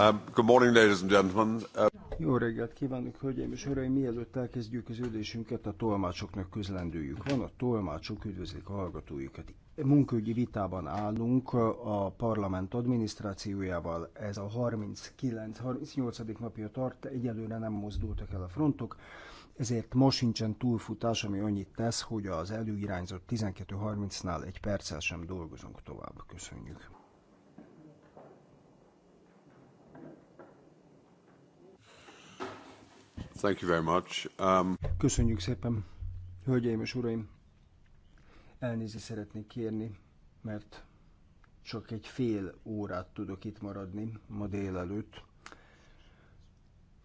Um, good morning, ladies and gentlemen. Uh, Jó reggelt kívánok, hölgyeim és uraim! Mielőtt elkezdjük az ülésünket, a tolmácsoknak közlendőjük van. A tolmácsok üdvözlik a hallgatójukat. Munkaügyi vitában állunk a parlament adminisztrációjával. Ez a 39-38. napja tart, egyelőre nem mozdultak el a frontok, ezért ma sincsen túlfutás, ami annyit tesz, hogy az előirányzott 12.30-nál egy perccel sem dolgozunk tovább. Köszönjük! Thank you very much. Um... Köszönjük szépen, hölgyeim és uraim. Elnézést szeretnék kérni, mert csak egy fél órát tudok itt maradni ma délelőtt,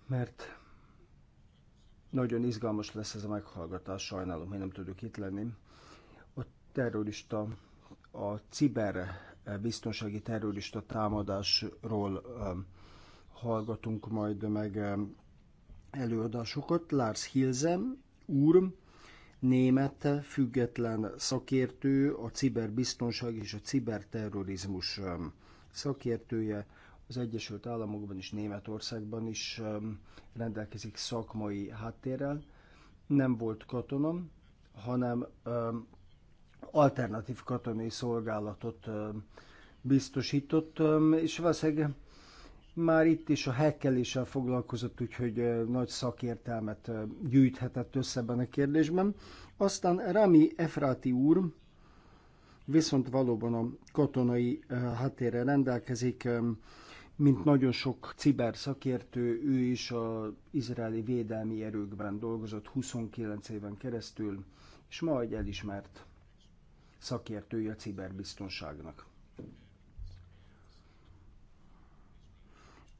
mert nagyon izgalmas lesz ez a meghallgatás, sajnálom, hogy nem tudok itt lenni. A terrorista, a ciber biztonsági terrorista támadásról um, hallgatunk majd meg um, előadásokat. Lars Hilzem úr, német független szakértő, a ciberbiztonság és a ciberterrorizmus um, szakértője, az Egyesült Államokban és Németországban is um, rendelkezik szakmai háttérrel. Nem volt katonom, hanem um, alternatív katonai szolgálatot biztosított, és valószínűleg már itt is a hekkeléssel foglalkozott, úgyhogy nagy szakértelmet gyűjthetett össze ebben a kérdésben. Aztán Rami Efrati úr viszont valóban a katonai hátére rendelkezik, mint nagyon sok ciber szakértő, ő is az izraeli védelmi erőkben dolgozott 29 éven keresztül, és ma egy elismert szakértője a ciberbiztonságnak.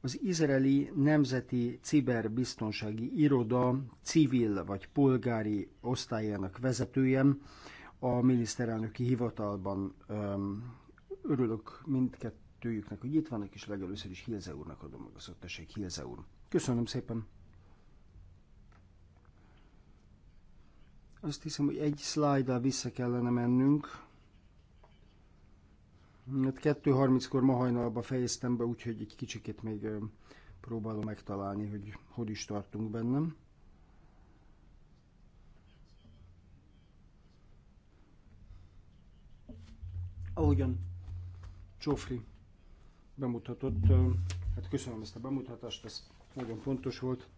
az izraeli nemzeti ciberbiztonsági iroda civil vagy polgári osztályának vezetője a miniszterelnöki hivatalban. Örülök mindkettőjüknek, hogy itt vannak, és legelőször is Hilze úrnak adom meg a szót. Tessék, Hilze úr. Köszönöm szépen. Azt hiszem, hogy egy szlájddal vissza kellene mennünk. Hát 2.30-kor ma hajnalban fejeztem be, úgyhogy egy kicsikét még próbálom megtalálni, hogy hogy is tartunk bennem. Ahogyan Csófri bemutatott, hát köszönöm ezt a bemutatást, ez nagyon fontos volt.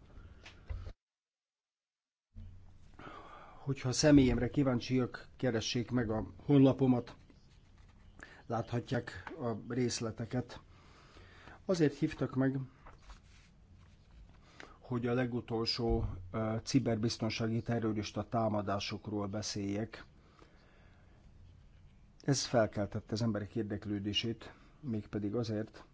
Hogyha a személyemre kíváncsiak, keressék meg a honlapomat, láthatják a részleteket. Azért hívtak meg, hogy a legutolsó uh, ciberbiztonsági terrorista támadásokról beszéljek. Ez felkeltette az emberek érdeklődését, mégpedig azért,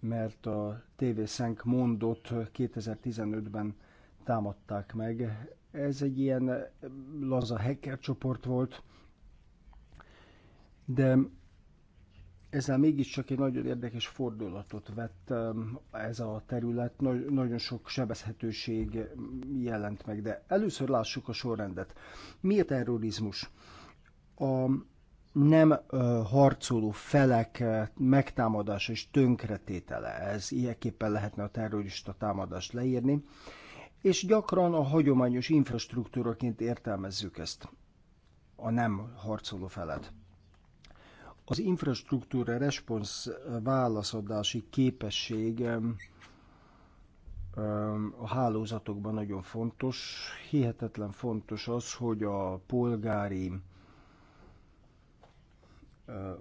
mert a TV Szenk mondott 2015-ben támadták meg. Ez egy ilyen laza hacker csoport volt, de ezzel mégiscsak egy nagyon érdekes fordulatot vett um, ez a terület, nagyon sok sebezhetőség jelent meg, de először lássuk a sorrendet. Mi a terrorizmus? A nem harcoló felek megtámadása és tönkretétele, ez ilyenképpen lehetne a terrorista támadást leírni, és gyakran a hagyományos infrastruktúraként értelmezzük ezt, a nem harcoló felet az infrastruktúra response válaszadási képesség a hálózatokban nagyon fontos. Hihetetlen fontos az, hogy a polgári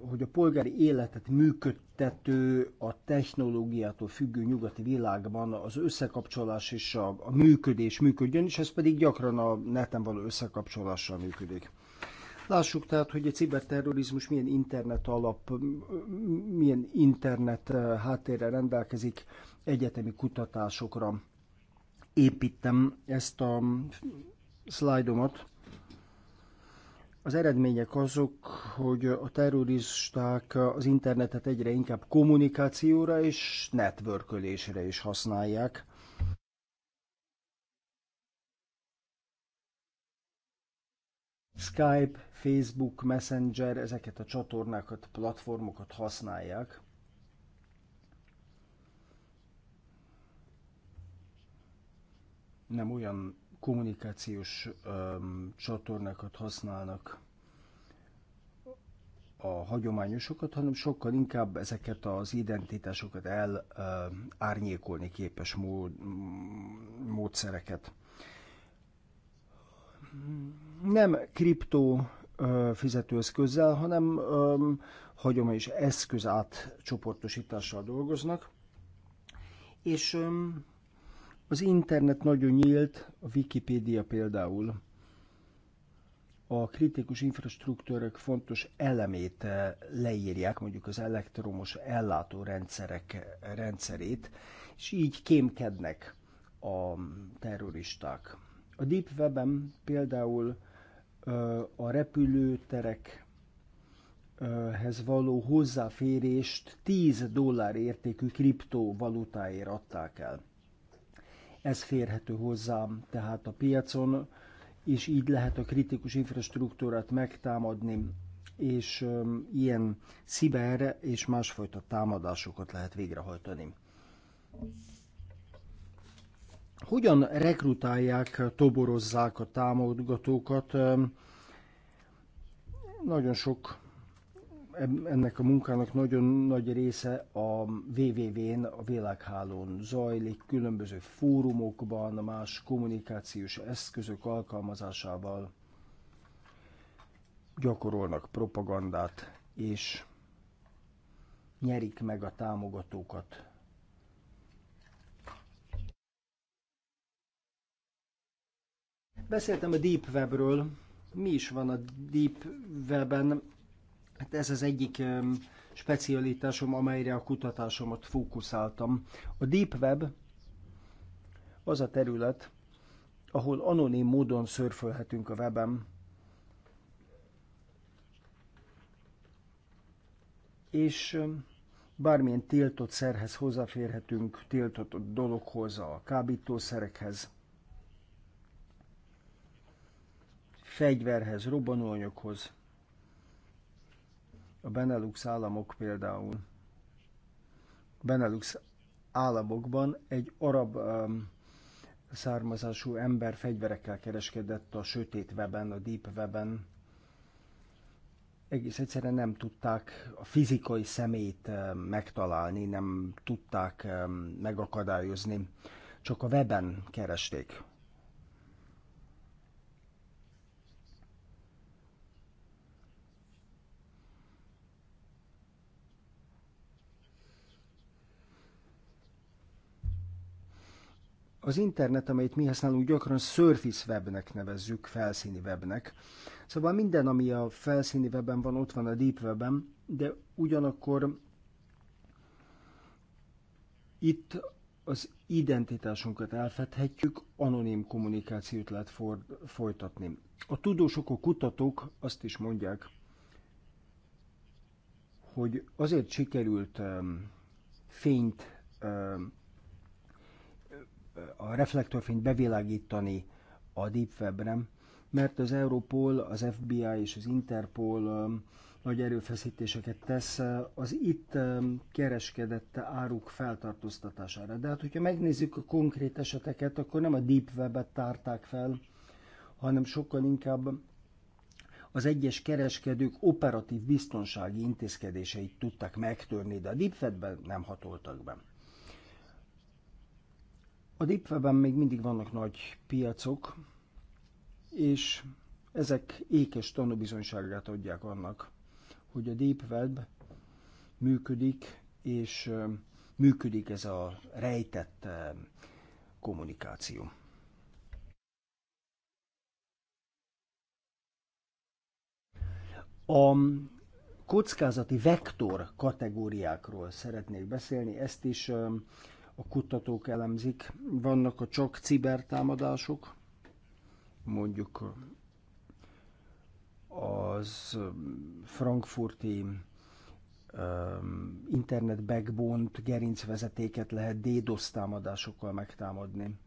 hogy a polgári életet működtető, a technológiától függő nyugati világban az összekapcsolás és a, a működés működjön, és ez pedig gyakran a neten való összekapcsolással működik. Lássuk tehát, hogy a ciberterrorizmus milyen internet alap, milyen internet eh, háttérre rendelkezik, egyetemi kutatásokra építem ezt a szlájdomat. Az eredmények azok, hogy a terroristák az internetet egyre inkább kommunikációra és networkölésre is használják. Skype, Facebook, Messenger, ezeket a csatornákat, platformokat használják. Nem olyan kommunikációs öm, csatornákat használnak a hagyományosokat, hanem sokkal inkább ezeket az identitásokat elárnyékolni képes mód, módszereket. Nem kriptó fizetőeszközzel, hanem hagyományos eszköz átcsoportosítással dolgoznak. És az internet nagyon nyílt, a Wikipédia például a kritikus infrastruktúrák fontos elemét leírják, mondjuk az elektromos ellátórendszerek rendszerét, és így kémkednek a terroristák. A Deep Web-en például a repülőterekhez való hozzáférést 10 dollár értékű kriptovalutáért adták el. Ez férhető hozzám tehát a piacon, és így lehet a kritikus infrastruktúrát megtámadni, és ilyen sziber és másfajta támadásokat lehet végrehajtani. Hogyan rekrutálják, toborozzák a támogatókat? Nagyon sok ennek a munkának nagyon nagy része a WWW-n, a világhálón zajlik, különböző fórumokban, más kommunikációs eszközök alkalmazásával gyakorolnak propagandát, és nyerik meg a támogatókat Beszéltem a Deep Webről. Mi is van a Deep webben? Hát ez az egyik specialitásom, amelyre a kutatásomat fókuszáltam. A Deep Web az a terület, ahol anonim módon szörfölhetünk a webem. És bármilyen tiltott szerhez hozzáférhetünk, tiltott dologhoz, a kábítószerekhez. fegyverhez, robbanóanyaghoz. A Benelux államok például. Benelux államokban egy arab um, származású ember fegyverekkel kereskedett a sötét weben, a deep weben. Egész egyszerűen nem tudták a fizikai szemét um, megtalálni, nem tudták um, megakadályozni, csak a weben keresték. Az internet, amelyet mi használunk, gyakran surface webnek nevezzük, felszíni webnek. Szóval minden, ami a felszíni webben van, ott van a deep webben, de ugyanakkor itt az identitásunkat elfedhetjük, anonim kommunikációt lehet for, folytatni. A tudósok, a kutatók azt is mondják, hogy azért sikerült um, fényt um, a reflektorfényt bevilágítani a Deep Webre, mert az Europol, az FBI és az Interpol um, nagy erőfeszítéseket tesz uh, az itt um, kereskedett áruk feltartóztatására. De hát, hogyha megnézzük a konkrét eseteket, akkor nem a Deep Web-et tárták fel, hanem sokkal inkább az egyes kereskedők operatív biztonsági intézkedéseit tudtak megtörni, de a Deep Web-ben nem hatoltak be. A dipfeben még mindig vannak nagy piacok, és ezek ékes tanúbizonyságát adják annak, hogy a Deep Web működik, és működik ez a rejtett kommunikáció. A kockázati vektor kategóriákról szeretnék beszélni, ezt is a kutatók elemzik. Vannak a csak cibertámadások, mondjuk az um, frankfurti um, internet backbone gerincvezetéket lehet DDoS támadásokkal megtámadni.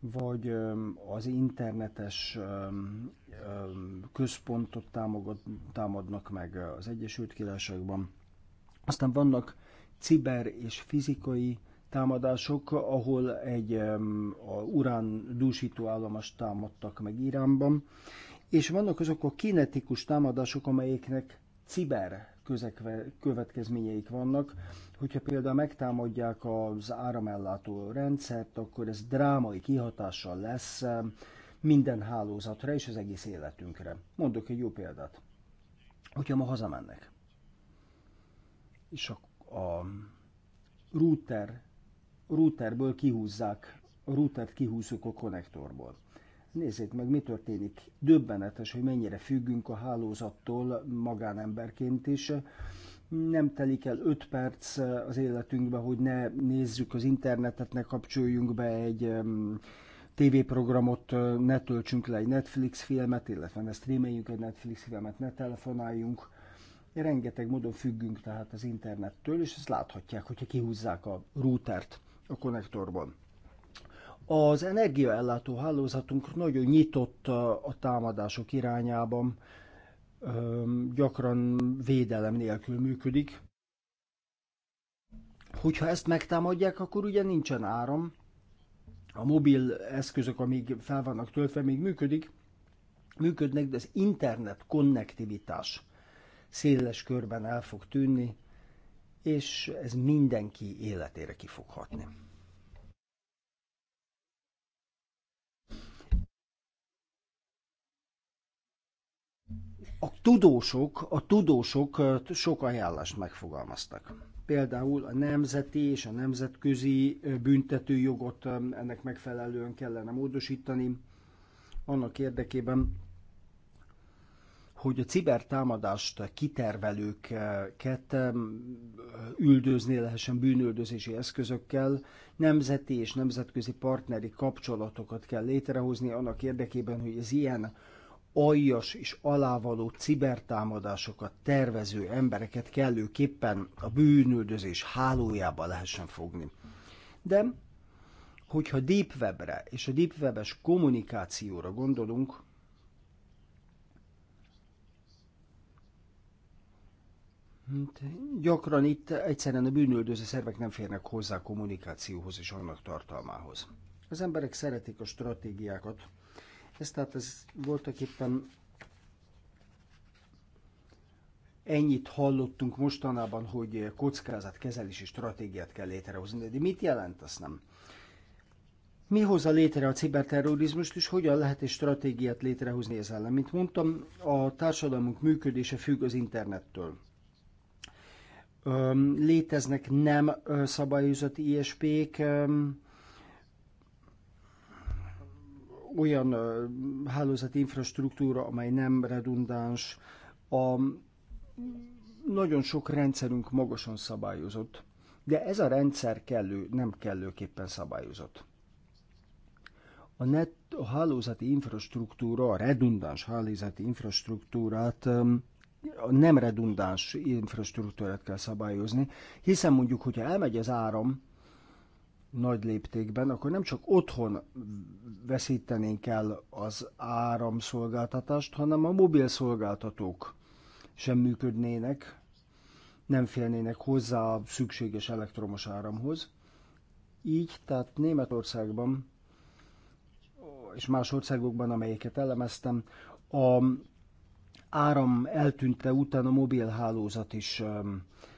Vagy um, az internetes központot támadnak meg az Egyesült Királyságban. Aztán vannak ciber és fizikai támadások, ahol egy um, a urán dúsító államast támadtak meg Iránban, és vannak azok a kinetikus támadások, amelyeknek ciber közekve, következményeik vannak. Hogyha például megtámadják az áramellátó rendszert, akkor ez drámai kihatással lesz minden hálózatra és az egész életünkre. Mondok egy jó példát. Hogyha ma hazamennek, és akkor a router, routerből kihúzzák, a routert kihúzzuk a konnektorból. Nézzék meg, mi történik. Döbbenetes, hogy mennyire függünk a hálózattól magánemberként is. Nem telik el 5 perc az életünkbe, hogy ne nézzük az internetet, ne kapcsoljunk be egy tv programot ne töltsünk le egy Netflix filmet, illetve ne streameljünk egy Netflix filmet, ne telefonáljunk Rengeteg módon függünk tehát az internettől, és ezt láthatják, hogyha kihúzzák a routert a konnektorban. Az energiaellátó hálózatunk nagyon nyitott a támadások irányában, gyakran védelem nélkül működik. Hogyha ezt megtámadják, akkor ugye nincsen áram. A mobil eszközök, amíg fel vannak töltve, még működik, működnek, de az internet konnektivitás széles körben el fog tűnni, és ez mindenki életére ki fog hatni. A tudósok, a tudósok sok ajánlást megfogalmaztak. Például a nemzeti és a nemzetközi büntetőjogot ennek megfelelően kellene módosítani, annak érdekében, hogy a cibertámadást kitervelőket üldözni lehessen bűnöldözési eszközökkel, nemzeti és nemzetközi partneri kapcsolatokat kell létrehozni annak érdekében, hogy az ilyen aljas és alávaló cibertámadásokat tervező embereket kellőképpen a bűnöldözés hálójába lehessen fogni. De hogyha deep webre és a deep webes kommunikációra gondolunk, Hát, gyakran itt egyszerűen a bűnöldöző szervek nem férnek hozzá a kommunikációhoz és annak tartalmához. Az emberek szeretik a stratégiákat, ez tehát ez voltak éppen ennyit hallottunk mostanában, hogy kockázatkezelési stratégiát kell létrehozni, de mit jelent azt nem? Mi hozza létre a ciberterrorizmust, és hogyan lehet egy stratégiát létrehozni ezzel ellen? Mint mondtam, a társadalmunk működése függ az internettől léteznek nem szabályozott ISP-k, olyan hálózati infrastruktúra, amely nem redundáns, a nagyon sok rendszerünk magasan szabályozott, de ez a rendszer kellő, nem kellőképpen szabályozott. A, net, a hálózati infrastruktúra, a redundáns hálózati infrastruktúrát a nem redundáns infrastruktúrát kell szabályozni, hiszen mondjuk, hogyha elmegy az áram nagy léptékben, akkor nem csak otthon veszítenénk el az áramszolgáltatást, hanem a mobil szolgáltatók sem működnének, nem félnének hozzá a szükséges elektromos áramhoz. Így, tehát Németországban és más országokban, amelyeket elemeztem, a áram eltűnte után a mobilhálózat is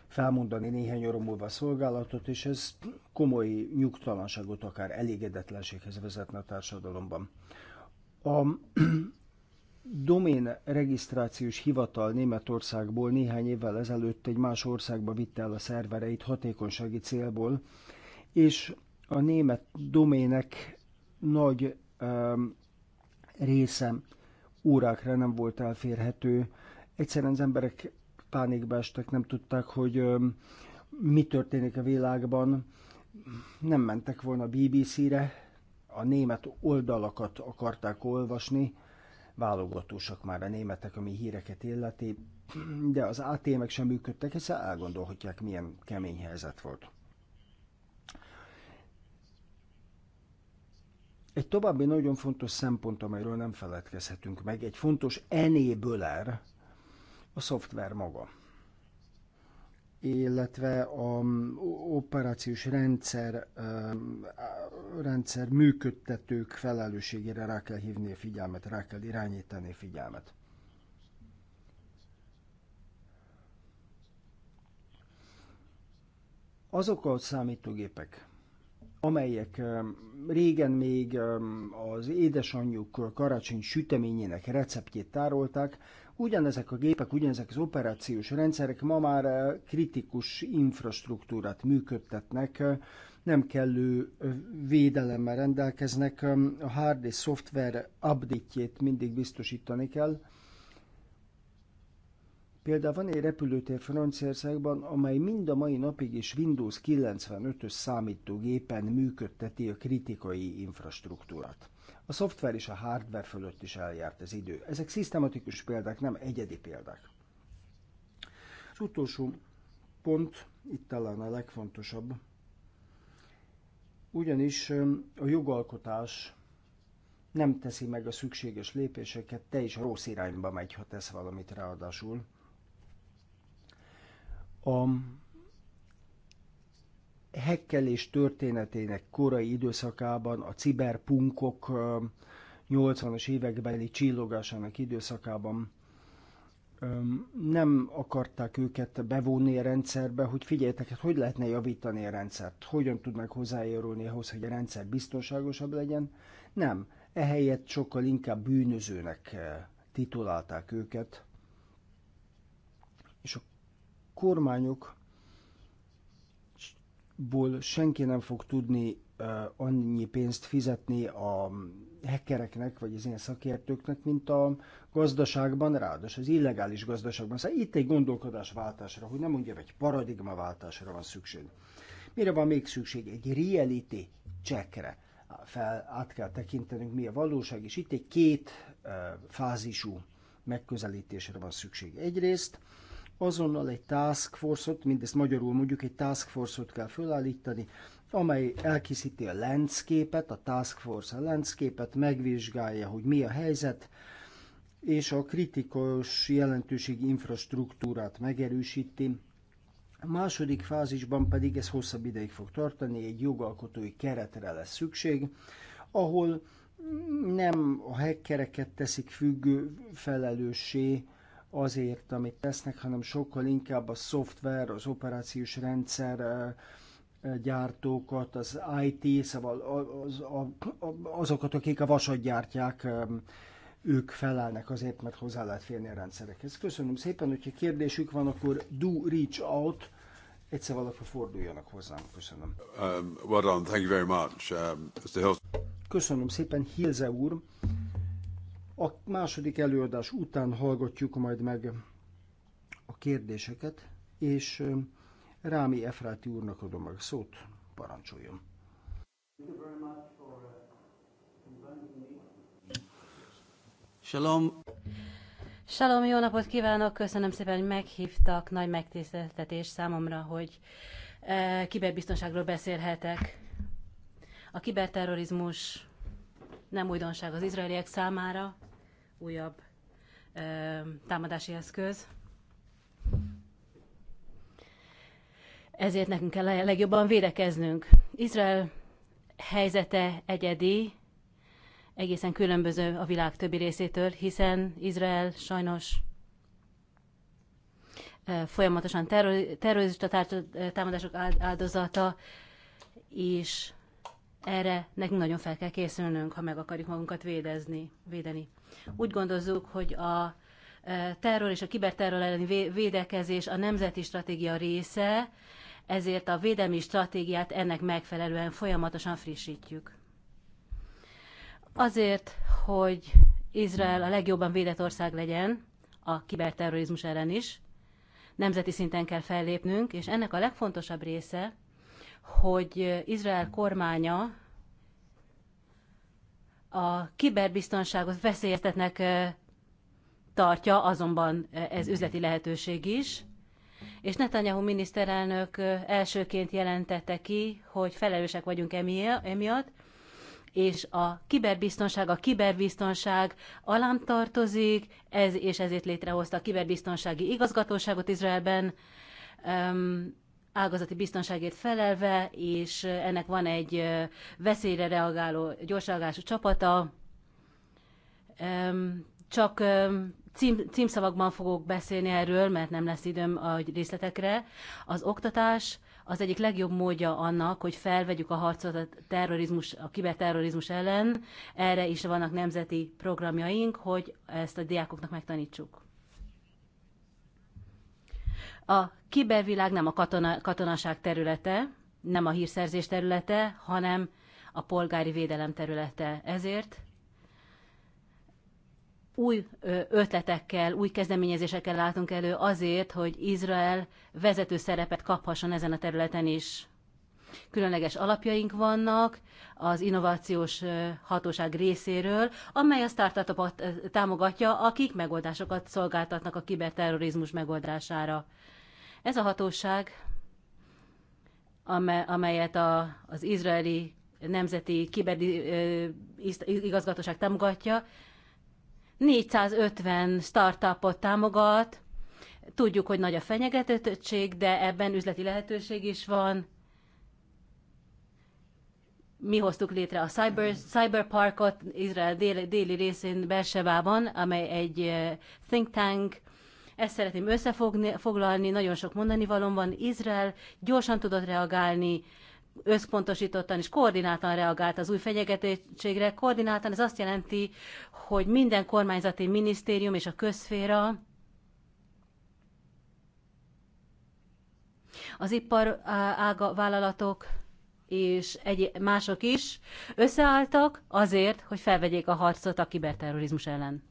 felmondani néhány óra múlva a szolgálatot, és ez komoly nyugtalanságot, akár elégedetlenséghez vezetne a társadalomban. A domén regisztrációs hivatal Németországból néhány évvel ezelőtt egy más országba vitte el a szervereit hatékonysági célból, és a német domének nagy része órákra nem volt elférhető. Egyszerűen az emberek pánikba estek, nem tudták, hogy mi történik a világban. Nem mentek volna BBC-re, a német oldalakat akarták olvasni, válogatósak már a németek, ami híreket illeti, de az ATM-ek sem működtek, hiszen elgondolhatják, milyen kemény helyzet volt. Egy további nagyon fontos szempont, amelyről nem feledkezhetünk meg, egy fontos enabler a szoftver maga illetve a operációs rendszer, eh, rendszer működtetők felelősségére rá kell hívni a figyelmet, rá kell irányítani a figyelmet. Azok a számítógépek, amelyek régen még az édesanyjuk karácsony süteményének receptjét tárolták, ugyanezek a gépek, ugyanezek az operációs rendszerek ma már kritikus infrastruktúrát működtetnek, nem kellő védelemmel rendelkeznek, a hard és szoftver update-jét mindig biztosítani kell, Például van egy repülőtér Franciaországban, amely mind a mai napig is Windows 95-ös számítógépen működteti a kritikai infrastruktúrát. A szoftver és a hardware fölött is eljárt az idő. Ezek szisztematikus példák, nem egyedi példák. Az utolsó pont, itt talán a legfontosabb, ugyanis a jogalkotás nem teszi meg a szükséges lépéseket, te is rossz irányba megy, ha tesz valamit ráadásul a hekkelés történetének korai időszakában, a ciberpunkok 80-as évekbeli csillogásának időszakában nem akarták őket bevonni a rendszerbe, hogy figyeljetek, hát hogy lehetne javítani a rendszert, hogyan tudnak hozzájárulni ahhoz, hogy a rendszer biztonságosabb legyen. Nem, ehelyett sokkal inkább bűnözőnek titulálták őket, kormányokból senki nem fog tudni annyi pénzt fizetni a hackereknek, vagy az ilyen szakértőknek, mint a gazdaságban, ráadásul az illegális gazdaságban. Szóval itt egy gondolkodásváltásra, hogy nem mondjam, egy paradigmaváltásra van szükség. Mire van még szükség? Egy reality checkre fel, át kell tekintenünk, mi a valóság, és itt egy két uh, fázisú megközelítésre van szükség. Egyrészt azonnal egy task force-ot, mindezt magyarul mondjuk egy task force-ot kell fölállítani, amely elkészíti a landscape-et, a task force a landscape-et, megvizsgálja, hogy mi a helyzet, és a kritikus jelentőségi infrastruktúrát megerősíti. A második fázisban pedig ez hosszabb ideig fog tartani, egy jogalkotói keretre lesz szükség, ahol nem a hackereket teszik függő felelőssé, azért, amit tesznek, hanem sokkal inkább a szoftver, az operációs rendszer gyártókat, az IT, szóval az, azokat, akik a vasat gyártják, ők felelnek azért, mert hozzá lehet férni a rendszerekhez. Köszönöm szépen, hogyha kérdésük van, akkor do reach out, egyszer valaki forduljanak hozzám. Köszönöm. Um, well done. Thank you very much, um, Mr. Hills. Köszönöm szépen, Hilze úr. A második előadás után hallgatjuk majd meg a kérdéseket, és um, Rámi Efráti úrnak adom meg szót, parancsoljon. Shalom! Shalom, jó napot kívánok! Köszönöm szépen, hogy meghívtak. Nagy megtiszteltetés számomra, hogy e, kiberbiztonságról beszélhetek. A kiberterrorizmus nem újdonság az izraeliek számára, újabb támadási eszköz. Ezért nekünk kell legjobban védekeznünk. Izrael helyzete egyedi, egészen különböző a világ többi részétől, hiszen Izrael sajnos folyamatosan terrorista támadások áldozata, és erre nekünk nagyon fel kell készülnünk, ha meg akarjuk magunkat védezni, védeni. Úgy gondozzuk, hogy a e, terror és a kiberterror elleni védekezés a nemzeti stratégia része, ezért a védelmi stratégiát ennek megfelelően folyamatosan frissítjük. Azért, hogy Izrael a legjobban védett ország legyen a kiberterrorizmus ellen is, nemzeti szinten kell fellépnünk, és ennek a legfontosabb része hogy Izrael kormánya a kiberbiztonságot veszélyeztetnek tartja, azonban ez üzleti lehetőség is. És Netanyahu miniszterelnök elsőként jelentette ki, hogy felelősek vagyunk emiatt, és a kiberbiztonság, a kiberbiztonság alám tartozik, ez és ezért létrehozta a kiberbiztonsági igazgatóságot Izraelben, ágazati biztonságért felelve, és ennek van egy veszélyre reagáló gyorságású csapata. Csak cím, címszavakban fogok beszélni erről, mert nem lesz időm a részletekre. Az oktatás az egyik legjobb módja annak, hogy felvegyük a harcot a terrorizmus, a kiberterrorizmus ellen. Erre is vannak nemzeti programjaink, hogy ezt a diákoknak megtanítsuk. A kibervilág nem a katona, katonaság területe, nem a hírszerzés területe, hanem a polgári védelem területe. Ezért új ötletekkel, új kezdeményezésekkel látunk elő azért, hogy Izrael vezető szerepet kaphasson ezen a területen is. Különleges alapjaink vannak az innovációs hatóság részéről, amely a startupot támogatja, akik megoldásokat szolgáltatnak a kiberterrorizmus megoldására. Ez a hatóság, amelyet a, az izraeli nemzeti kiberi igazgatóság támogatja, 450 startupot támogat, tudjuk, hogy nagy a fenyegetettség, de ebben üzleti lehetőség is van. Mi hoztuk létre a Cyber, Cyber Parkot Izrael déli, déli részén Bersevában, amely egy think tank, ezt szeretném összefoglalni, nagyon sok mondani valóban. Izrael gyorsan tudott reagálni, összpontosítottan és koordináltan reagált az új fenyegetettségre. Koordináltan ez azt jelenti, hogy minden kormányzati minisztérium és a közszféra az ipar ága vállalatok és egy, mások is összeálltak azért, hogy felvegyék a harcot a kiberterrorizmus ellen.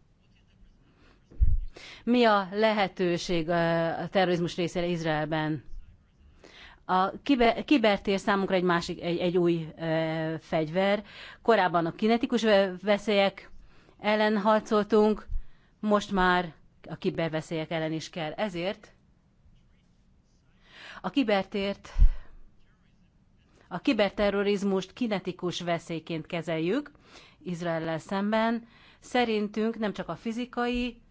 Mi a lehetőség a terrorizmus részére Izraelben? A kiber, kibertér számunkra egy másik, egy, egy új e, fegyver. Korábban a kinetikus veszélyek ellen harcoltunk, most már a kiberveszélyek ellen is kell. Ezért a kibertért, a kiberterrorizmust kinetikus veszélyként kezeljük Izraellel szemben. Szerintünk nem csak a fizikai,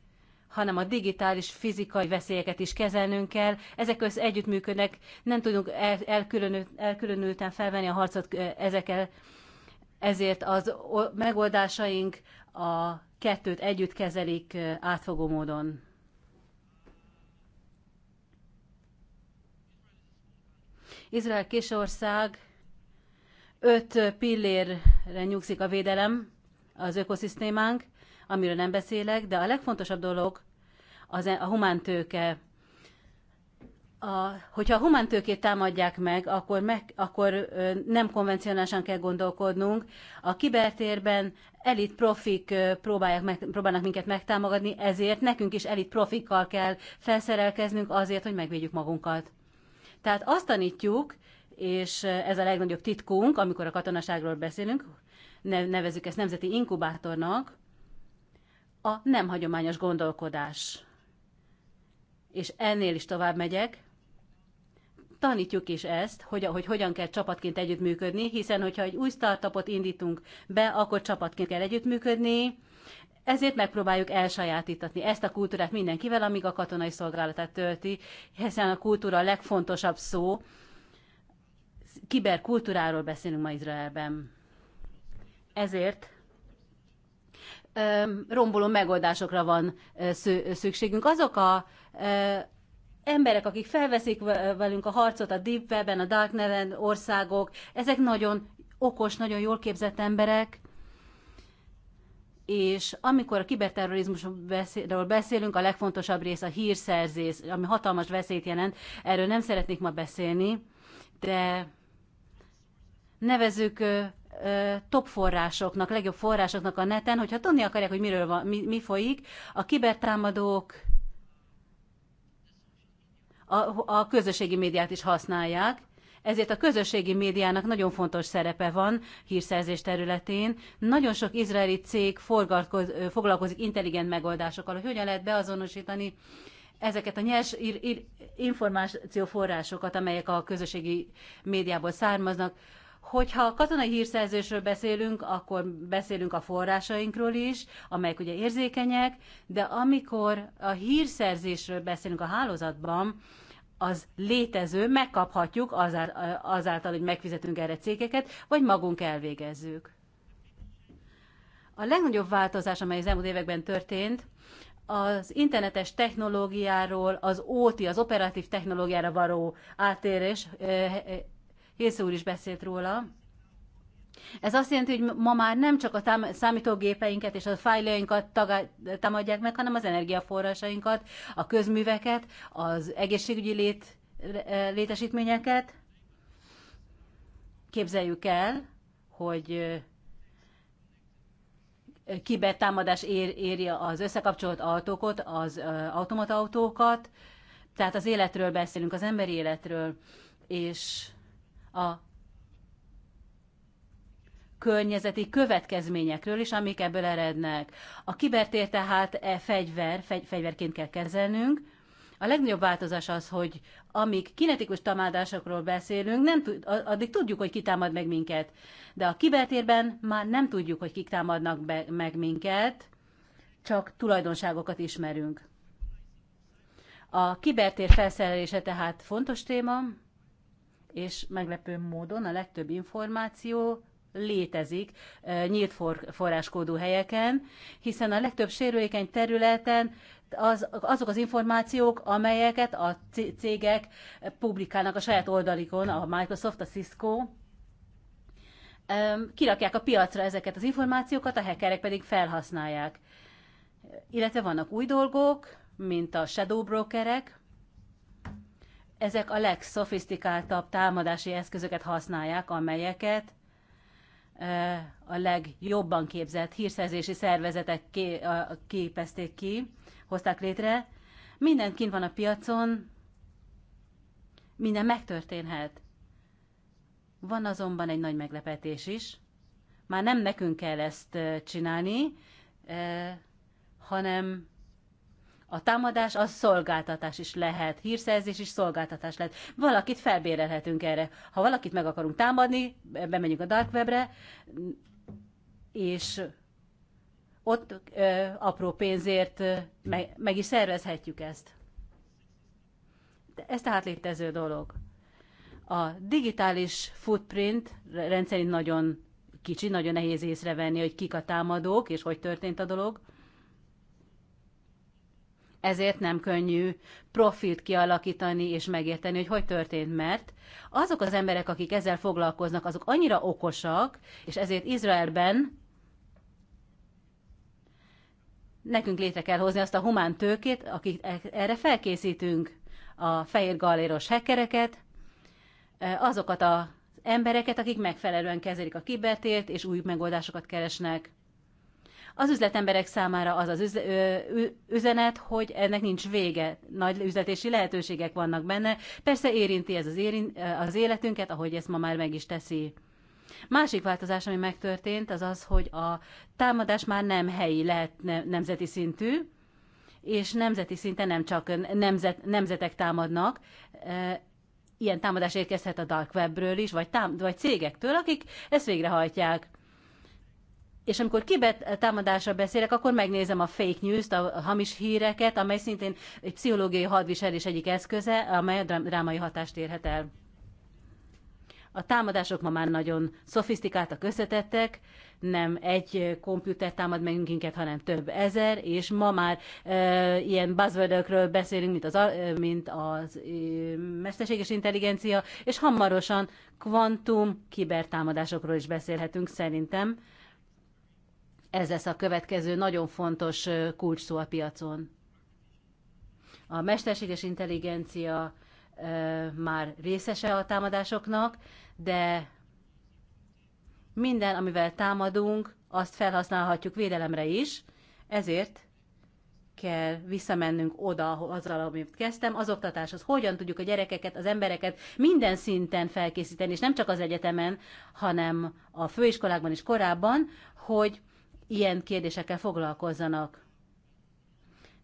hanem a digitális, fizikai veszélyeket is kezelnünk kell. Ezek össze együttműködnek, nem tudunk el, elkülönül, elkülönülten felvenni a harcot ezekkel, ezért az megoldásaink a kettőt együtt kezelik átfogó módon. Izrael kisország öt pillérre nyugszik a védelem, az ökoszisztémánk, amiről nem beszélek, de a legfontosabb dolog az e- a humántőke. A, hogyha a humántőkét támadják meg, akkor, meg, akkor nem konvencionálisan kell gondolkodnunk. A kibertérben elit profik próbálják meg, próbálnak minket megtámogatni, ezért nekünk is elit profikkal kell felszerelkeznünk azért, hogy megvédjük magunkat. Tehát azt tanítjuk, és ez a legnagyobb titkunk, amikor a katonaságról beszélünk, nevezük ezt nemzeti inkubátornak, a nem hagyományos gondolkodás. És ennél is tovább megyek, tanítjuk is ezt, hogy, hogy hogyan kell csapatként együttműködni, hiszen hogyha egy új startupot indítunk be, akkor csapatként kell együttműködni, ezért megpróbáljuk elsajátítatni ezt a kultúrát mindenkivel, amíg a katonai szolgálatát tölti, hiszen a kultúra a legfontosabb szó. Kiberkultúráról beszélünk ma Izraelben. Ezért romboló megoldásokra van szükségünk. Azok a emberek, akik felveszik velünk a harcot a Deep Web-en, a Dark en országok, ezek nagyon okos, nagyon jól képzett emberek, és amikor a kiberterrorizmusról beszélünk, a legfontosabb rész a hírszerzés, ami hatalmas veszélyt jelent, erről nem szeretnék ma beszélni, de nevezük top forrásoknak, legjobb forrásoknak a neten, hogyha tudni akarják, hogy miről van, mi, mi folyik, a kibertámadók a, a közösségi médiát is használják, ezért a közösségi médiának nagyon fontos szerepe van hírszerzés területén. Nagyon sok izraeli cég foglalkozik intelligent megoldásokkal, hogy hogyan lehet beazonosítani ezeket a nyers információforrásokat, amelyek a közösségi médiából származnak, Hogyha katonai hírszerzésről beszélünk, akkor beszélünk a forrásainkról is, amelyek ugye érzékenyek, de amikor a hírszerzésről beszélünk a hálózatban, az létező, megkaphatjuk azáltal, hogy megfizetünk erre cégeket, vagy magunk elvégezzük. A legnagyobb változás, amely az elmúlt években történt, az internetes technológiáról, az OT, az operatív technológiára való átérés. Eh, eh, Jézus úr is beszélt róla. Ez azt jelenti, hogy ma már nem csak a számítógépeinket és a fájljainkat támadják meg, hanem az energiaforrásainkat, a közműveket, az egészségügyi lét, eh, létesítményeket. Képzeljük el, hogy eh, támadás ér, éri az összekapcsolt autókat, az eh, automata autókat, tehát az életről beszélünk, az emberi életről, és a környezeti következményekről is, amik ebből erednek. A kibertér tehát e fegyver, fegy, fegyverként kell kezelnünk. A legnagyobb változás az, hogy amíg kinetikus támadásokról beszélünk, nem addig tudjuk, hogy ki támad meg minket. De a kibertérben már nem tudjuk, hogy kik támadnak be, meg minket, csak tulajdonságokat ismerünk. A kibertér felszerelése tehát fontos téma, és meglepő módon a legtöbb információ létezik nyílt for, forráskódú helyeken, hiszen a legtöbb sérülékeny területen az, azok az információk, amelyeket a cégek publikálnak a saját oldalikon, a Microsoft, a Cisco, kirakják a piacra ezeket az információkat, a hackerek pedig felhasználják. Illetve vannak új dolgok, mint a shadow brokerek, ezek a legszofisztikáltabb támadási eszközöket használják, amelyeket a legjobban képzett hírszerzési szervezetek képezték ki, hozták létre. Minden kint van a piacon, minden megtörténhet. Van azonban egy nagy meglepetés is. Már nem nekünk kell ezt csinálni, hanem a támadás az szolgáltatás is lehet, hírszerzés is szolgáltatás lehet. Valakit felbérelhetünk erre. Ha valakit meg akarunk támadni, bemegyünk a dark webre, és ott ö, apró pénzért meg, meg is szervezhetjük ezt. De ez tehát létező dolog. A digitális footprint rendszerint nagyon kicsi, nagyon nehéz észrevenni, hogy kik a támadók, és hogy történt a dolog ezért nem könnyű profilt kialakítani és megérteni, hogy hogy történt, mert azok az emberek, akik ezzel foglalkoznak, azok annyira okosak, és ezért Izraelben nekünk létre kell hozni azt a humán tőkét, akik e- erre felkészítünk a fehér galéros hekereket, e, azokat az embereket, akik megfelelően kezelik a kibertért, és új megoldásokat keresnek. Az üzletemberek számára az az üzenet, hogy ennek nincs vége, nagy üzletési lehetőségek vannak benne. Persze érinti ez az, érint, az életünket, ahogy ezt ma már meg is teszi. Másik változás, ami megtörtént, az az, hogy a támadás már nem helyi, lehet nemzeti szintű, és nemzeti szinten nem csak nemzet, nemzetek támadnak, ilyen támadás érkezhet a dark webről is, vagy, tám- vagy cégektől, akik ezt végrehajtják és amikor támadásra beszélek, akkor megnézem a fake news-t, a hamis híreket, amely szintén egy pszichológiai hadviselés egyik eszköze, amely a drámai hatást érhet el. A támadások ma már nagyon szofisztikáltak, összetettek, nem egy komputer támad meg minket, hanem több ezer, és ma már e, ilyen buzzwordökről beszélünk, mint az, e, mint az e, mesterséges intelligencia, és hamarosan kvantum kibertámadásokról is beszélhetünk szerintem ez lesz a következő nagyon fontos kulcs szó a piacon. A mesterséges intelligencia már részese a támadásoknak, de minden, amivel támadunk, azt felhasználhatjuk védelemre is, ezért kell visszamennünk oda, azzal, amit kezdtem, az oktatáshoz. Hogyan tudjuk a gyerekeket, az embereket minden szinten felkészíteni, és nem csak az egyetemen, hanem a főiskolákban is korábban, hogy ilyen kérdésekkel foglalkozzanak.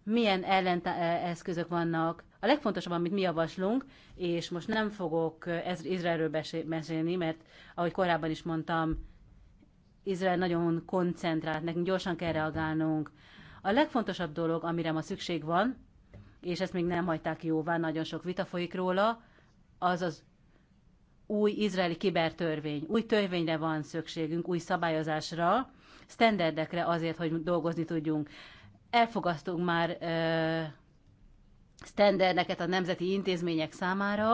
Milyen ellenteszközök e, vannak. A legfontosabb, amit mi javaslunk, és most nem fogok ez, Izraelről beszélni, mert ahogy korábban is mondtam, Izrael nagyon koncentrált, nekünk gyorsan kell reagálnunk. A legfontosabb dolog, amire ma szükség van, és ezt még nem hagyták jóvá, nagyon sok vita folyik róla, az az új izraeli kibertörvény. Új törvényre van szükségünk, új szabályozásra, standardekre azért, hogy dolgozni tudjunk. Elfogasztunk már standardeket a nemzeti intézmények számára,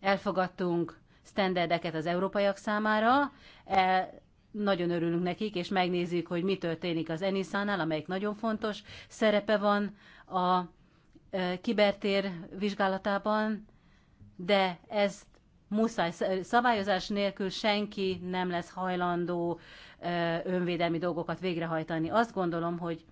elfogadtunk standardeket az európaiak számára, e, nagyon örülünk nekik, és megnézzük, hogy mi történik az Enisánál, amelyik nagyon fontos szerepe van a kibertér vizsgálatában, de ezt muszáj szabályozás nélkül senki nem lesz hajlandó önvédelmi dolgokat végrehajtani. Azt gondolom, hogy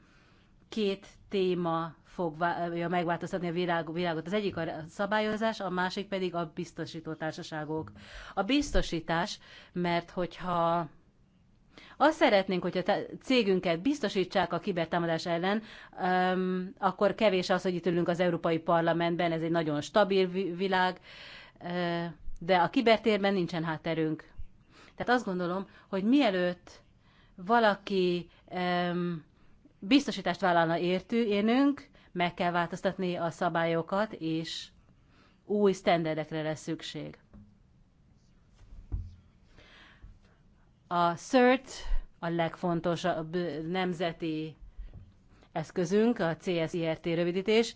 két téma fogja megváltoztatni a világot. Az egyik a szabályozás, a másik pedig a biztosító társaságok. A biztosítás, mert hogyha azt szeretnénk, hogy a cégünket biztosítsák a kibertámadás ellen, um, akkor kevés az, hogy itt ülünk az Európai Parlamentben, ez egy nagyon stabil világ, de a kibertérben nincsen hátterünk. Tehát azt gondolom, hogy mielőtt valaki um, biztosítást vállalna értő, énünk, meg kell változtatni a szabályokat, és új sztenderdekre lesz szükség. A CERT a legfontosabb nemzeti eszközünk, a CSIRT rövidítés.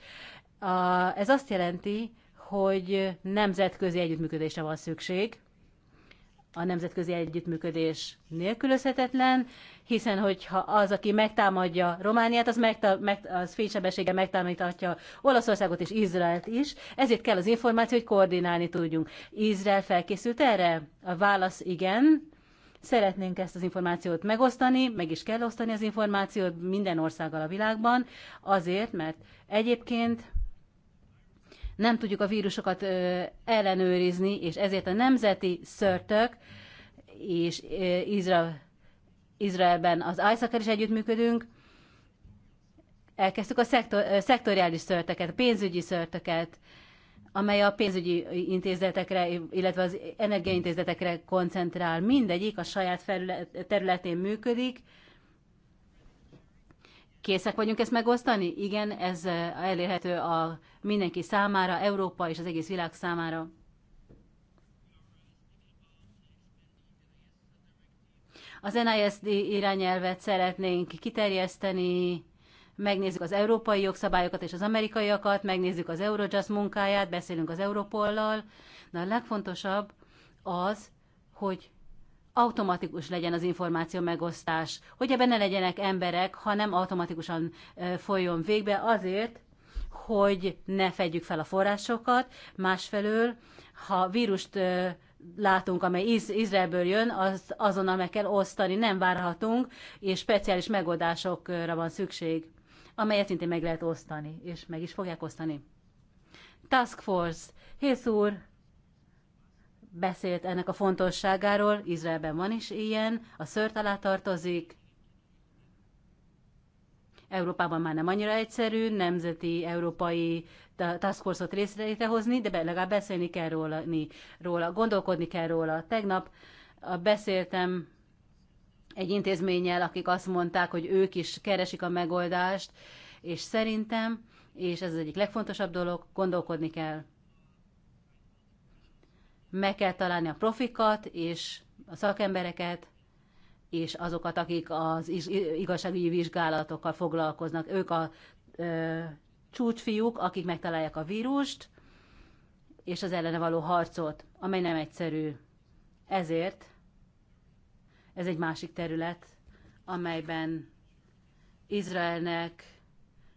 ez azt jelenti, hogy nemzetközi együttműködésre van szükség, a nemzetközi együttműködés nélkülözhetetlen, hiszen hogyha az, aki megtámadja Romániát, az, megta- meg- az fénysebessége megtámadhatja Olaszországot és Izraelt is, ezért kell az információ, hogy koordinálni tudjunk. Izrael felkészült erre? A válasz igen. Szeretnénk ezt az információt megosztani, meg is kell osztani az információt minden országgal a világban, azért, mert egyébként nem tudjuk a vírusokat ellenőrizni, és ezért a nemzeti szörtök és Izrael, Izraelben az ISAC-kal is együttműködünk, elkezdtük a szektor, szektoriális szörteket, a pénzügyi szörteket, amely a pénzügyi intézetekre, illetve az energiaintézetekre koncentrál. Mindegyik a saját területén működik, Készek vagyunk ezt megosztani? Igen, ez eh, elérhető a mindenki számára, Európa és az egész világ számára. Az NISD irányelvet szeretnénk kiterjeszteni, megnézzük az európai jogszabályokat és az amerikaiakat, megnézzük az Eurojust munkáját, beszélünk az Europollal. Na a legfontosabb az, hogy automatikus legyen az információ megosztás, hogy ebben ne legyenek emberek, hanem automatikusan folyjon végbe azért, hogy ne fedjük fel a forrásokat, másfelől, ha vírust látunk, amely Iz- Izraelből jön, az azonnal meg kell osztani, nem várhatunk, és speciális megoldásokra van szükség, amelyet szintén meg lehet osztani, és meg is fogják osztani. Task Force. Hész úr, beszélt ennek a fontosságáról, Izraelben van is ilyen, a szört alá tartozik, Európában már nem annyira egyszerű nemzeti európai task force-ot részrehozni, de legalább beszélni kell róla, róla, gondolkodni kell róla. Tegnap beszéltem egy intézménnyel, akik azt mondták, hogy ők is keresik a megoldást, és szerintem, és ez az egyik legfontosabb dolog, gondolkodni kell meg kell találni a profikat és a szakembereket, és azokat, akik az igazságügyi vizsgálatokkal foglalkoznak. Ők a ö, csúcsfiúk, akik megtalálják a vírust, és az ellene való harcot, amely nem egyszerű. Ezért ez egy másik terület, amelyben Izraelnek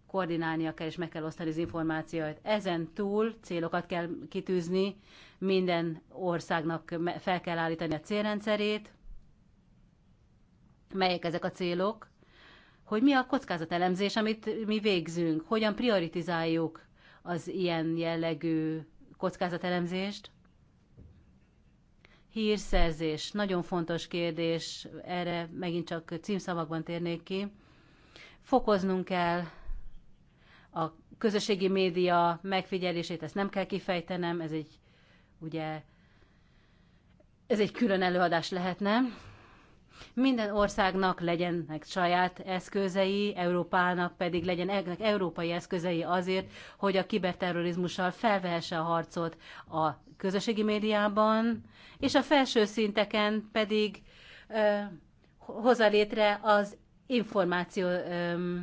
koordinálnia kell, és meg kell osztani az információt. Ezen túl célokat kell kitűzni, minden országnak fel kell állítani a célrendszerét, melyek ezek a célok, hogy mi a kockázatelemzés, amit mi végzünk, hogyan prioritizáljuk az ilyen jellegű kockázatelemzést. Hírszerzés, nagyon fontos kérdés, erre megint csak címszavakban térnék ki. Fokoznunk kell a közösségi média megfigyelését, ezt nem kell kifejtenem, ez egy ugye ez egy külön előadás lehetne. Minden országnak legyenek saját eszközei, Európának pedig legyenek európai eszközei azért, hogy a kiberterrorizmussal felvehesse a harcot a közösségi médiában, és a felső szinteken pedig ö, hozza létre az információ ö,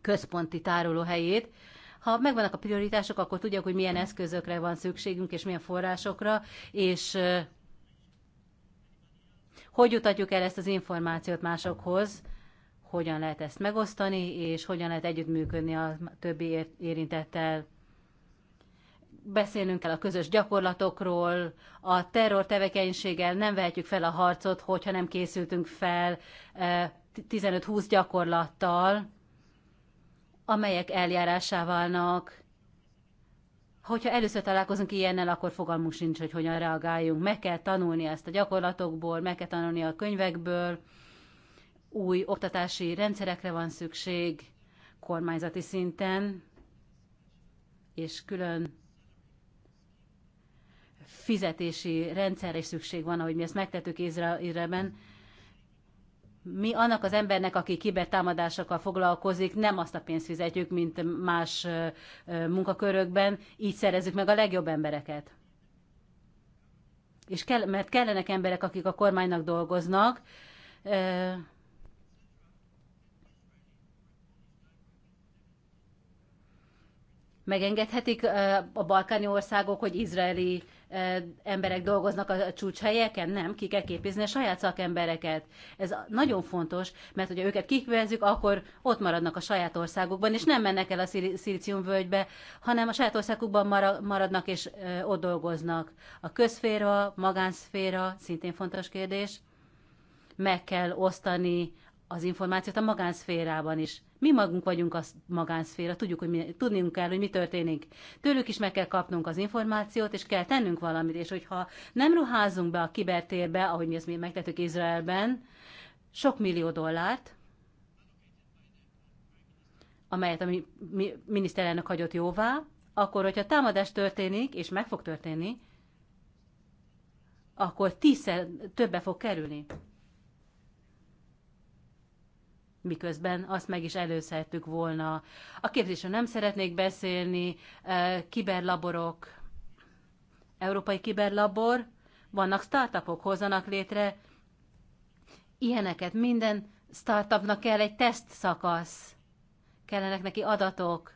központi tárolóhelyét, ha megvannak a prioritások, akkor tudják, hogy milyen eszközökre van szükségünk, és milyen forrásokra, és hogy jutatjuk el ezt az információt másokhoz, hogyan lehet ezt megosztani, és hogyan lehet együttműködni a többi érintettel. Beszélnünk kell a közös gyakorlatokról, a terror tevékenységgel nem vehetjük fel a harcot, hogyha nem készültünk fel 15-20 gyakorlattal, amelyek eljárásá válnak. Hogyha először találkozunk ilyennel, akkor fogalmunk sincs, hogy hogyan reagáljunk. Meg kell tanulni ezt a gyakorlatokból, meg kell tanulni a könyvekből, új oktatási rendszerekre van szükség kormányzati szinten, és külön fizetési rendszerre is szükség van, ahogy mi ezt megtettük Izraelben mi annak az embernek, aki kibertámadásokkal foglalkozik, nem azt a pénzt fizetjük, mint más munkakörökben, így szerezzük meg a legjobb embereket. És kell, mert kellenek emberek, akik a kormánynak dolgoznak, megengedhetik a balkáni országok, hogy izraeli emberek dolgoznak a csúcshelyeken, nem, ki kell képezni a saját szakembereket. Ez nagyon fontos, mert hogyha őket kikivezzük, akkor ott maradnak a saját országukban, és nem mennek el a szilíciumvölgybe, hanem a saját országukban maradnak és ott dolgoznak. A közféra, magánszféra, szintén fontos kérdés, meg kell osztani az információt a magánszférában is. Mi magunk vagyunk a magánszféra, tudjuk, hogy mi, tudnunk kell, hogy mi történik. Tőlük is meg kell kapnunk az információt, és kell tennünk valamit, és hogyha nem ruházunk be a kibertérbe, ahogy mi ezt mi megtettük Izraelben, sok millió dollárt, amelyet a mi, mi, miniszterelnök hagyott jóvá, akkor, hogyha támadás történik, és meg fog történni, akkor tízszer többe fog kerülni miközben azt meg is előzhettük volna. A képzésről nem szeretnék beszélni, eh, kiberlaborok, európai kiberlabor, vannak startupok, hozzanak létre ilyeneket. Minden startupnak kell egy teszt szakasz, kellenek neki adatok,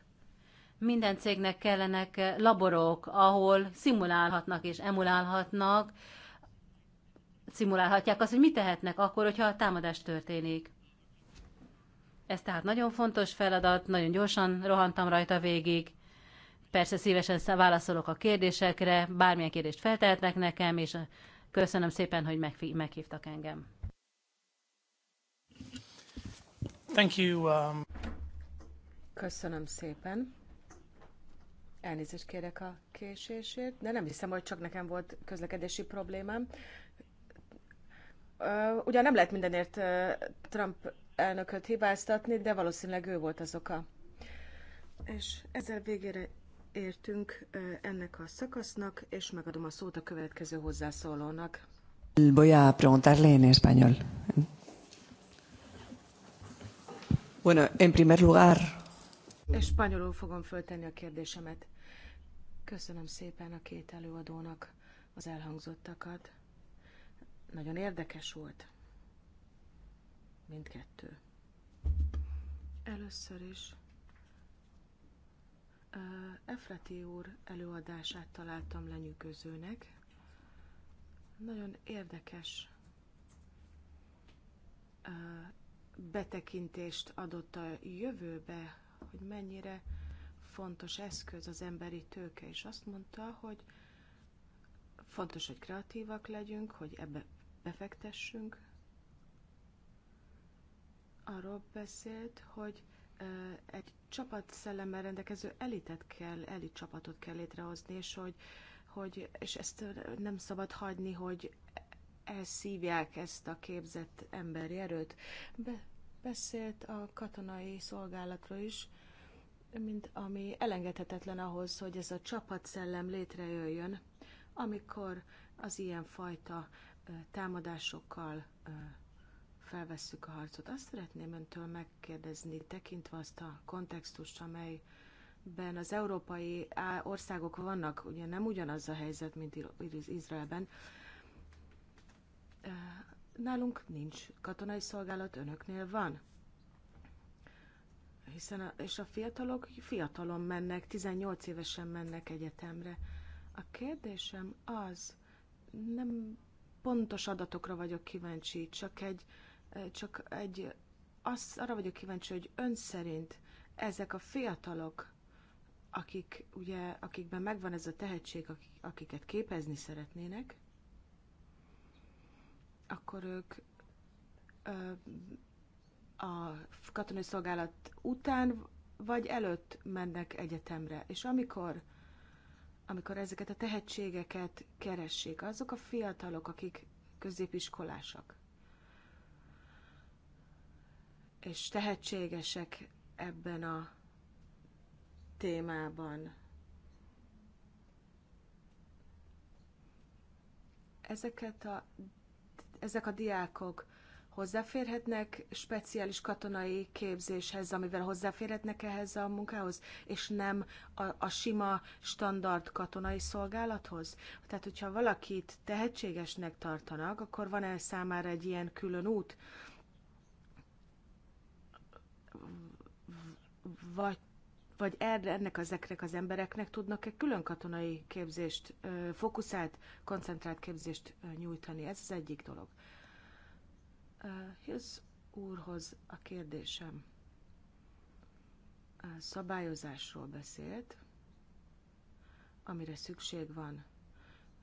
minden cégnek kellenek eh, laborok, ahol szimulálhatnak és emulálhatnak, szimulálhatják azt, hogy mit tehetnek akkor, hogyha a támadás történik. Ez tehát nagyon fontos feladat, nagyon gyorsan rohantam rajta végig. Persze szívesen válaszolok a kérdésekre, bármilyen kérdést feltehetnek nekem, és eh, köszönöm szépen, hogy meghívtak engem. Thank you. Um... Köszönöm szépen. Elnézést kérek a késésért, de nem hiszem, hogy csak nekem volt közlekedési problémám. Ugyan nem lehet mindenért Trump elnököt hibáztatni, de valószínűleg ő volt az oka. És ezzel végére értünk ennek a szakasznak, és megadom a szót a következő hozzászólónak. Voy a preguntarle en español. Bueno, en primer lugar... Espanyolul fogom föltenni a kérdésemet. Köszönöm szépen a két előadónak az elhangzottakat. Nagyon érdekes volt mindkettő. Először is Efreti úr előadását találtam lenyűgözőnek. Nagyon érdekes betekintést adott a jövőbe, hogy mennyire fontos eszköz az emberi tőke, és azt mondta, hogy fontos, hogy kreatívak legyünk, hogy ebbe befektessünk, arról beszélt, hogy egy csapat szellemmel rendelkező elitet kell, elit csapatot kell létrehozni, és hogy, hogy és ezt nem szabad hagyni, hogy elszívják ezt a képzett emberi erőt. Be, beszélt a katonai szolgálatról is, mint ami elengedhetetlen ahhoz, hogy ez a csapat szellem létrejöjjön, amikor az ilyen fajta támadásokkal felvesszük a harcot. Azt szeretném öntől megkérdezni, tekintve azt a kontextust, amelyben az európai országok vannak, ugye nem ugyanaz a helyzet, mint Izraelben. Nálunk nincs katonai szolgálat, önöknél van. Hiszen a, és a fiatalok fiatalon mennek, 18 évesen mennek egyetemre. A kérdésem az, nem pontos adatokra vagyok kíváncsi, csak egy csak egy, az, arra vagyok kíváncsi, hogy ön szerint ezek a fiatalok, akik, ugye, akikben megvan ez a tehetség, akik, akiket képezni szeretnének, akkor ők ö, a katonai szolgálat után vagy előtt mennek egyetemre. És amikor, amikor ezeket a tehetségeket keressék, azok a fiatalok, akik középiskolásak, és tehetségesek ebben a témában. Ezeket a, ezek a diákok hozzáférhetnek speciális katonai képzéshez, amivel hozzáférhetnek ehhez a munkához, és nem a, a sima standard katonai szolgálathoz? Tehát, hogyha valakit tehetségesnek tartanak, akkor van-e számára egy ilyen külön út, vagy, vagy erre, ennek ezeknek az embereknek tudnak-e külön katonai képzést, fókuszált, koncentrált képzést nyújtani? Ez az egyik dolog. Hills úrhoz a kérdésem. A szabályozásról beszélt, amire szükség van,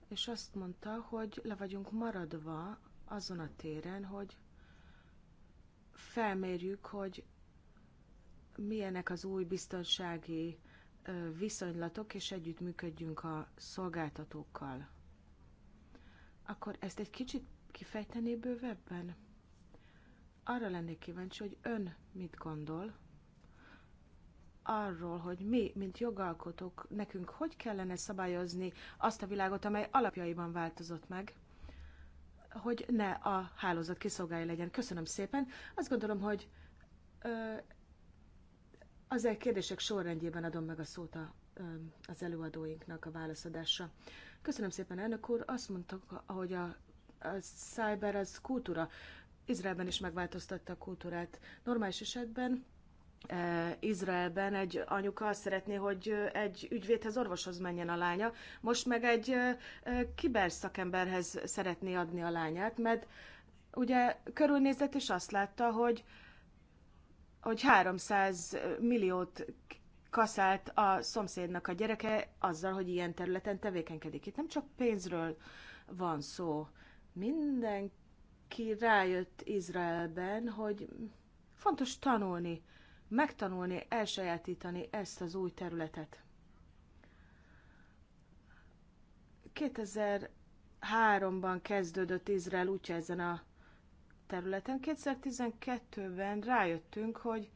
és azt mondta, hogy le vagyunk maradva azon a téren, hogy felmérjük, hogy milyenek az új biztonsági viszonylatok, és együttműködjünk a szolgáltatókkal. Akkor ezt egy kicsit kifejtené bővebben? Arra lennék kíváncsi, hogy ön mit gondol arról, hogy mi, mint jogalkotók, nekünk hogy kellene szabályozni azt a világot, amely alapjaiban változott meg, hogy ne a hálózat kiszolgálja legyen. Köszönöm szépen. Azt gondolom, hogy egy kérdések sorrendjében adom meg a szót a, az előadóinknak a válaszadása Köszönöm szépen, elnök úr. Azt mondtak, hogy a, a cyber az kultúra. Izraelben is megváltoztatta a kultúrát. Normális esetben e, Izraelben egy anyuka azt szeretné, hogy egy ügyvédhez, orvoshoz menjen a lánya, most meg egy kiberszakemberhez szeretné adni a lányát, mert ugye körülnézett és azt látta, hogy hogy 300 milliót kaszált a szomszédnak a gyereke azzal, hogy ilyen területen tevékenykedik. Itt nem csak pénzről van szó. Mindenki rájött Izraelben, hogy fontos tanulni, megtanulni, elsajátítani ezt az új területet. 2003-ban kezdődött Izrael útja ezen a területen. 2012-ben rájöttünk, hogy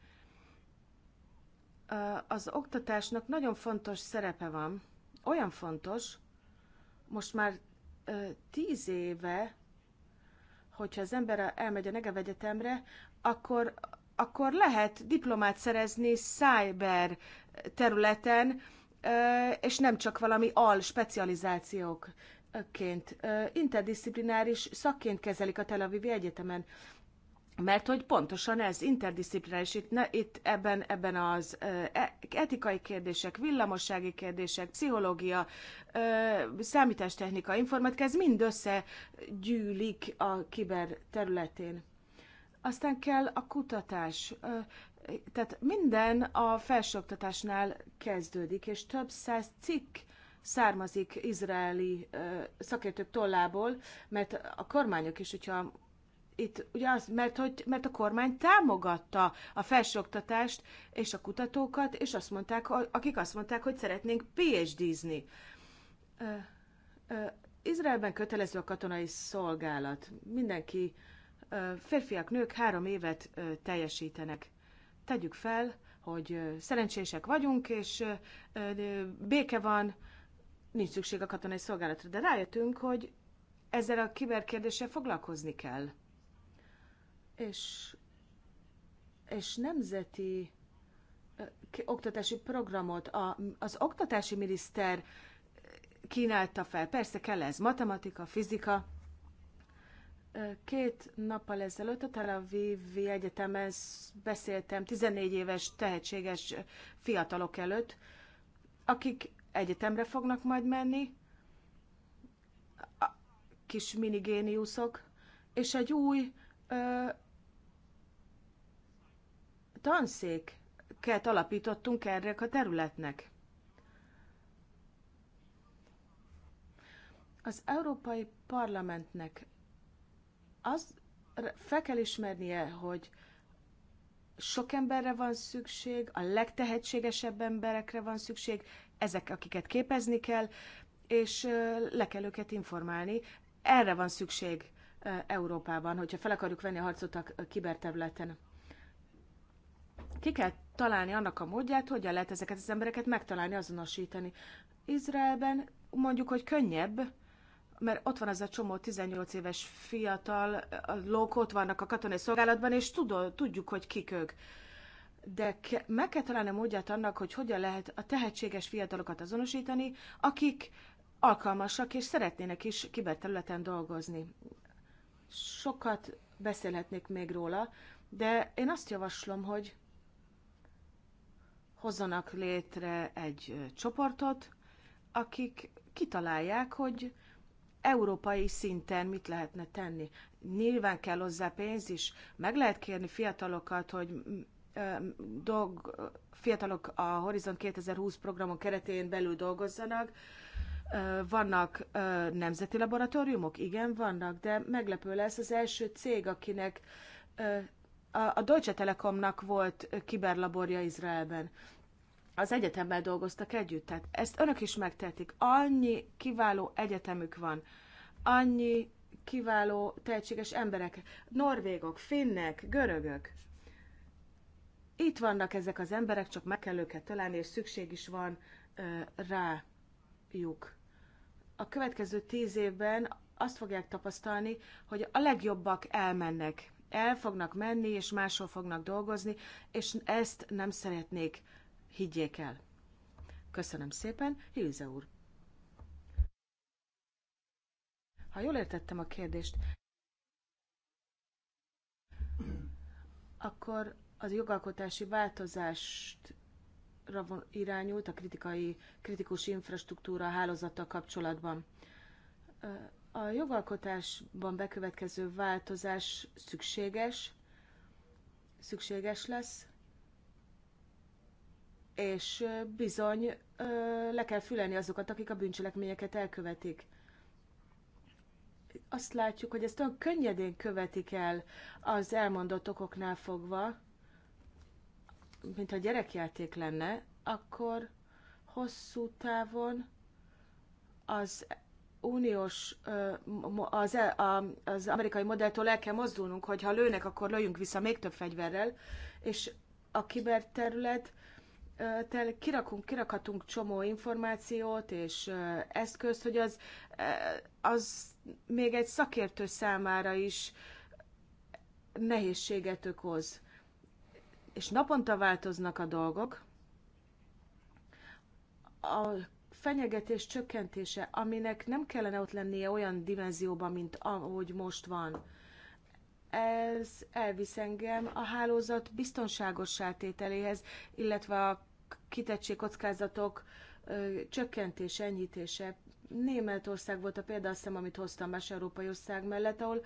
az oktatásnak nagyon fontos szerepe van. Olyan fontos, most már tíz éve, hogyha az ember elmegy a Negev Egyetemre, akkor, akkor lehet diplomát szerezni cyber területen, és nem csak valami al specializációk ként, interdisziplináris szakként kezelik a Tel Avivi Egyetemen. Mert hogy pontosan ez interdisziplináris, itt, ne, itt ebben, ebben az e, etikai kérdések, villamossági kérdések, pszichológia, e, számítástechnika, informatika, ez mind összegyűlik a kiber területén. Aztán kell a kutatás. E, tehát minden a felsőoktatásnál kezdődik, és több száz cikk származik izraeli szakértők tollából, mert a kormányok is, hogyha itt ugye az, mert, hogy, mert a kormány támogatta a felsőoktatást és a kutatókat, és azt mondták, akik azt mondták, hogy szeretnénk PhD-zni. Izraelben kötelező a katonai szolgálat. Mindenki, férfiak, nők három évet teljesítenek. Tegyük fel, hogy szerencsések vagyunk, és béke van, nincs szükség a katonai szolgálatra. De rájöttünk, hogy ezzel a kiberkérdéssel foglalkozni kell. És, és nemzeti oktatási programot a, az oktatási miniszter kínálta fel. Persze kell ez, matematika, fizika. Két nappal ezelőtt a Tel aviv Egyetemhez beszéltem 14 éves tehetséges fiatalok előtt, akik egyetemre fognak majd menni, a kis minigéniuszok, és egy új ö, tanszéket alapítottunk erre a területnek. Az Európai Parlamentnek az fel kell ismernie, hogy sok emberre van szükség, a legtehetségesebb emberekre van szükség, ezek, akiket képezni kell, és le kell őket informálni. Erre van szükség Európában, hogyha fel akarjuk venni a harcot a kiberterületen. Ki kell találni annak a módját, hogyan lehet ezeket az embereket megtalálni, azonosítani. Izraelben mondjuk, hogy könnyebb, mert ott van az a csomó 18 éves fiatal lók, ott vannak a katonai szolgálatban, és tudjuk, hogy kik ők de ke- meg kell találni módját annak, hogy hogyan lehet a tehetséges fiatalokat azonosítani, akik alkalmasak és szeretnének is kiberterületen dolgozni. Sokat beszélhetnék még róla, de én azt javaslom, hogy hozzanak létre egy csoportot, akik kitalálják, hogy európai szinten mit lehetne tenni. Nyilván kell hozzá pénz is, meg lehet kérni fiatalokat, hogy dolg, fiatalok a Horizon 2020 programon keretén belül dolgozzanak. Vannak nemzeti laboratóriumok? Igen, vannak, de meglepő lesz az első cég, akinek a Deutsche Telekomnak volt kiberlaborja Izraelben. Az egyetemmel dolgoztak együtt, tehát ezt önök is megtehetik. Annyi kiváló egyetemük van, annyi kiváló tehetséges emberek, norvégok, finnek, görögök itt vannak ezek az emberek, csak meg kell őket találni, és szükség is van rájuk. A következő tíz évben azt fogják tapasztalni, hogy a legjobbak elmennek. El fognak menni, és máshol fognak dolgozni, és ezt nem szeretnék, higgyék el. Köszönöm szépen, Hilze úr. Ha jól értettem a kérdést, akkor az jogalkotási változást irányult a kritikai, kritikus infrastruktúra hálózata kapcsolatban. A jogalkotásban bekövetkező változás szükséges, szükséges lesz, és bizony le kell fülelni azokat, akik a bűncselekményeket elkövetik. Azt látjuk, hogy ezt olyan könnyedén követik el az elmondott okoknál fogva, mintha gyerekjáték lenne, akkor hosszú távon az uniós, az, e, az amerikai modelltől el kell mozdulnunk, hogy ha lőnek, akkor lőjünk vissza még több fegyverrel, és a kiberterület kirakunk, kirakhatunk csomó információt és eszközt, hogy az, az még egy szakértő számára is nehézséget okoz és naponta változnak a dolgok, a fenyegetés csökkentése, aminek nem kellene ott lennie olyan dimenzióban, mint ahogy most van, ez elvisz engem a hálózat biztonságos tételéhez, illetve a kitettség kockázatok csökkentése, enyhítése. Németország volt a példa, azt hiszem, amit hoztam más európai ország mellett, ahol,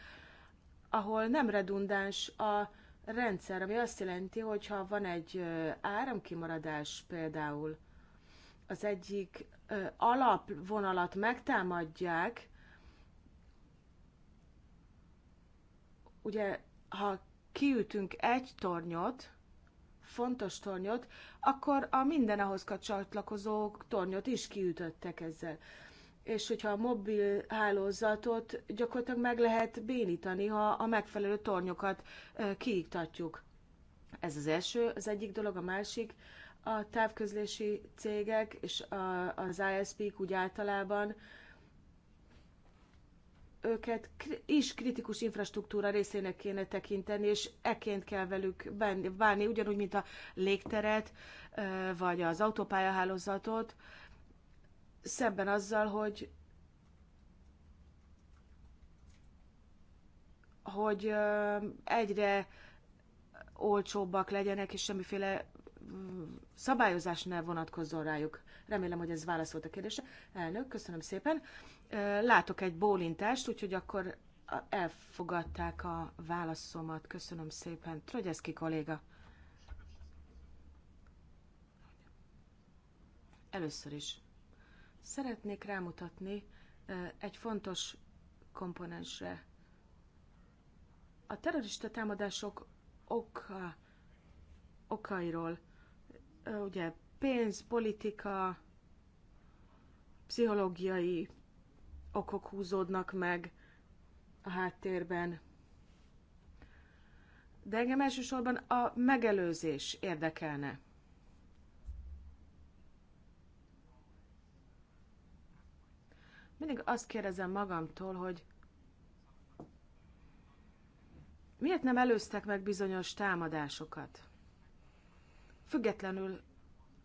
ahol nem redundáns a rendszer, ami azt jelenti, hogy ha van egy áramkimaradás például, az egyik alapvonalat megtámadják, ugye ha kiütünk egy tornyot, fontos tornyot, akkor a minden ahhoz csatlakozó tornyot is kiütöttek ezzel és hogyha a mobil hálózatot gyakorlatilag meg lehet bénítani, ha a megfelelő tornyokat kiiktatjuk. Ez az első, az egyik dolog, a másik, a távközlési cégek és az ISP-k úgy általában őket is kritikus infrastruktúra részének kéne tekinteni, és ekként kell velük bánni, ugyanúgy, mint a légteret, vagy az autópályahálózatot, szemben azzal, hogy hogy egyre olcsóbbak legyenek, és semmiféle szabályozás ne vonatkozzon rájuk. Remélem, hogy ez válaszolt a kérdésre. Elnök, köszönöm szépen. Látok egy bólintást, úgyhogy akkor elfogadták a válaszomat. Köszönöm szépen. Trögyeszki kolléga. Először is Szeretnék rámutatni egy fontos komponensre. A terrorista támadások oka, okairól, ugye pénz, politika, pszichológiai okok húzódnak meg a háttérben. De engem elsősorban a megelőzés érdekelne. mindig azt kérdezem magamtól, hogy miért nem előztek meg bizonyos támadásokat? Függetlenül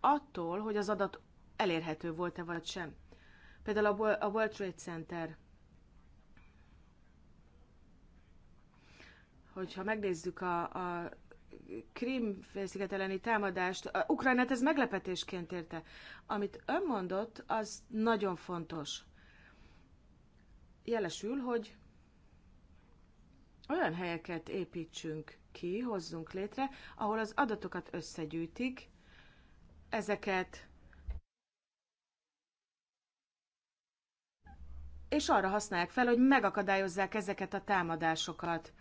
attól, hogy az adat elérhető volt-e vagy sem. Például a World Trade Center. Hogyha megnézzük a, a krim félsziget elleni támadást, Ukrajnát ez meglepetésként érte. Amit ön mondott, az nagyon fontos jelesül, hogy olyan helyeket építsünk ki, hozzunk létre, ahol az adatokat összegyűjtik, ezeket és arra használják fel, hogy megakadályozzák ezeket a támadásokat.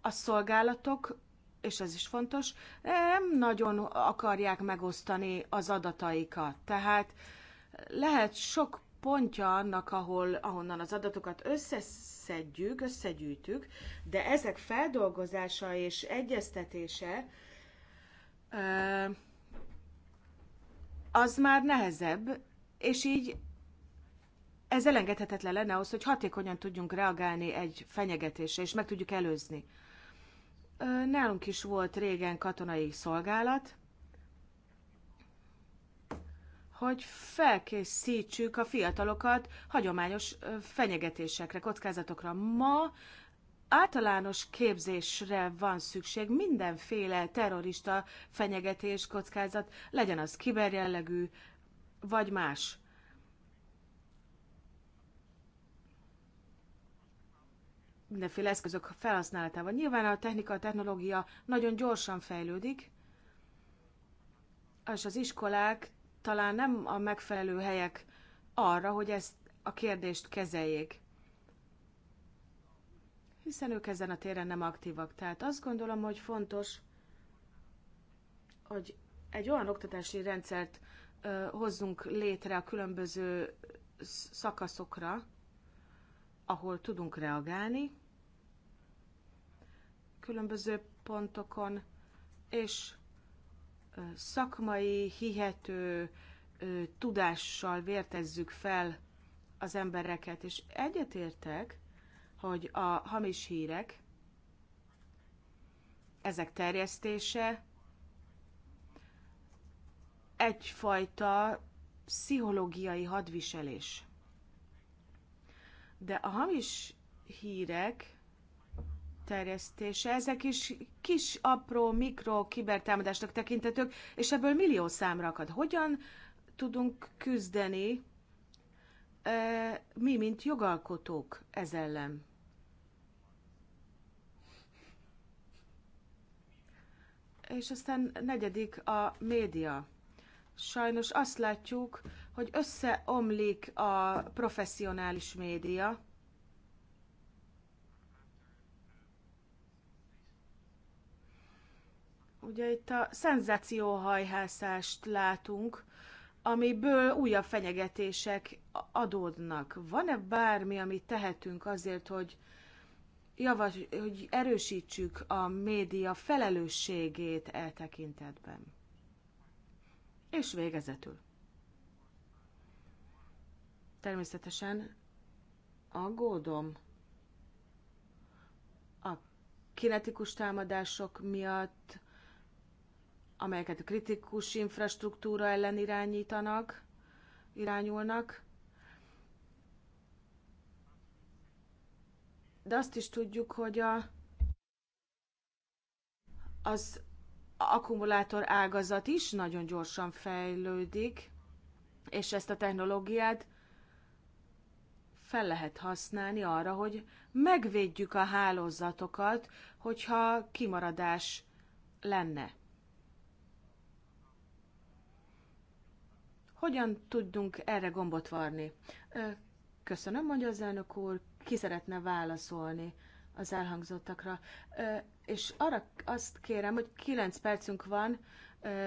A szolgálatok, és ez is fontos, nem nagyon akarják megosztani az adataikat. Tehát lehet sok pontja annak, ahol, ahonnan az adatokat összeszedjük, összegyűjtük, de ezek feldolgozása és egyeztetése az már nehezebb, és így ez elengedhetetlen lenne ahhoz, hogy hatékonyan tudjunk reagálni egy fenyegetésre, és meg tudjuk előzni. Nálunk is volt régen katonai szolgálat, hogy felkészítsük a fiatalokat hagyományos fenyegetésekre, kockázatokra. Ma általános képzésre van szükség mindenféle terrorista fenyegetés, kockázat, legyen az kiberjellegű, vagy más. Mindenféle eszközök felhasználatával. Nyilván a technika, a technológia nagyon gyorsan fejlődik, és az iskolák talán nem a megfelelő helyek arra, hogy ezt a kérdést kezeljék. Hiszen ők ezen a téren nem aktívak. Tehát azt gondolom, hogy fontos, hogy egy olyan oktatási rendszert ö, hozzunk létre a különböző szakaszokra, ahol tudunk reagálni különböző pontokon, és szakmai, hihető tudással vértezzük fel az embereket, és egyetértek, hogy a hamis hírek, ezek terjesztése egyfajta pszichológiai hadviselés. De a hamis hírek terjesztése. Ezek is kis, apró, mikro kibertámadásnak tekintetők, és ebből millió számra akad. Hogyan tudunk küzdeni mi, mint jogalkotók ez ellen? És aztán negyedik a média. Sajnos azt látjuk, hogy összeomlik a professzionális média, Ugye itt a szenzációhajhászást látunk, amiből újabb fenyegetések adódnak. Van-e bármi, amit tehetünk azért, hogy, javas, hogy erősítsük a média felelősségét e tekintetben? És végezetül. Természetesen aggódom a kinetikus támadások miatt, amelyeket kritikus infrastruktúra ellen irányítanak, irányulnak. De azt is tudjuk, hogy a, az akkumulátor ágazat is nagyon gyorsan fejlődik, és ezt a technológiát fel lehet használni arra, hogy megvédjük a hálózatokat, hogyha kimaradás lenne. Hogyan tudunk erre gombot varni? Köszönöm, mondja az elnök úr, ki szeretne válaszolni az elhangzottakra. És arra azt kérem, hogy 9 percünk van,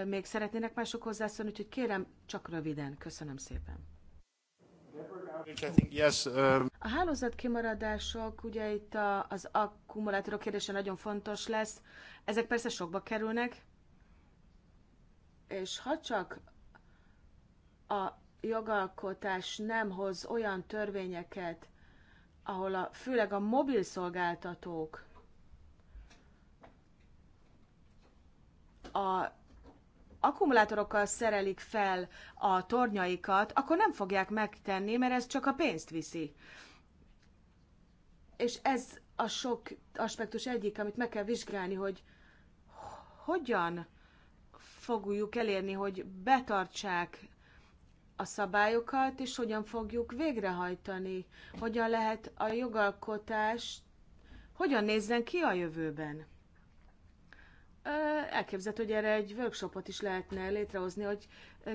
még szeretnének mások hozzászólni, úgyhogy kérem, csak röviden. Köszönöm szépen. Uh, a hálózat kimaradások, ugye itt az akkumulátorok kérdése nagyon fontos lesz. Ezek persze sokba kerülnek, és ha csak a jogalkotás nem hoz olyan törvényeket, ahol a, főleg a mobil szolgáltatók a akkumulátorokkal szerelik fel a tornyaikat, akkor nem fogják megtenni, mert ez csak a pénzt viszi. És ez a sok aspektus egyik, amit meg kell vizsgálni, hogy hogyan fogjuk elérni, hogy betartsák a szabályokat, és hogyan fogjuk végrehajtani, hogyan lehet a jogalkotás, hogyan nézzen ki a jövőben. Elképzelhető, hogy erre egy workshopot is lehetne létrehozni, hogy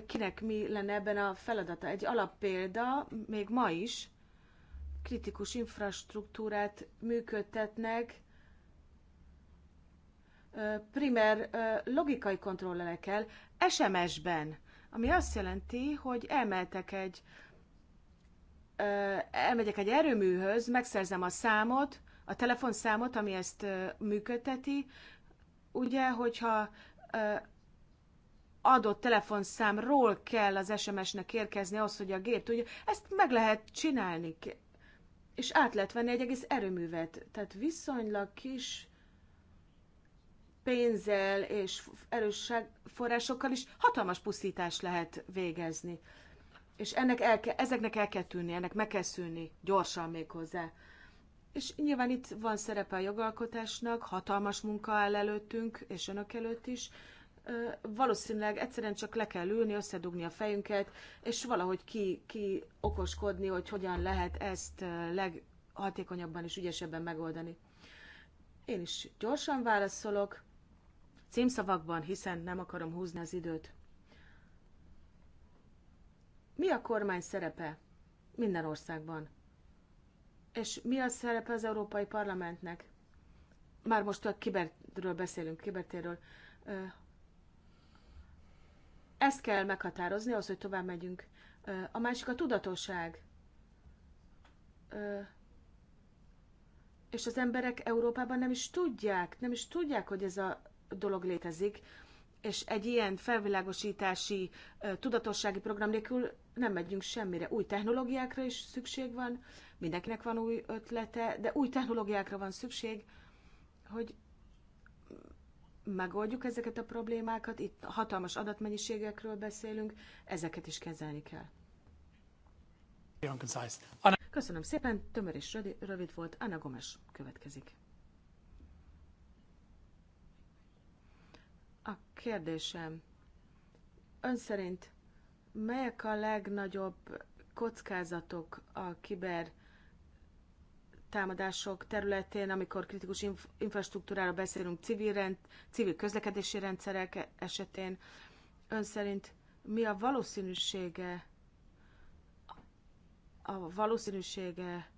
kinek mi lenne ebben a feladata. Egy alappélda még ma is kritikus infrastruktúrát működtetnek primer logikai kontrollerekkel, SMS-ben ami azt jelenti, hogy elmeltek egy, elmegyek egy erőműhöz, megszerzem a számot, a telefonszámot, ami ezt működteti. Ugye, hogyha adott telefonszámról kell az SMS-nek érkezni az, hogy a gép tudja, ezt meg lehet csinálni. És át lehet venni egy egész erőművet. Tehát viszonylag kis pénzzel és erős forrásokkal is hatalmas pusztítást lehet végezni. És ennek el ke, ezeknek el kell tűnni, ennek meg kell szűnni, gyorsan még hozzá. És nyilván itt van szerepe a jogalkotásnak, hatalmas munka áll előttünk, és önök előtt is. Valószínűleg egyszerűen csak le kell ülni, összedugni a fejünket, és valahogy ki, ki okoskodni, hogy hogyan lehet ezt leghatékonyabban és ügyesebben megoldani. Én is gyorsan válaszolok címszavakban, hiszen nem akarom húzni az időt. Mi a kormány szerepe minden országban? És mi a szerepe az Európai Parlamentnek? Már most a kibertről beszélünk, kibertéről. Ezt kell meghatározni, az, hogy tovább megyünk. A másik a tudatosság. És az emberek Európában nem is tudják, nem is tudják, hogy ez a dolog létezik, és egy ilyen felvilágosítási tudatossági program nélkül nem megyünk semmire. Új technológiákra is szükség van, mindenkinek van új ötlete, de új technológiákra van szükség, hogy megoldjuk ezeket a problémákat, itt hatalmas adatmennyiségekről beszélünk, ezeket is kezelni kell. Köszönöm szépen, tömör és rövid volt, Anna Gomes következik. A kérdésem, ön szerint melyek a legnagyobb kockázatok a kiber támadások területén, amikor kritikus inf- infrastruktúrára beszélünk, civil, rend, civil közlekedési rendszerek e-, esetén, ön szerint mi a valószínűsége, a valószínűsége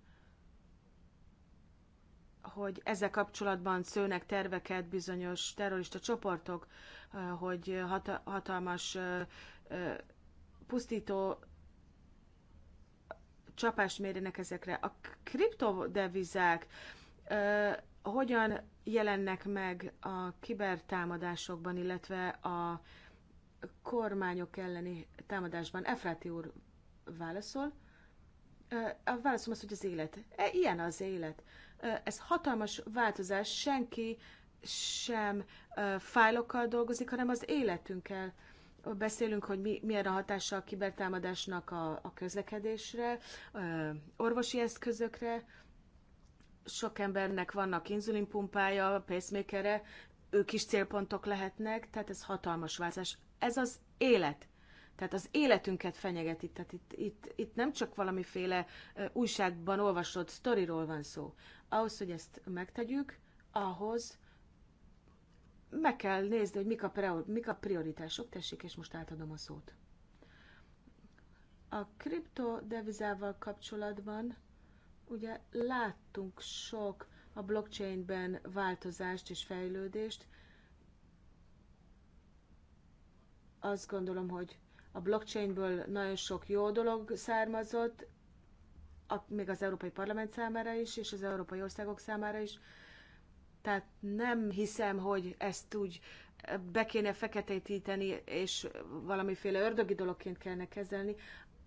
hogy ezzel kapcsolatban szőnek terveket bizonyos terrorista csoportok, eh, hogy hatalmas eh, eh, pusztító csapást mérjenek ezekre. A kriptodevizák hogyan jelennek meg a kibertámadásokban, illetve a kormányok elleni támadásban? Efráti úr válaszol. A válaszom az, hogy az élet. E, ilyen az élet. Ez hatalmas változás, senki sem fájlokkal dolgozik, hanem az életünkkel beszélünk, hogy mi, milyen a hatása a kibertámadásnak a, a közlekedésre, orvosi eszközökre. Sok embernek vannak inzulinpumpája, pacemakerre, ők is célpontok lehetnek, tehát ez hatalmas változás. Ez az élet. Tehát az életünket fenyegeti. Tehát itt, itt, itt nem csak valamiféle újságban olvasott sztoriról van szó. Ahhoz, hogy ezt megtegyük, ahhoz meg kell nézni, hogy mik a, mik a prioritások. Tessék, és most átadom a szót. A kriptodevizával kapcsolatban ugye láttunk sok a blockchainben változást és fejlődést. Azt gondolom, hogy a blockchainből nagyon sok jó dolog származott, a, még az Európai Parlament számára is, és az európai országok számára is. Tehát nem hiszem, hogy ezt úgy be kéne feketétíteni, és valamiféle ördögi dologként kellene kezelni.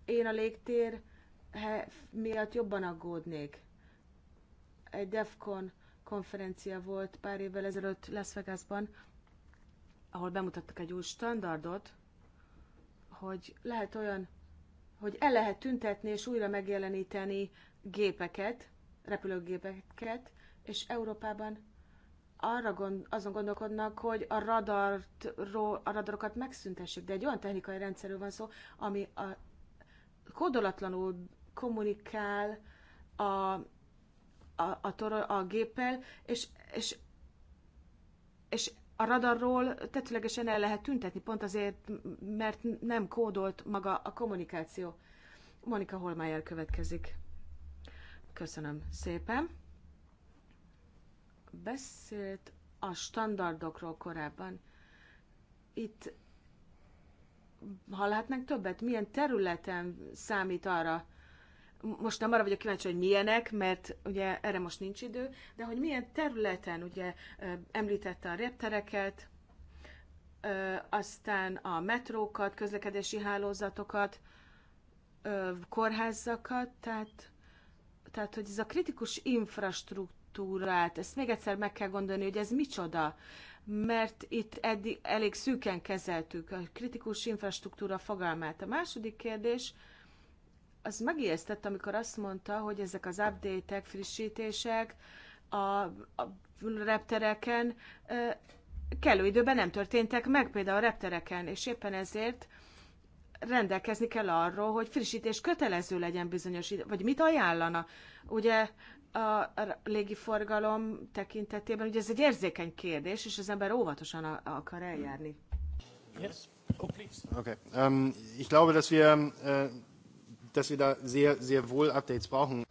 Én a légtér miatt jobban aggódnék. Egy DEFCON konferencia volt pár évvel ezelőtt Las Vegasban, ahol bemutattak egy új standardot, hogy lehet olyan, hogy el lehet tüntetni és újra megjeleníteni gépeket, repülőgépeket, és Európában arra gond, azon gondolkodnak, hogy a, radart, a radarokat megszüntessék, de egy olyan technikai rendszerről van szó, ami a kódolatlanul kommunikál a, a, a, toro, a géppel, és, és, és a radarról tetszőlegesen el lehet tüntetni, pont azért, mert nem kódolt maga a kommunikáció. Monika Holmájer következik. Köszönöm szépen. Beszélt a standardokról korábban. Itt hallhatnánk többet? Milyen területen számít arra, most nem arra vagyok kíváncsi, hogy milyenek, mert ugye erre most nincs idő, de hogy milyen területen, ugye említette a reptereket, aztán a metrókat, közlekedési hálózatokat, kórházakat, tehát, tehát hogy ez a kritikus infrastruktúrát, ezt még egyszer meg kell gondolni, hogy ez micsoda, mert itt eddig elég szűken kezeltük a kritikus infrastruktúra fogalmát. A második kérdés, az megijesztett, amikor azt mondta, hogy ezek az update-ek, frissítések a, a reptereken kellő időben nem történtek meg, például a reptereken, és éppen ezért rendelkezni kell arról, hogy frissítés kötelező legyen bizonyos, idő, vagy mit ajánlana. Ugye a légiforgalom tekintetében, ugye ez egy érzékeny kérdés, és az ember óvatosan akar eljárni. Yes. Oh, please. Okay. Um, ich glaube, dass wir uh, dass wir da sehr, sehr wohl Updates brauchen.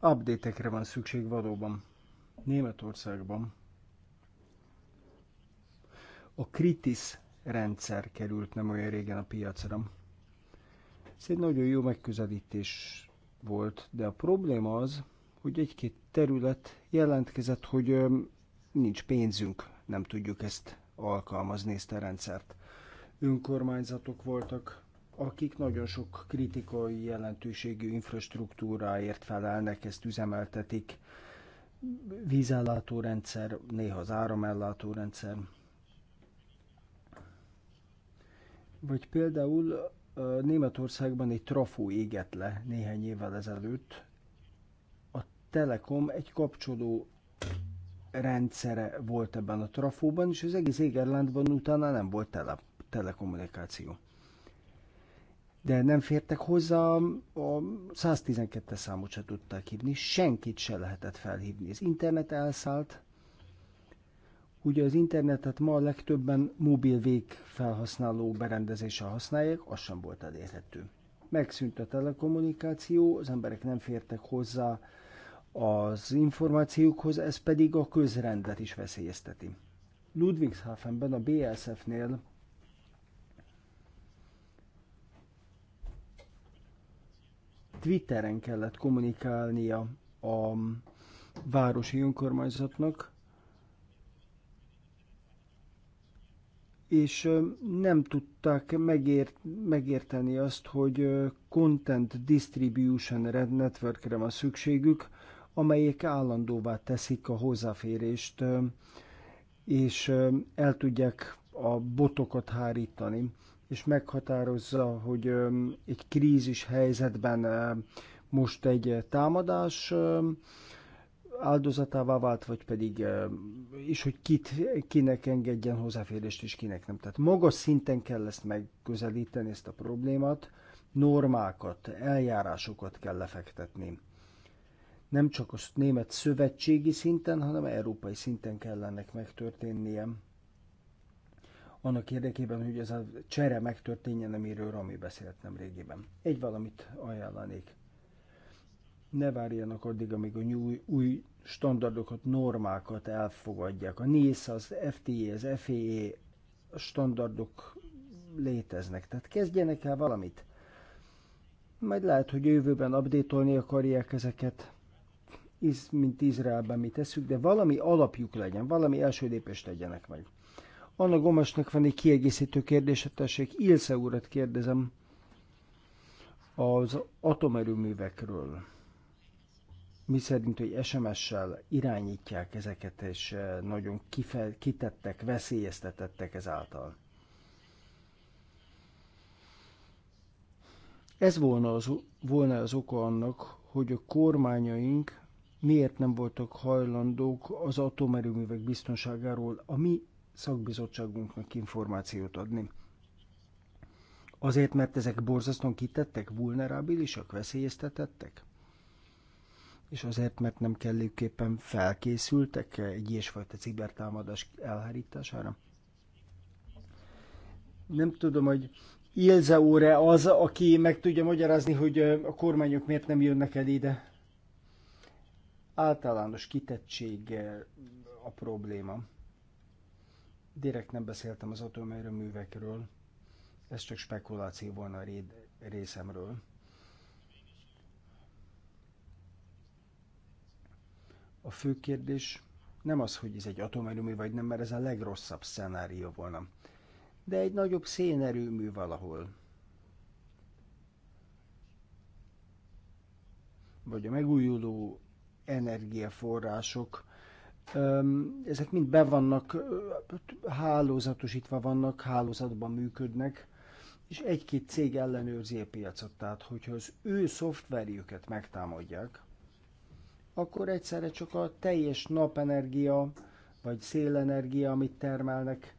Update-ekre van szükség valóban. Németországban a Kritis rendszer került nem olyan régen a piacra. Ez egy nagyon jó megközelítés volt, de a probléma az, hogy egy-két terület jelentkezett, hogy ö, nincs pénzünk, nem tudjuk ezt alkalmazni, ezt a rendszert. Önkormányzatok voltak, akik nagyon sok kritikai jelentőségű infrastruktúráért felelnek, ezt üzemeltetik, vízellátórendszer, néha az áramellátórendszer. Vagy például Németországban egy trafó égett le néhány évvel ezelőtt. A Telekom egy kapcsoló rendszere volt ebben a trafóban, és az egész Égerlandban utána nem volt tele, telekommunikáció de nem fértek hozzá, a 112-es számot se tudták hívni, senkit se lehetett felhívni. Az internet elszállt, Ugye az internetet ma a legtöbben mobil vég felhasználó berendezéssel használják, az sem volt elérhető. Megszűnt a telekommunikáció, az emberek nem fértek hozzá az információkhoz, ez pedig a közrendet is veszélyezteti. Ludwigshafenben a BSF-nél Twitteren kellett kommunikálnia a városi önkormányzatnak, és nem tudták megért, megérteni azt, hogy Content Distribution Networkre van szükségük, amelyek állandóvá teszik a hozzáférést, és el tudják a botokat hárítani és meghatározza, hogy egy krízis helyzetben most egy támadás áldozatává vált, vagy pedig, és hogy kit, kinek engedjen hozzáférést, és kinek nem. Tehát magas szinten kell ezt megközelíteni, ezt a problémát, normákat, eljárásokat kell lefektetni. Nem csak a német szövetségi szinten, hanem európai szinten kell ennek megtörténnie annak érdekében, hogy ez a csere megtörténjen, amiről Rami beszélt nem régiben. Egy valamit ajánlanék. Ne várjanak addig, amíg a új, új standardokat, normákat elfogadják. A NISZ, az FTA, e, az FEE e standardok léteznek. Tehát kezdjenek el valamit. Majd lehet, hogy jövőben updatolni akarják ezeket, mint Izraelben mi tesszük, de valami alapjuk legyen, valami első lépést tegyenek meg. Anna Gomesnek van egy kiegészítő kérdése, tessék, Ilse úrat kérdezem az atomerőművekről. Mi szerint, hogy SMS-sel irányítják ezeket, és eh, nagyon kifel, kitettek, veszélyeztetettek ezáltal. Ez volna az, volna az oka annak, hogy a kormányaink miért nem voltak hajlandók az atomerőművek biztonságáról a mi szakbizottságunknak információt adni. Azért, mert ezek borzasztóan kitettek, vulnerábilisak, veszélyeztetettek? És azért, mert nem kellőképpen felkészültek egy ilyesfajta cibertámadás elhárítására? Nem tudom, hogy Ilze óre az, aki meg tudja magyarázni, hogy a kormányok miért nem jönnek el ide. Általános kitettség a probléma. Direkt nem beszéltem az atomerőművekről, ez csak spekuláció volna a részemről. A fő kérdés nem az, hogy ez egy atomerőmű vagy nem, mert ez a legrosszabb szenárió volna, de egy nagyobb szénerőmű valahol. Vagy a megújuló energiaforrások ezek mind be vannak, hálózatosítva vannak, hálózatban működnek, és egy-két cég ellenőrzi a piacot. Tehát, hogyha az ő szoftverjüket megtámadják, akkor egyszerre csak a teljes napenergia vagy szélenergia, amit termelnek,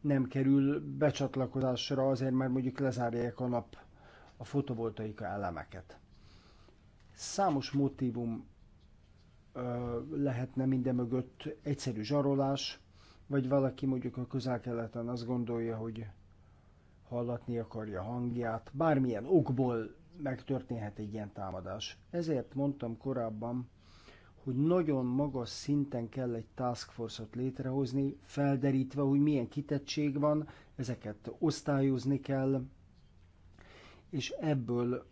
nem kerül becsatlakozásra, azért mert mondjuk lezárják a nap a fotovoltaika elemeket. Számos motivum lehetne minden mögött egyszerű zsarolás, vagy valaki mondjuk a közel-keleten azt gondolja, hogy hallatni akarja hangját, bármilyen okból megtörténhet egy ilyen támadás. Ezért mondtam korábban, hogy nagyon magas szinten kell egy task force-ot létrehozni, felderítve, hogy milyen kitettség van, ezeket osztályozni kell, és ebből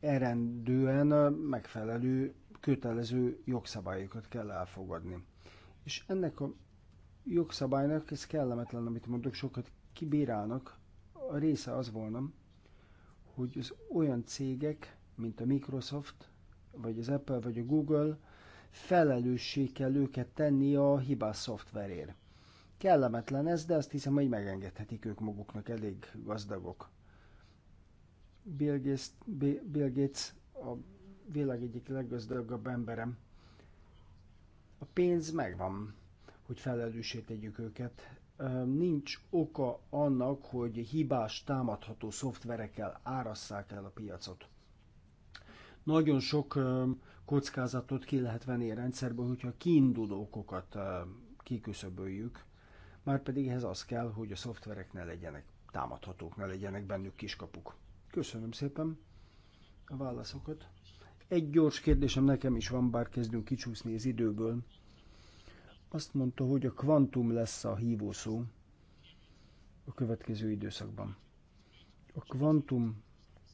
erendően megfelelő kötelező jogszabályokat kell elfogadni. És ennek a jogszabálynak, ez kellemetlen, amit mondok, sokat kibírálnak, a része az volna, hogy az olyan cégek, mint a Microsoft, vagy az Apple, vagy a Google, felelősség kell őket tenni a hibás szoftverért. Kellemetlen ez, de azt hiszem, hogy megengedhetik ők maguknak, elég gazdagok. Bill Gates, Bill Gates a világ egyik leggazdagabb emberem. A pénz megvan, hogy felelőssé tegyük őket. Nincs oka annak, hogy hibás, támadható szoftverekkel árasszák el a piacot. Nagyon sok kockázatot ki lehet venni a rendszerből, hogyha kiinduló okokat kiküszöböljük. Márpedig ehhez az kell, hogy a szoftverek ne legyenek támadhatók, ne legyenek bennük kiskapuk. Köszönöm szépen a válaszokat. Egy gyors kérdésem nekem is van, bár kezdünk kicsúszni az időből. Azt mondta, hogy a kvantum lesz a hívószó a következő időszakban. A kvantum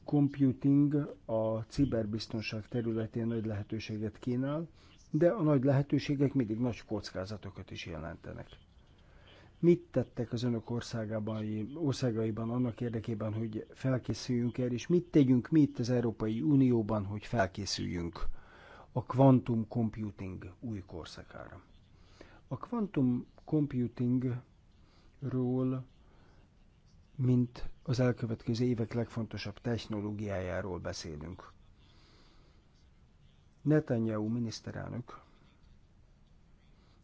computing a ciberbiztonság területén nagy lehetőséget kínál, de a nagy lehetőségek mindig nagy kockázatokat is jelentenek. Mit tettek az önök országában, országaiban annak érdekében, hogy felkészüljünk el, és mit tegyünk mi itt az Európai Unióban, hogy felkészüljünk a quantum computing új korszakára? A quantum computingról, mint az elkövetkező évek legfontosabb technológiájáról beszélünk. Netanyahu miniszterelnök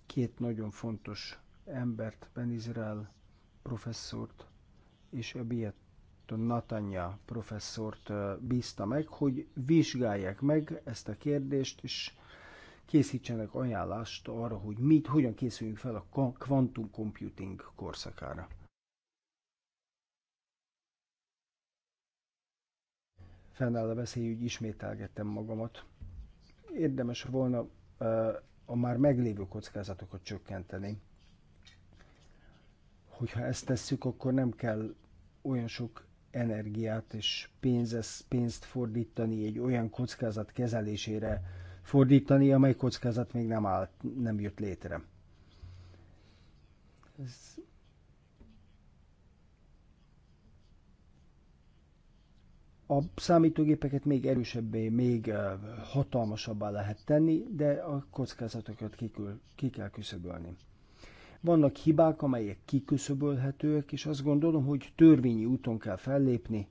két nagyon fontos embert, Ben Izrael professzort és a Natanya professzort bízta meg, hogy vizsgálják meg ezt a kérdést, és készítsenek ajánlást arra, hogy mit, hogyan készüljünk fel a quantum computing korszakára. Fennáll a veszély, hogy ismételgettem magamat. Érdemes volna a már meglévő kockázatokat csökkenteni hogyha ezt tesszük, akkor nem kell olyan sok energiát és pénzes, pénzt fordítani egy olyan kockázat kezelésére, fordítani, amely kockázat még nem, állt, nem jött létre. Ez... A számítógépeket még erősebbé, még hatalmasabbá lehet tenni, de a kockázatokat ki, kell küszöbölni. Vannak hibák, amelyek kiküszöbölhetőek, és azt gondolom, hogy törvényi úton kell fellépni,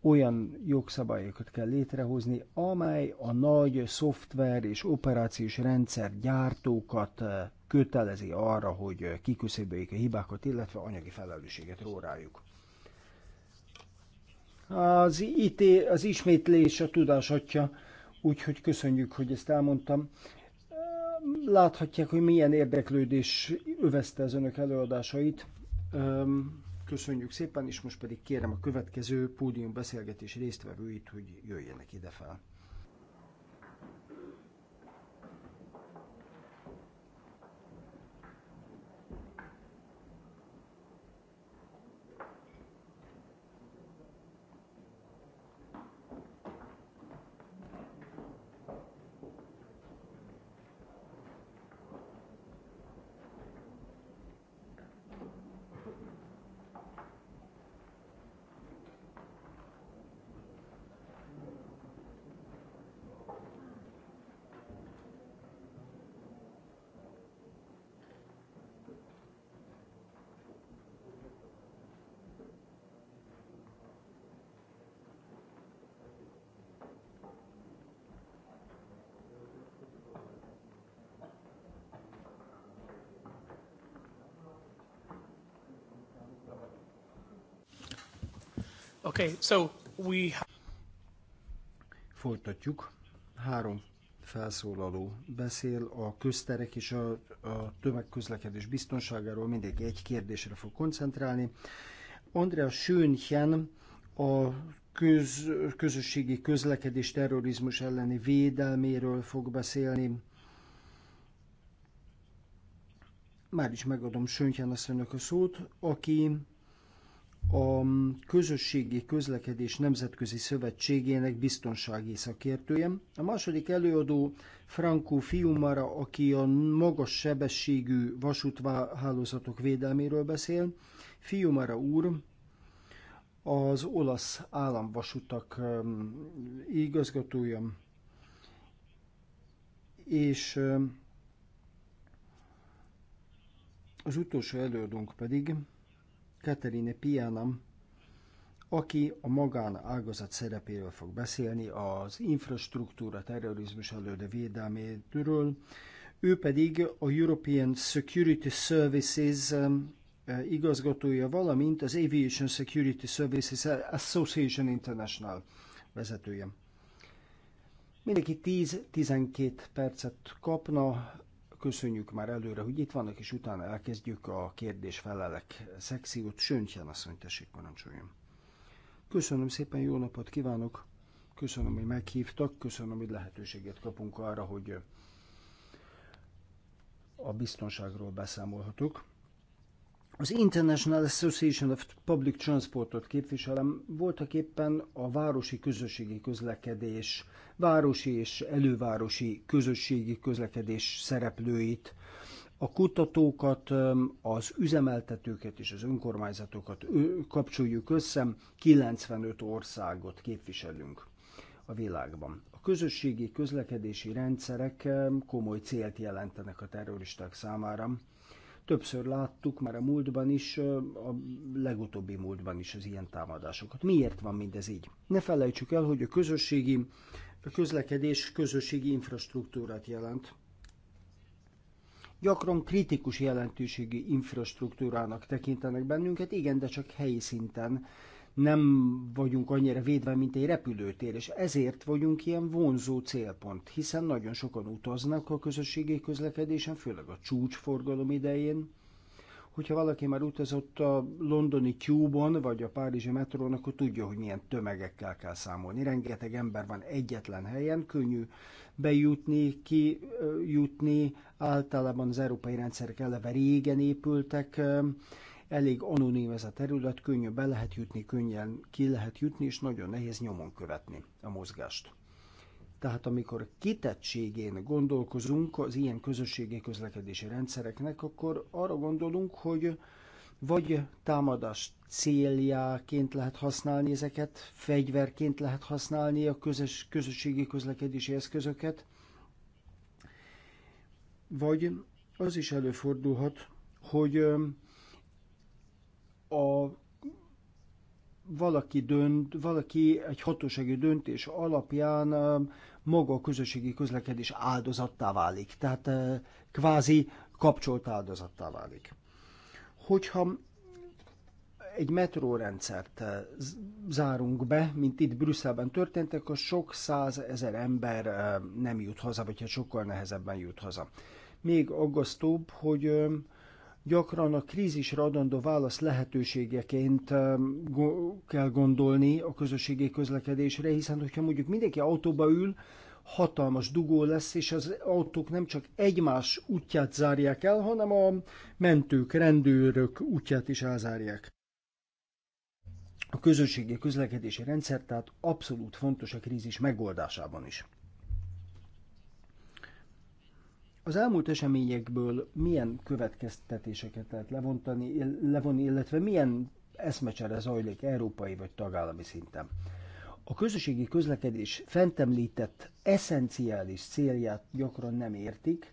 olyan jogszabályokat kell létrehozni, amely a nagy szoftver és operációs rendszer gyártókat eh, kötelezi arra, hogy eh, kiküszöböljék a hibákat, illetve anyagi felelősséget ró rájuk. Az, ité, az ismétlés a tudás atya, úgyhogy köszönjük, hogy ezt elmondtam. Láthatják, hogy milyen érdeklődés övezte az önök előadásait. Köszönjük szépen, és most pedig kérem a következő pódium beszélgetés résztvevőit, hogy jöjjenek ide fel. Okay, so we... Folytatjuk. Három felszólaló beszél a közterek és a, a tömegközlekedés biztonságáról. Mindenki egy kérdésre fog koncentrálni. Andrea Schönchen a köz, közösségi közlekedés terrorizmus elleni védelméről fog beszélni. Már is megadom Sönchen asszonynak a szót, aki a Közösségi Közlekedés Nemzetközi Szövetségének biztonsági szakértője. A második előadó Franco Fiumara, aki a magas sebességű vasúthálózatok védelméről beszél. Fiumara úr az olasz államvasutak um, igazgatója, és um, az utolsó előadónk pedig Katerine Pianam, aki a magán ágazat szerepéről fog beszélni, az infrastruktúra terrorizmus előre védelméről, ő pedig a European Security Services um, eh, igazgatója, valamint az Aviation Security Services Association International vezetője. Mindenki 10-12 percet kapna, köszönjük már előre, hogy itt vannak, és utána elkezdjük a kérdés-felelek szekciót. Söntjen asszony, tessék, parancsoljon. Köszönöm szépen, jó napot kívánok! Köszönöm, hogy meghívtak, köszönöm, hogy lehetőséget kapunk arra, hogy a biztonságról beszámolhatok. Az International Association of Public Transportot képviselem, voltak éppen a városi közösségi közlekedés, városi és elővárosi közösségi közlekedés szereplőit, a kutatókat, az üzemeltetőket és az önkormányzatokat kapcsoljuk össze, 95 országot képviselünk a világban. A közösségi közlekedési rendszerek komoly célt jelentenek a terroristák számára Többször láttuk már a múltban is, a legutóbbi múltban is az ilyen támadásokat. Miért van mindez így? Ne felejtsük el, hogy a közösségi a közlekedés közösségi infrastruktúrát jelent. Gyakran kritikus jelentőségi infrastruktúrának tekintenek bennünket, igen, de csak helyi szinten nem vagyunk annyira védve, mint egy repülőtér, és ezért vagyunk ilyen vonzó célpont, hiszen nagyon sokan utaznak a közösségi közlekedésen, főleg a csúcsforgalom idején. Hogyha valaki már utazott a londoni tube vagy a párizsi metrón, akkor tudja, hogy milyen tömegekkel kell számolni. Rengeteg ember van egyetlen helyen, könnyű bejutni, kijutni, általában az európai rendszerek eleve régen épültek, elég anonim ez a terület, könnyű be lehet jutni, könnyen ki lehet jutni, és nagyon nehéz nyomon követni a mozgást. Tehát amikor kitettségén gondolkozunk az ilyen közösségi közlekedési rendszereknek, akkor arra gondolunk, hogy vagy támadás céljáként lehet használni ezeket, fegyverként lehet használni a közös, közösségi közlekedési eszközöket, vagy az is előfordulhat, hogy a valaki dönt, valaki egy hatósági döntés alapján um, maga a közösségi közlekedés áldozattá válik, tehát uh, kvázi kapcsolt áldozattá válik. Hogyha egy metrórendszert uh, zárunk be, mint itt Brüsszelben történtek, akkor sok százezer ember uh, nem jut haza, vagy hát sokkal nehezebben jut haza. Még aggasztóbb, hogy um, gyakran a krízisre adandó válasz lehetőségeként um, kell gondolni a közösségi közlekedésre, hiszen hogyha mondjuk mindenki autóba ül, hatalmas dugó lesz, és az autók nem csak egymás útját zárják el, hanem a mentők, rendőrök útját is elzárják. A közösségi közlekedési rendszer tehát abszolút fontos a krízis megoldásában is. Az elmúlt eseményekből milyen következtetéseket lehet levontani, levonni, illetve milyen eszmecsere zajlik európai vagy tagállami szinten? A közösségi közlekedés fentemlített eszenciális célját gyakran nem értik,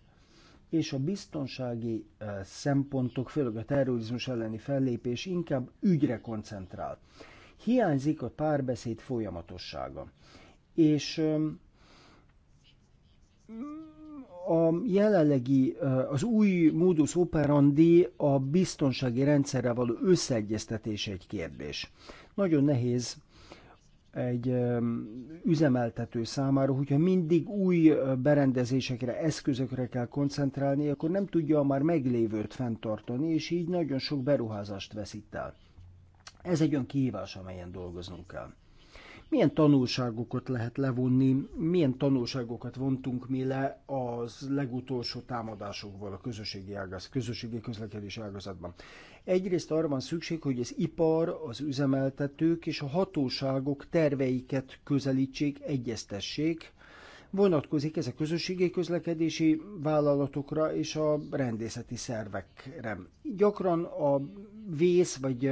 és a biztonsági eh, szempontok, főleg a terrorizmus elleni fellépés inkább ügyre koncentrál. Hiányzik a párbeszéd folyamatossága. És a jelenlegi, az új modus operandi a biztonsági rendszerrel való összeegyeztetés egy kérdés. Nagyon nehéz egy üzemeltető számára, hogyha mindig új berendezésekre, eszközökre kell koncentrálni, akkor nem tudja a már meglévőt fenntartani, és így nagyon sok beruházást veszít el. Ez egy olyan kihívás, amelyen dolgoznunk kell. Milyen tanulságokat lehet levonni, milyen tanulságokat vontunk mi le az legutolsó támadásokból a közösségi, ágaz, közösségi közlekedés ágazatban? Egyrészt arra van szükség, hogy az ipar, az üzemeltetők és a hatóságok terveiket közelítsék, egyeztessék, vonatkozik ez a közösségi közlekedési vállalatokra és a rendészeti szervekre. Gyakran a vész vagy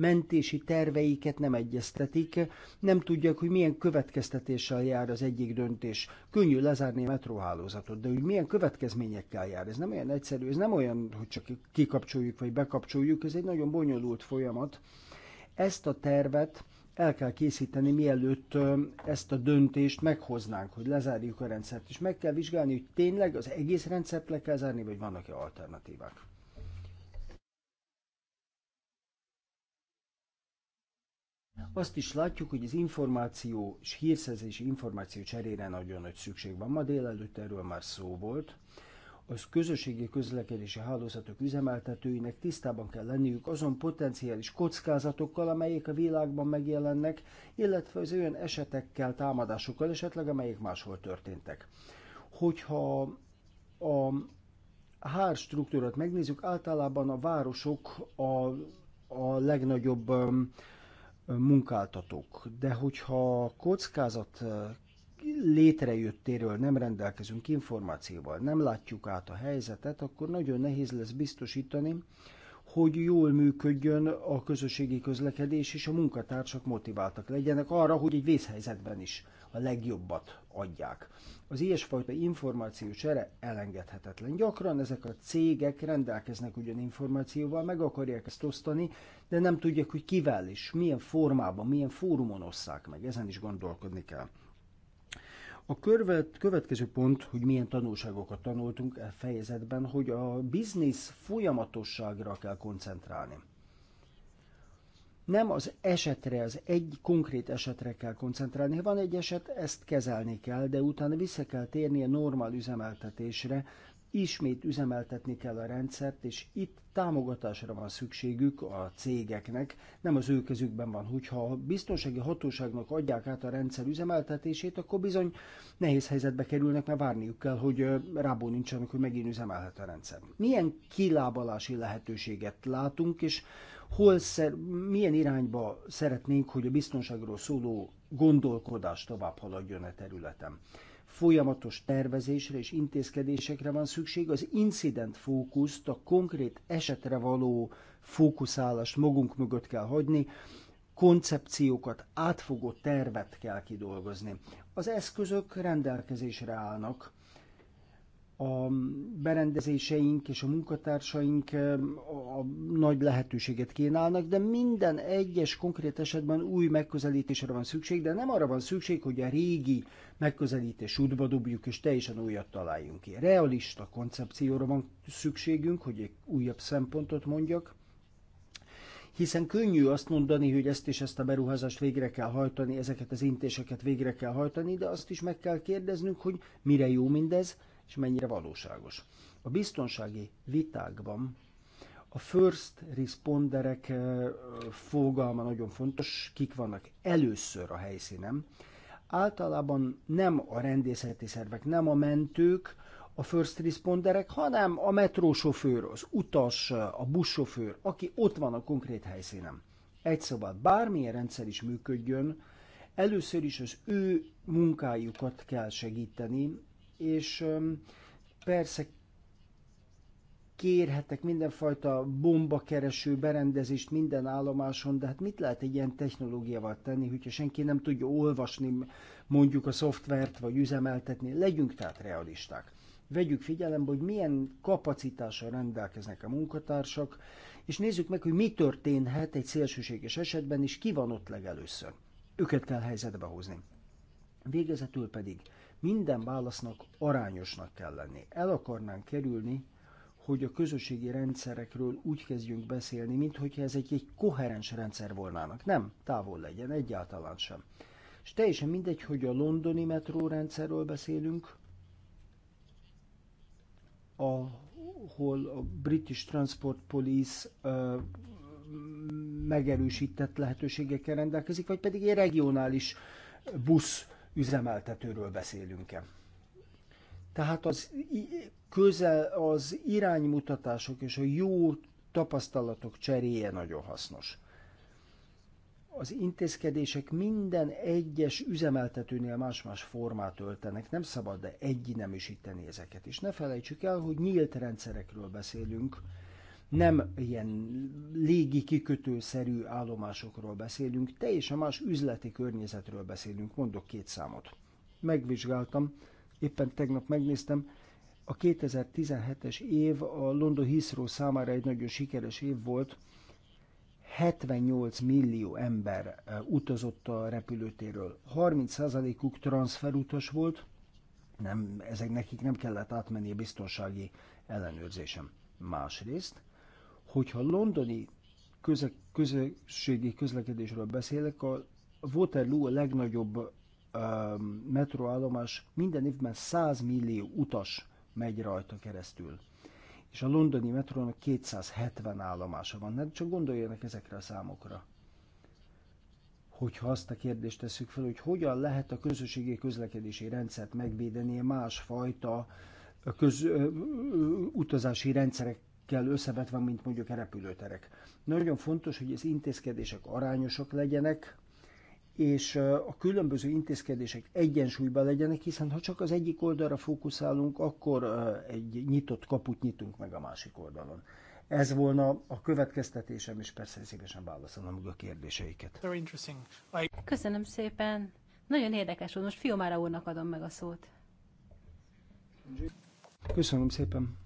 mentési terveiket nem egyeztetik, nem tudják, hogy milyen következtetéssel jár az egyik döntés. Könnyű lezárni a metróhálózatot, de hogy milyen következményekkel jár, ez nem olyan egyszerű, ez nem olyan, hogy csak kikapcsoljuk vagy bekapcsoljuk, ez egy nagyon bonyolult folyamat. Ezt a tervet el kell készíteni, mielőtt ezt a döntést meghoznánk, hogy lezárjuk a rendszert, és meg kell vizsgálni, hogy tényleg az egész rendszert le kell zárni, vagy vannak-e alternatívák. Azt is látjuk, hogy az információ és hírszerzési információ cserére nagyon nagy szükség van. Ma délelőtt erről már szó volt. Az közösségi közlekedési hálózatok üzemeltetőinek tisztában kell lenniük azon potenciális kockázatokkal, amelyek a világban megjelennek, illetve az olyan esetekkel, támadásokkal esetleg, amelyek máshol történtek. Hogyha a hár struktúrát megnézzük, általában a városok a, a legnagyobb um, munkáltatók. De hogyha a kockázat eh, létrejöttéről nem rendelkezünk információval, nem látjuk át a helyzetet, akkor nagyon nehéz lesz biztosítani, hogy jól működjön a közösségi közlekedés, és a munkatársak motiváltak legyenek arra, hogy egy vészhelyzetben is a legjobbat adják. Az ilyesfajta információ csere elengedhetetlen. Gyakran ezek a cégek rendelkeznek ugyan információval, meg akarják ezt osztani, de nem tudják, hogy kivel és milyen formában, milyen fórumon osszák meg. Ezen is gondolkodni kell. A követ, következő pont, hogy milyen tanulságokat tanultunk e fejezetben, hogy a biznisz folyamatosságra kell koncentrálni. Nem az esetre, az egy konkrét esetre kell koncentrálni. Ha van egy eset, ezt kezelni kell, de utána vissza kell térni a normál üzemeltetésre, ismét üzemeltetni kell a rendszert, és itt támogatásra van szükségük a cégeknek, nem az ő kezükben van. Hogyha a biztonsági hatóságnak adják át a rendszer üzemeltetését, akkor bizony nehéz helyzetbe kerülnek, mert várniuk kell, hogy rábólincsanak, hogy megint üzemelhet a rendszer. Milyen kilábalási lehetőséget látunk, és hol szer, milyen irányba szeretnénk, hogy a biztonságról szóló gondolkodás tovább haladjon a területen folyamatos tervezésre és intézkedésekre van szükség, az incident fókuszt, a konkrét esetre való fókuszálást magunk mögött kell hagyni, koncepciókat, átfogó tervet kell kidolgozni. Az eszközök rendelkezésre állnak, a berendezéseink és a munkatársaink a nagy lehetőséget kínálnak, de minden egyes konkrét esetben új megközelítésre van szükség, de nem arra van szükség, hogy a régi megközelítés útba dobjuk és teljesen újat találjunk ki. Realista koncepcióra van szükségünk, hogy egy újabb szempontot mondjak, hiszen könnyű azt mondani, hogy ezt és ezt a beruházást végre kell hajtani, ezeket az intéseket végre kell hajtani, de azt is meg kell kérdeznünk, hogy mire jó mindez, és mennyire valóságos. A biztonsági vitákban a first responderek fogalma nagyon fontos, kik vannak először a helyszínen. Általában nem a rendészeti szervek, nem a mentők, a first responderek, hanem a metrósofőr, az utas, a buszsofőr, aki ott van a konkrét helyszínen. Egy szóval bármilyen rendszer is működjön, először is az ő munkájukat kell segíteni, és persze kérhetek mindenfajta bombakereső berendezést minden állomáson, de hát mit lehet egy ilyen technológiával tenni, hogyha senki nem tudja olvasni mondjuk a szoftvert, vagy üzemeltetni. Legyünk tehát realisták. Vegyük figyelembe, hogy milyen kapacitással rendelkeznek a munkatársak, és nézzük meg, hogy mi történhet egy szélsőséges esetben, és ki van ott legelőször. Őket kell helyzetbe hozni. Végezetül pedig minden válasznak arányosnak kell lenni. El akarnánk kerülni, hogy a közösségi rendszerekről úgy kezdjünk beszélni, mintha ezek egy koherens rendszer volnának. Nem, távol legyen, egyáltalán sem. És teljesen mindegy, hogy a londoni metrórendszerről beszélünk, ahol a British Transport Police uh, megerősített lehetőségekkel rendelkezik, vagy pedig egy regionális busz üzemeltetőről beszélünk-e. Tehát az, közel az iránymutatások és a jó tapasztalatok cseréje nagyon hasznos. Az intézkedések minden egyes üzemeltetőnél más-más formát öltenek, nem szabad de nem ezeket. És ne felejtsük el, hogy nyílt rendszerekről beszélünk, nem ilyen légi kikötőszerű állomásokról beszélünk, teljesen más üzleti környezetről beszélünk, mondok két számot. Megvizsgáltam, éppen tegnap megnéztem, a 2017-es év a London Heathrow számára egy nagyon sikeres év volt, 78 millió ember e, utazott a repülőtéről. 30%-uk transferutas volt, nem, ezek nekik nem kellett átmenni a biztonsági ellenőrzésem. Másrészt Hogyha londoni köze, közösségi közlekedésről beszélek, a Waterloo a legnagyobb um, metroállomás, minden évben 100 millió utas megy rajta keresztül. És a londoni metrónak 270 állomása van. Nem csak gondoljanak ezekre a számokra. Hogyha azt a kérdést tesszük fel, hogy hogyan lehet a közösségi közlekedési rendszert megvédeni a másfajta köz, ö, ö, utazási rendszerek kell összevetve, mint mondjuk a repülőterek. Nagyon fontos, hogy az intézkedések arányosak legyenek, és a különböző intézkedések egyensúlyban legyenek, hiszen ha csak az egyik oldalra fókuszálunk, akkor egy nyitott kaput nyitunk meg a másik oldalon. Ez volna a következtetésem, és persze szívesen válaszolom a kérdéseiket. Köszönöm szépen. Nagyon érdekes volt. Most Fiomára úrnak adom meg a szót. Köszönöm szépen.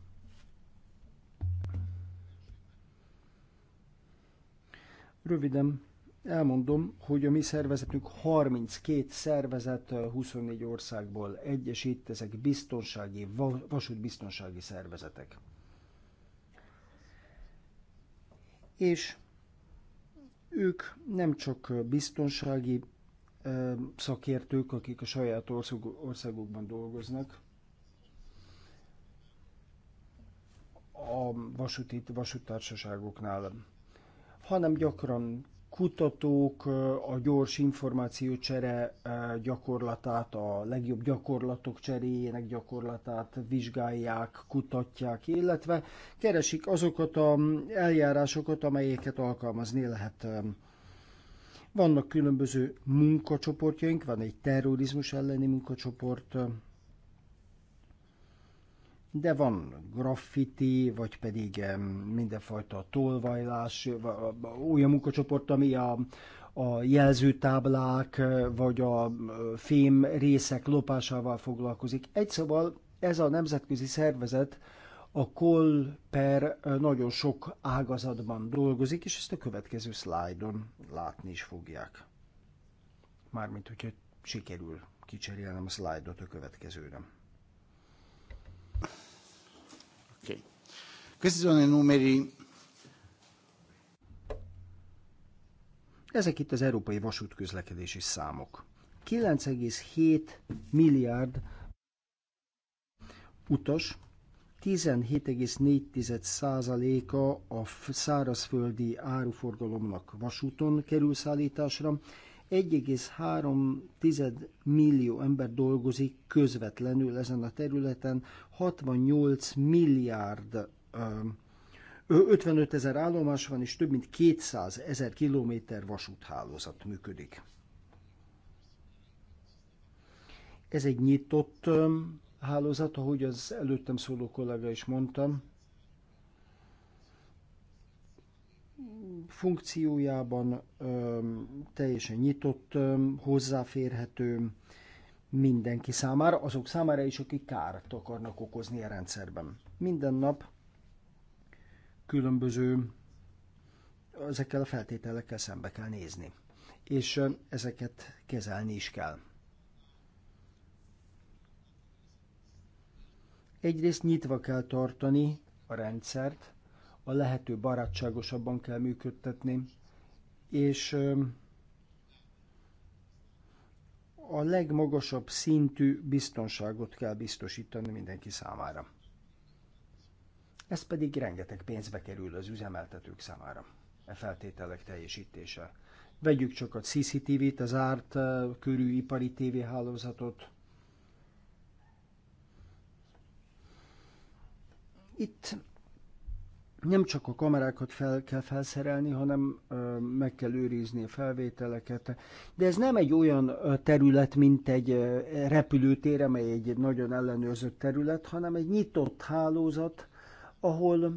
Röviden elmondom, hogy a mi szervezetünk 32 szervezet 24 országból egyesít, ezek biztonsági, vasútbiztonsági szervezetek. És ők nem csak biztonsági szakértők, akik a saját országokban dolgoznak, a vasúti vasúttársaságoknál hanem gyakran kutatók a gyors információcsere gyakorlatát, a legjobb gyakorlatok cseréjének gyakorlatát vizsgálják, kutatják, illetve keresik azokat a eljárásokat, amelyeket alkalmazni lehet. Vannak különböző munkacsoportjaink, van egy terrorizmus elleni munkacsoport, de van graffiti, vagy pedig mindenfajta tolvajlás, olyan munkacsoport, ami a, a jelzőtáblák, vagy a fém részek lopásával foglalkozik. Egy szóval ez a nemzetközi szervezet a Kolper nagyon sok ágazatban dolgozik, és ezt a következő szlájdon látni is fogják. Mármint, hogyha sikerül kicserélnem a szlájdot a következőre. Ok. Questi sono i numeri. Ezek itt az európai vasútközlekedési számok. 9,7 milliárd utas, 17,4%-a a szárazföldi áruforgalomnak vasúton kerül szállításra, 1,3 millió ember dolgozik közvetlenül ezen a területen, 68 milliárd 55 ezer állomás van, és több mint 200 ezer kilométer vasúthálózat működik. Ez egy nyitott hálózat, ahogy az előttem szóló kollega is mondtam, funkciójában teljesen nyitott, hozzáférhető mindenki számára, azok számára is, akik kárt akarnak okozni a rendszerben. Minden nap különböző ezekkel a feltételekkel szembe kell nézni, és ezeket kezelni is kell. Egyrészt nyitva kell tartani a rendszert, a lehető barátságosabban kell működtetni, és a legmagasabb szintű biztonságot kell biztosítani mindenki számára. Ez pedig rengeteg pénzbe kerül az üzemeltetők számára, e feltételek teljesítése. Vegyük csak a CCTV-t, az árt körű ipari tévéhálózatot. Itt nem csak a kamerákat fel kell felszerelni, hanem ö, meg kell őrizni a felvételeket. De ez nem egy olyan terület, mint egy repülőtér, amely egy nagyon ellenőrzött terület, hanem egy nyitott hálózat, ahol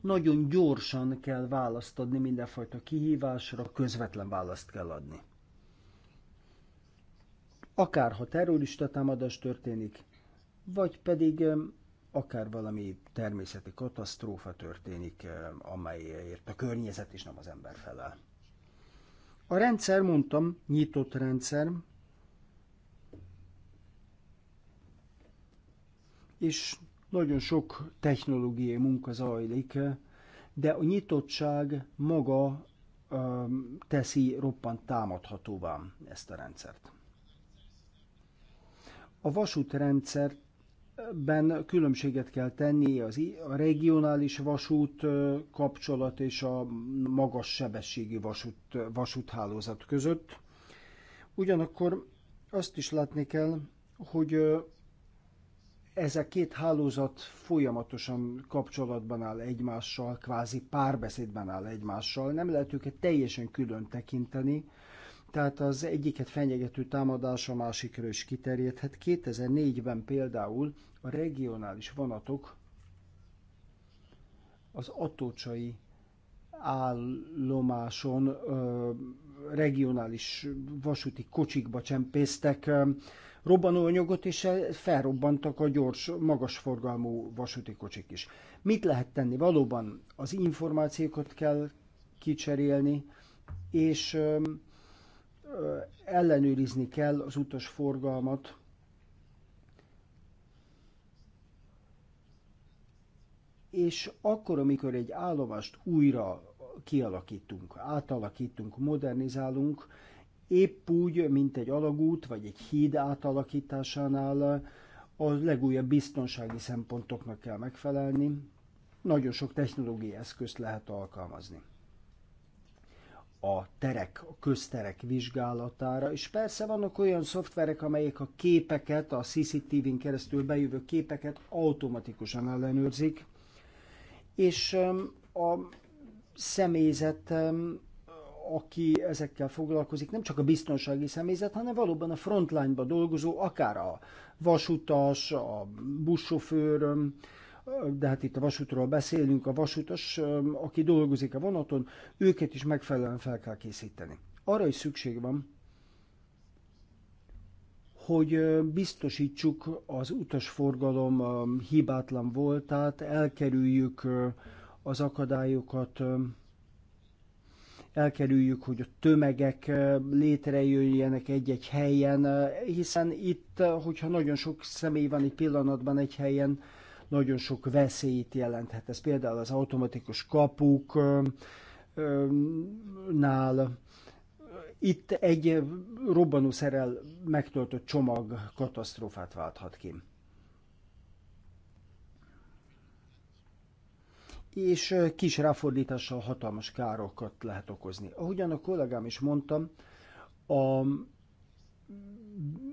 nagyon gyorsan kell választ adni mindenfajta kihívásra, közvetlen választ kell adni. Akár ha terrorista támadás történik, vagy pedig akár valami természeti katasztrófa történik, eh, amelyért a környezet is nem az ember felel. A rendszer, mondtam, nyitott rendszer, és nagyon sok technológiai munka zajlik, de a nyitottság maga ö, eh, teszi roppant támadhatóvá ezt a rendszert. A vasútrendszert ben különbséget kell tenni az a regionális vasút kapcsolat és a magas sebességi vasút, vasúthálózat között. Ugyanakkor azt is látni kell, hogy ez a két hálózat folyamatosan kapcsolatban áll egymással, kvázi párbeszédben áll egymással. Nem lehet őket teljesen külön tekinteni, tehát az egyiket fenyegető támadás a másikra is kiterjedhet. 2004-ben például a regionális vonatok az atócsai állomáson ö, regionális vasúti kocsikba csempésztek ö, robbanóanyagot, és felrobbantak a gyors, magasforgalmú vasúti kocsik is. Mit lehet tenni? Valóban az információkat kell kicserélni, és ö, ellenőrizni kell az utas forgalmat, és akkor, amikor egy állomást újra kialakítunk, átalakítunk, modernizálunk, épp úgy, mint egy alagút vagy egy híd átalakításánál a legújabb biztonsági szempontoknak kell megfelelni. Nagyon sok technológiai eszközt lehet alkalmazni a terek, a közterek vizsgálatára, és persze vannak olyan szoftverek, amelyek a képeket, a CCTV-n keresztül bejövő képeket automatikusan ellenőrzik, és a személyzet, aki ezekkel foglalkozik, nem csak a biztonsági személyzet, hanem valóban a frontline dolgozó, akár a vasutas, a buszsofőr, de hát itt a vasútról beszélünk, a vasutas, aki dolgozik a vonaton, őket is megfelelően fel kell készíteni. Arra is szükség van, hogy biztosítsuk az utasforgalom hibátlan voltát, elkerüljük az akadályokat, elkerüljük, hogy a tömegek létrejöjjenek egy-egy helyen, hiszen itt, hogyha nagyon sok személy van egy pillanatban egy helyen, nagyon sok veszélyt jelenthet. Ez például az automatikus kapuknál Itt egy robbanószerrel megtöltött csomag katasztrófát válthat ki. és kis ráfordítással hatalmas károkat lehet okozni. Ahogyan a kollégám is mondtam, a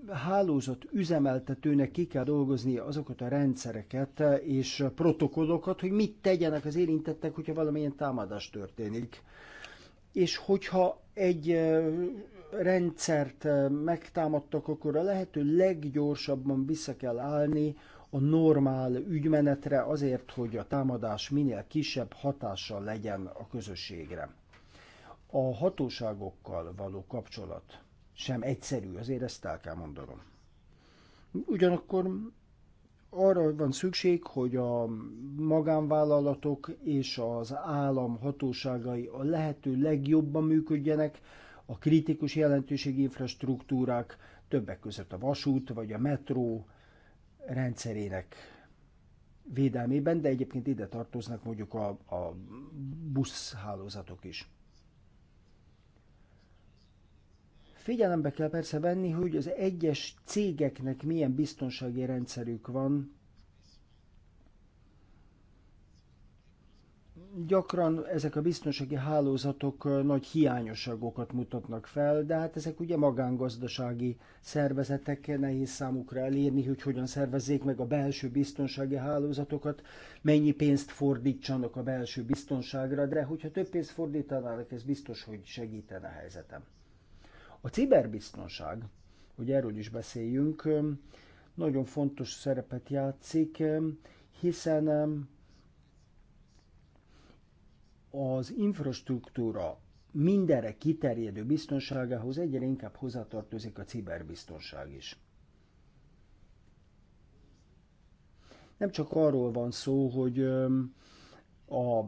hálózat üzemeltetőnek ki kell dolgoznia azokat a rendszereket és protokollokat, hogy mit tegyenek az érintettek, hogyha valamilyen támadás történik. És hogyha egy rendszert megtámadtak, akkor a lehető leggyorsabban vissza kell állni a normál ügymenetre azért, hogy a támadás minél kisebb hatással legyen a közösségre. A hatóságokkal való kapcsolat sem egyszerű, azért ezt el kell mondanom. Ugyanakkor arra van szükség, hogy a magánvállalatok és az állam hatóságai a lehető legjobban működjenek, a kritikus jelentőségi infrastruktúrák, többek között a vasút vagy a metró rendszerének védelmében, de egyébként ide tartoznak mondjuk a, a buszhálózatok is. Figyelembe kell persze venni, hogy az egyes cégeknek milyen biztonsági rendszerük van. Gyakran ezek a biztonsági hálózatok nagy hiányosságokat mutatnak fel, de hát ezek ugye magángazdasági szervezetek, nehéz számukra elérni, hogy hogyan szervezzék meg a belső biztonsági hálózatokat, mennyi pénzt fordítsanak a belső biztonságra, de hogyha több pénzt fordítanának, ez biztos, hogy segítene a helyzetem. A ciberbiztonság, hogy erről is beszéljünk, nagyon fontos szerepet játszik, hiszen az infrastruktúra mindenre kiterjedő biztonságához egyre inkább hozzátartozik a ciberbiztonság is. Nem csak arról van szó, hogy a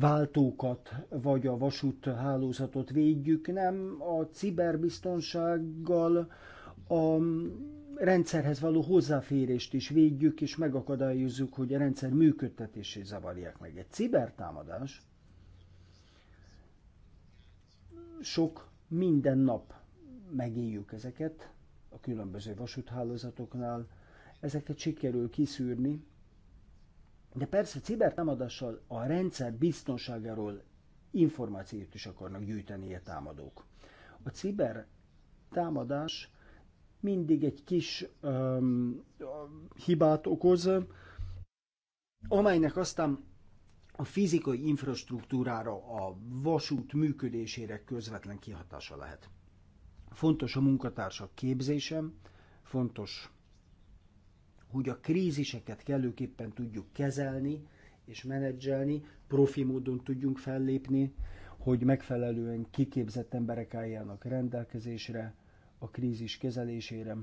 váltókat vagy a vasúthálózatot védjük, nem a ciberbiztonsággal a rendszerhez való hozzáférést is védjük, és megakadályozzuk, hogy a rendszer működtetését zavarják meg. Egy cibertámadás sok minden nap megéljük ezeket a különböző vasúthálózatoknál, ezeket sikerül kiszűrni, de persze cibertámadással a rendszer biztonságáról információt is akarnak gyűjteni a támadók. A ciber támadás mindig egy kis um, hibát okoz, amelynek aztán a fizikai infrastruktúrára, a vasút működésére közvetlen kihatása lehet. Fontos a munkatársak képzése, fontos hogy a kríziseket kellőképpen tudjuk kezelni és menedzselni, profi módon tudjunk fellépni, hogy megfelelően kiképzett emberek álljanak rendelkezésre a krízis kezelésére.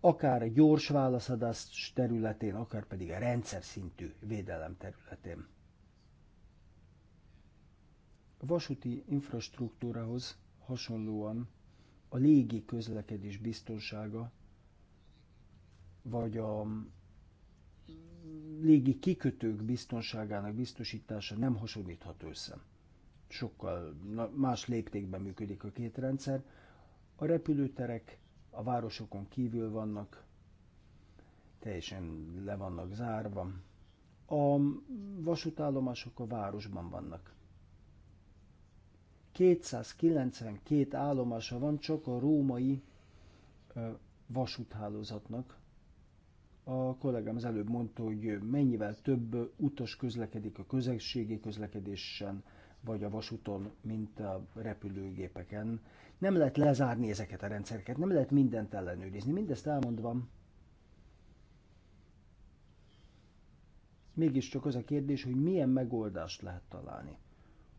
Akár a gyors válaszadás területén, akár pedig a rendszer szintű védelem területén. A vasúti infrastruktúrához hasonlóan a légi közlekedés biztonsága vagy a légi kikötők biztonságának biztosítása nem hasonlíthat össze. Sokkal más léptékben működik a két rendszer. A repülőterek a városokon kívül vannak, teljesen le vannak zárva. A vasútállomások a városban vannak. 292 állomása van csak a római vasúthálózatnak, a kollégám az előbb mondta, hogy mennyivel több utas közlekedik a közösségi közlekedésen, vagy a vasúton, mint a repülőgépeken. Nem lehet lezárni ezeket a rendszereket, nem lehet mindent ellenőrizni. Mindezt elmondva, mégiscsak az a kérdés, hogy milyen megoldást lehet találni.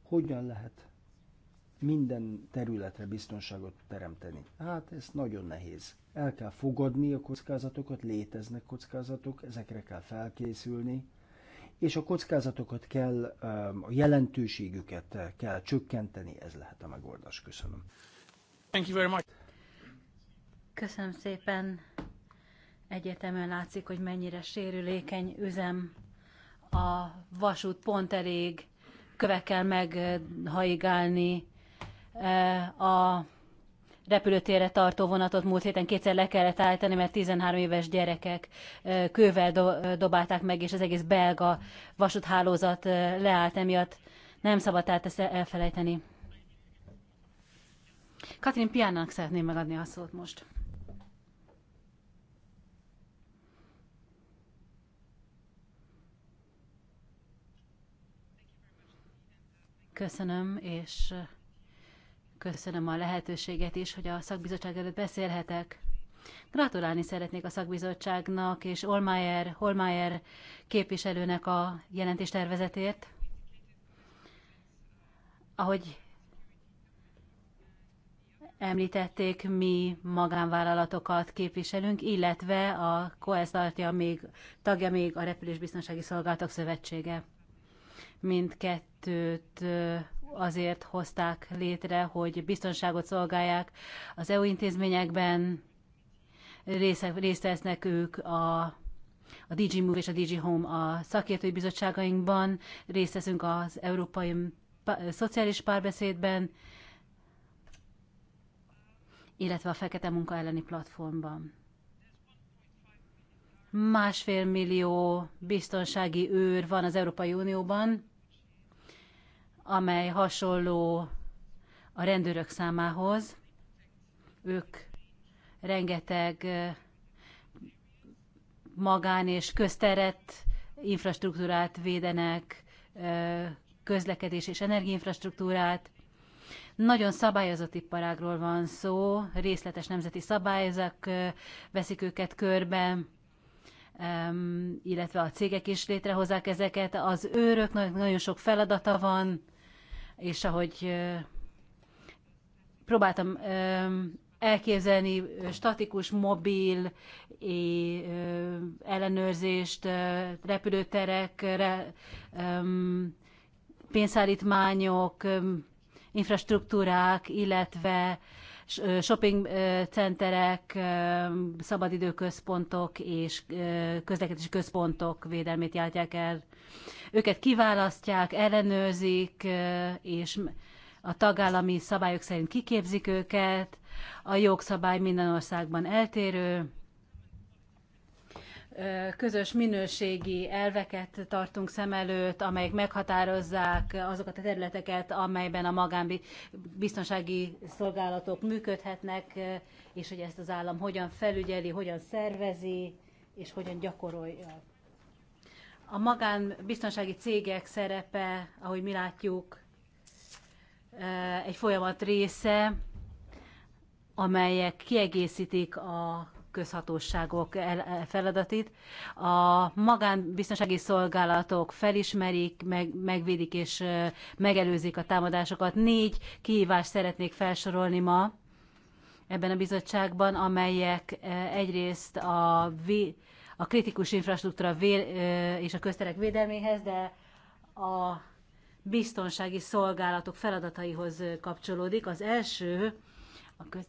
Hogyan lehet minden területre biztonságot teremteni? Hát ez nagyon nehéz. El kell fogadni a kockázatokat, léteznek kockázatok, ezekre kell felkészülni, és a kockázatokat kell, a jelentőségüket kell csökkenteni, ez lehet a megoldás. Köszönöm. Thank you very much. Köszönöm szépen. Egyetemen látszik, hogy mennyire sérülékeny üzem. A vasút pont elég kövekkel meghaigálni a repülőtérre tartó vonatot múlt héten kétszer le kellett állítani, mert 13 éves gyerekek kővel do- dobálták meg, és az egész belga vasúthálózat leállt emiatt. Nem szabad tehát ezt elfelejteni. Katrin Piánnak szeretném megadni a szót most. Köszönöm, és Köszönöm a lehetőséget is, hogy a szakbizottság előtt beszélhetek. Gratulálni szeretnék a szakbizottságnak és Olmayer, Olmayer képviselőnek a tervezetét. Ahogy említették, mi magánvállalatokat képviselünk, illetve a COESZ tartja még, tagja még a Repülésbiztonsági Szolgálatok Szövetsége. Mindkettőt azért hozták létre, hogy biztonságot szolgálják az EU intézményekben, része, részt vesznek ők a, a DG Move és a DG Home a szakértői bizottságainkban, részt veszünk az Európai Szociális Párbeszédben, illetve a Fekete Munka elleni platformban. Másfél millió biztonsági őr van az Európai Unióban, amely hasonló a rendőrök számához. Ők rengeteg magán és közteret, infrastruktúrát védenek, közlekedés és energiainfrastruktúrát. Nagyon szabályozott iparágról van szó, részletes nemzeti szabályozak veszik őket körbe, illetve a cégek is létrehozzák ezeket. Az őrök nagyon sok feladata van, és ahogy próbáltam elképzelni statikus, mobil ellenőrzést, repülőterekre, pénzállítmányok, infrastruktúrák, illetve shopping centerek, szabadidőközpontok és közlekedési központok védelmét játják el. Őket kiválasztják, ellenőrzik, és a tagállami szabályok szerint kiképzik őket. A jogszabály minden országban eltérő közös minőségi elveket tartunk szem előtt, amelyek meghatározzák azokat a területeket, amelyben a magánbiztonsági szolgálatok működhetnek, és hogy ezt az állam hogyan felügyeli, hogyan szervezi, és hogyan gyakorolja. A magánbiztonsági cégek szerepe, ahogy mi látjuk, egy folyamat része, amelyek kiegészítik a közhatóságok e, feladatét. A magánbiztonsági szolgálatok felismerik, meg, megvédik és megelőzik a támadásokat. Négy kihívást szeretnék felsorolni ma ebben a bizottságban, amelyek egyrészt a, a kritikus infrastruktúra és a közterek védelméhez, de a biztonsági szolgálatok feladataihoz kapcsolódik. Az első a köz-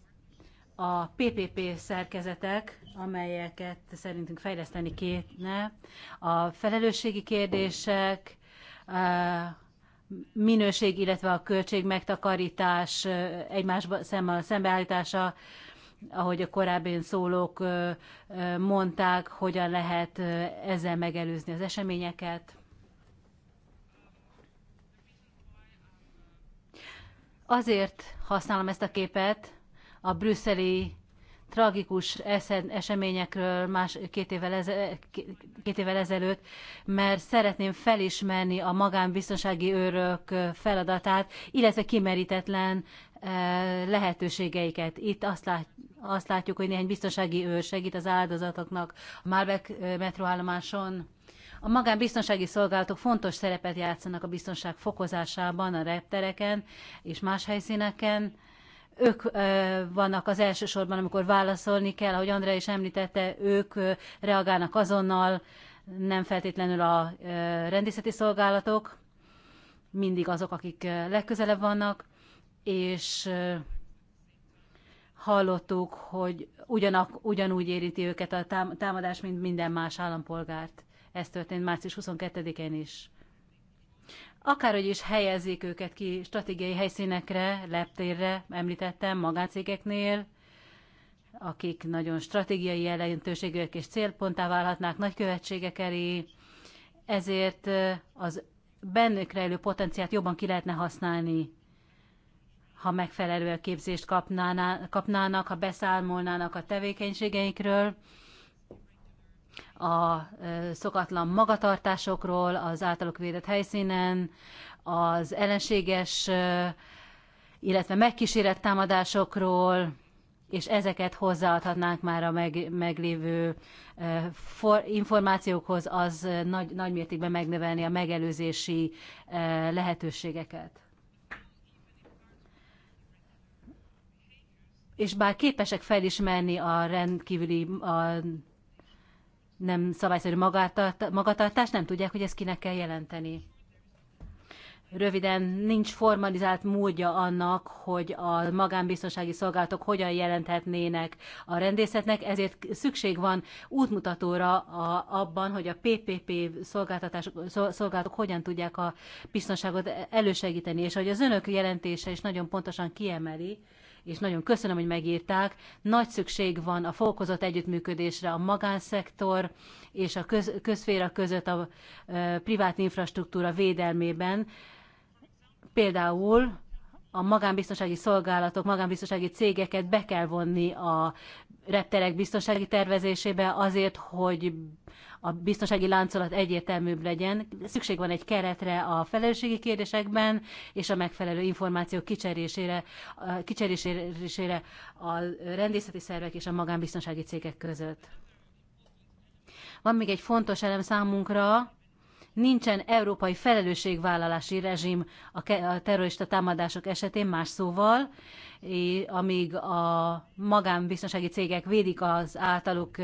a PPP szerkezetek, amelyeket szerintünk fejleszteni kéne, a felelősségi kérdések, minőség, illetve a költség megtakarítás egymásba szemmel szembeállítása, ahogy a korábbi szólók mondták, hogyan lehet ezzel megelőzni az eseményeket. Azért használom ezt a képet, a brüsszeli tragikus eseményekről más, két, évvel ezel, két évvel ezelőtt, mert szeretném felismerni a magánbiztonsági őrök feladatát, illetve kimerítetlen eh, lehetőségeiket. Itt azt, lát, azt látjuk, hogy néhány biztonsági őr segít az áldozatoknak a Márbeck eh, metroállomáson. A magánbiztonsági szolgálatok fontos szerepet játszanak a biztonság fokozásában, a reptereken és más helyszíneken ők vannak az elsősorban, amikor válaszolni kell, ahogy Andrea is említette, ők reagálnak azonnal, nem feltétlenül a rendészeti szolgálatok, mindig azok, akik legközelebb vannak, és hallottuk, hogy ugyanak, ugyanúgy érinti őket a támadás, mint minden más állampolgárt. Ez történt március 22-én is akárhogy is helyezzék őket ki stratégiai helyszínekre, leptérre, említettem, magáncégeknél, akik nagyon stratégiai jelentőségűek és célponttá válhatnák nagykövetségek elé, ezért az bennük rejlő potenciát jobban ki lehetne használni, ha megfelelő képzést kapnának, ha beszámolnának a tevékenységeikről, a szokatlan magatartásokról az általuk védett helyszínen, az ellenséges, illetve megkísérett támadásokról, és ezeket hozzáadhatnánk már a meg, meglévő for, információkhoz, az nagy, nagy mértékben megnövelni a megelőzési lehetőségeket. És bár képesek felismerni a rendkívüli a nem szabályszerű magatartást, nem tudják, hogy ezt kinek kell jelenteni. Röviden, nincs formalizált módja annak, hogy a magánbiztonsági szolgálatok hogyan jelenthetnének a rendészetnek, ezért szükség van útmutatóra a, abban, hogy a PPP szolgáltatók hogyan tudják a biztonságot elősegíteni, és hogy az önök jelentése is nagyon pontosan kiemeli, és nagyon köszönöm, hogy megírták. Nagy szükség van a fokozott együttműködésre a magánszektor és a köz, közféra között a, a privát infrastruktúra védelmében. Például a magánbiztonsági szolgálatok, magánbiztonsági cégeket be kell vonni a repterek biztonsági tervezésébe azért, hogy a biztonsági láncolat egyértelműbb legyen. Szükség van egy keretre a felelősségi kérdésekben és a megfelelő információk kicserésére, kicserésére a rendészeti szervek és a magánbiztonsági cégek között. Van még egy fontos elem számunkra, nincsen európai felelősségvállalási rezsim a terrorista támadások esetén, más szóval, amíg a magánbiztonsági cégek védik az általuk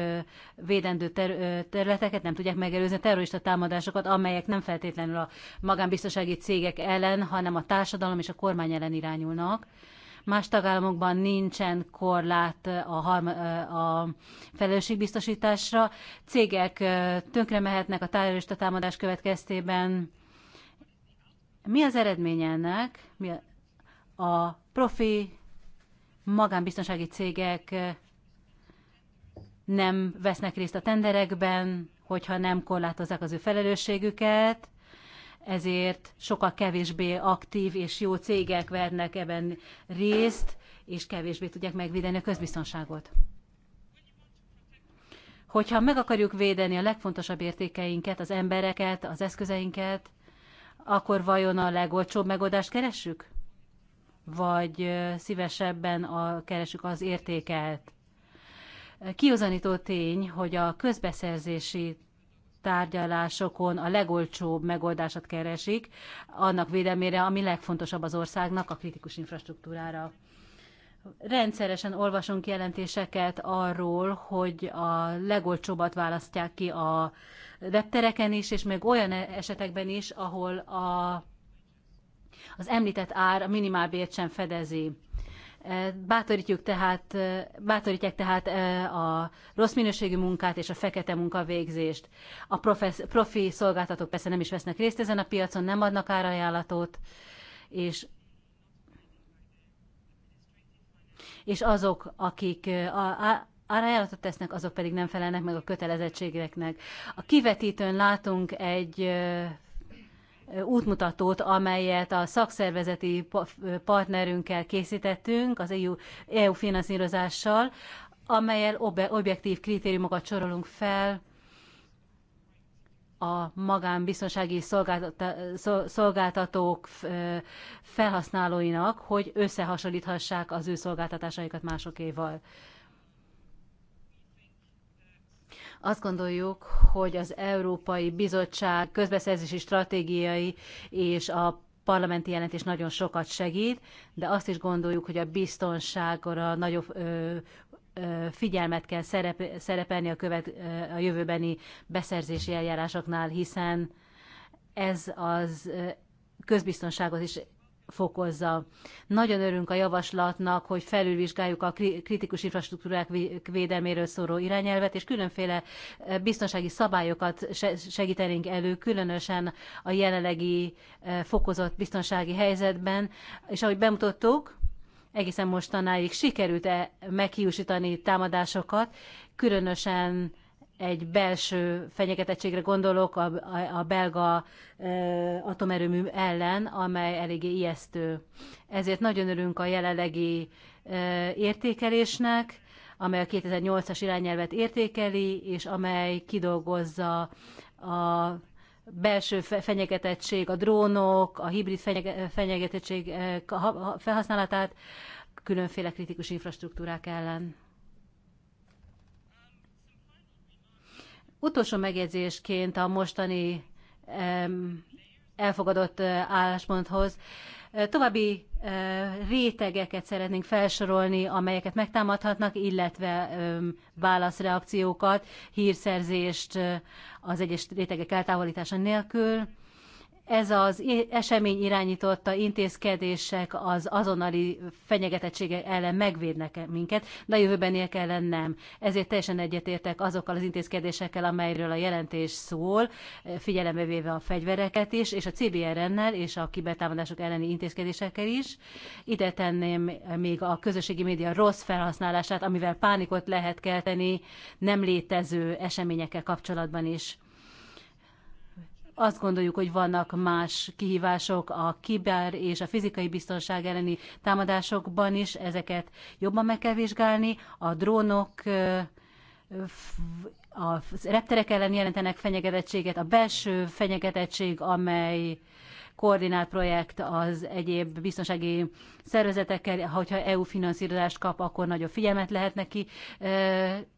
védendő ter- területeket, nem tudják megelőzni a terrorista támadásokat, amelyek nem feltétlenül a magánbiztonsági cégek ellen, hanem a társadalom és a kormány ellen irányulnak. Más tagállamokban nincsen korlát a, harma, a felelősségbiztosításra. Cégek tönkre mehetnek a tárgyalista támadás következtében. Mi az eredmény ennek? Mi a, a profi magánbiztonsági cégek nem vesznek részt a tenderekben, hogyha nem korlátozzák az ő felelősségüket, ezért sokkal kevésbé aktív és jó cégek vernek ebben részt, és kevésbé tudják megvédeni a közbiztonságot. Hogyha meg akarjuk védeni a legfontosabb értékeinket, az embereket, az eszközeinket, akkor vajon a legolcsóbb megoldást keressük? Vagy szívesebben a, keresünk az értéket? Kiozanító tény, hogy a közbeszerzési tárgyalásokon a legolcsóbb megoldást keresik, annak védelmére, ami legfontosabb az országnak, a kritikus infrastruktúrára. Rendszeresen olvasunk jelentéseket arról, hogy a legolcsóbbat választják ki a reptereken is, és még olyan esetekben is, ahol a, az említett ár a minimálbért sem fedezi. Eh, bátorítjuk tehát, eh, bátorítják tehát eh, a rossz minőségű munkát és a fekete munkavégzést. A profesz, profi szolgáltatók persze nem is vesznek részt ezen a piacon, nem adnak árajánlatot, és és azok, akik a árajánlatot tesznek, azok pedig nem felelnek meg a kötelezettségeknek. A kivetítőn látunk egy útmutatót, amelyet a szakszervezeti partnerünkkel készítettünk, az EU, EU finanszírozással, amelyel objektív kritériumokat sorolunk fel a magánbiztonsági szolgáltatók felhasználóinak, hogy összehasonlíthassák az ő szolgáltatásaikat másokéval. Azt gondoljuk, hogy az Európai Bizottság közbeszerzési stratégiai és a parlamenti jelentés nagyon sokat segít, de azt is gondoljuk, hogy a biztonságra nagyobb ö, ö, figyelmet kell szerep, szerepelni a, követ, ö, a jövőbeni beszerzési eljárásoknál, hiszen ez az közbiztonságot is fokozza. Nagyon örülünk a javaslatnak, hogy felülvizsgáljuk a kritikus infrastruktúrák védelméről szóró irányelvet, és különféle eh, biztonsági szabályokat segítenénk elő, különösen a jelenlegi eh, fokozott biztonsági helyzetben. És ahogy bemutattuk, egészen mostanáig sikerült-e meghiúsítani támadásokat, különösen egy belső fenyegetettségre gondolok a, a, a belga e, atomerőmű ellen, amely eléggé ijesztő. Ezért nagyon örülünk a jelenlegi e, értékelésnek, amely a 2008-as irányelvet értékeli, és amely kidolgozza a belső fenyegetettség, a drónok, a hibrid fenyegetettség felhasználatát különféle kritikus infrastruktúrák ellen. Utolsó megjegyzésként a mostani elfogadott eh, állásponthoz eh, további eh, rétegeket szeretnénk felsorolni, amelyeket megtámadhatnak, illetve válaszreakciókat, hírszerzést az egyes rétegek eltávolítása nélkül. Ez az esemény irányította intézkedések az azonnali fenyegetettsége ellen megvédnek -e minket, de a jövőbeniek ellen nem. Ezért teljesen egyetértek azokkal az intézkedésekkel, amelyről a jelentés szól, figyelembe véve a fegyvereket is, és a CBRN-nel, és a kibertámadások elleni intézkedésekkel is. Ide tenném még a közösségi média rossz felhasználását, amivel pánikot lehet kelteni nem létező eseményekkel kapcsolatban is azt gondoljuk, hogy vannak más kihívások a kiber és a fizikai biztonság elleni támadásokban is, ezeket jobban meg kell vizsgálni. A drónok a repterek ellen jelentenek fenyegetettséget, a belső fenyegetettség, amely koordinált projekt az egyéb biztonsági szervezetekkel, hogyha EU finanszírozást kap, akkor nagyobb figyelmet lehet neki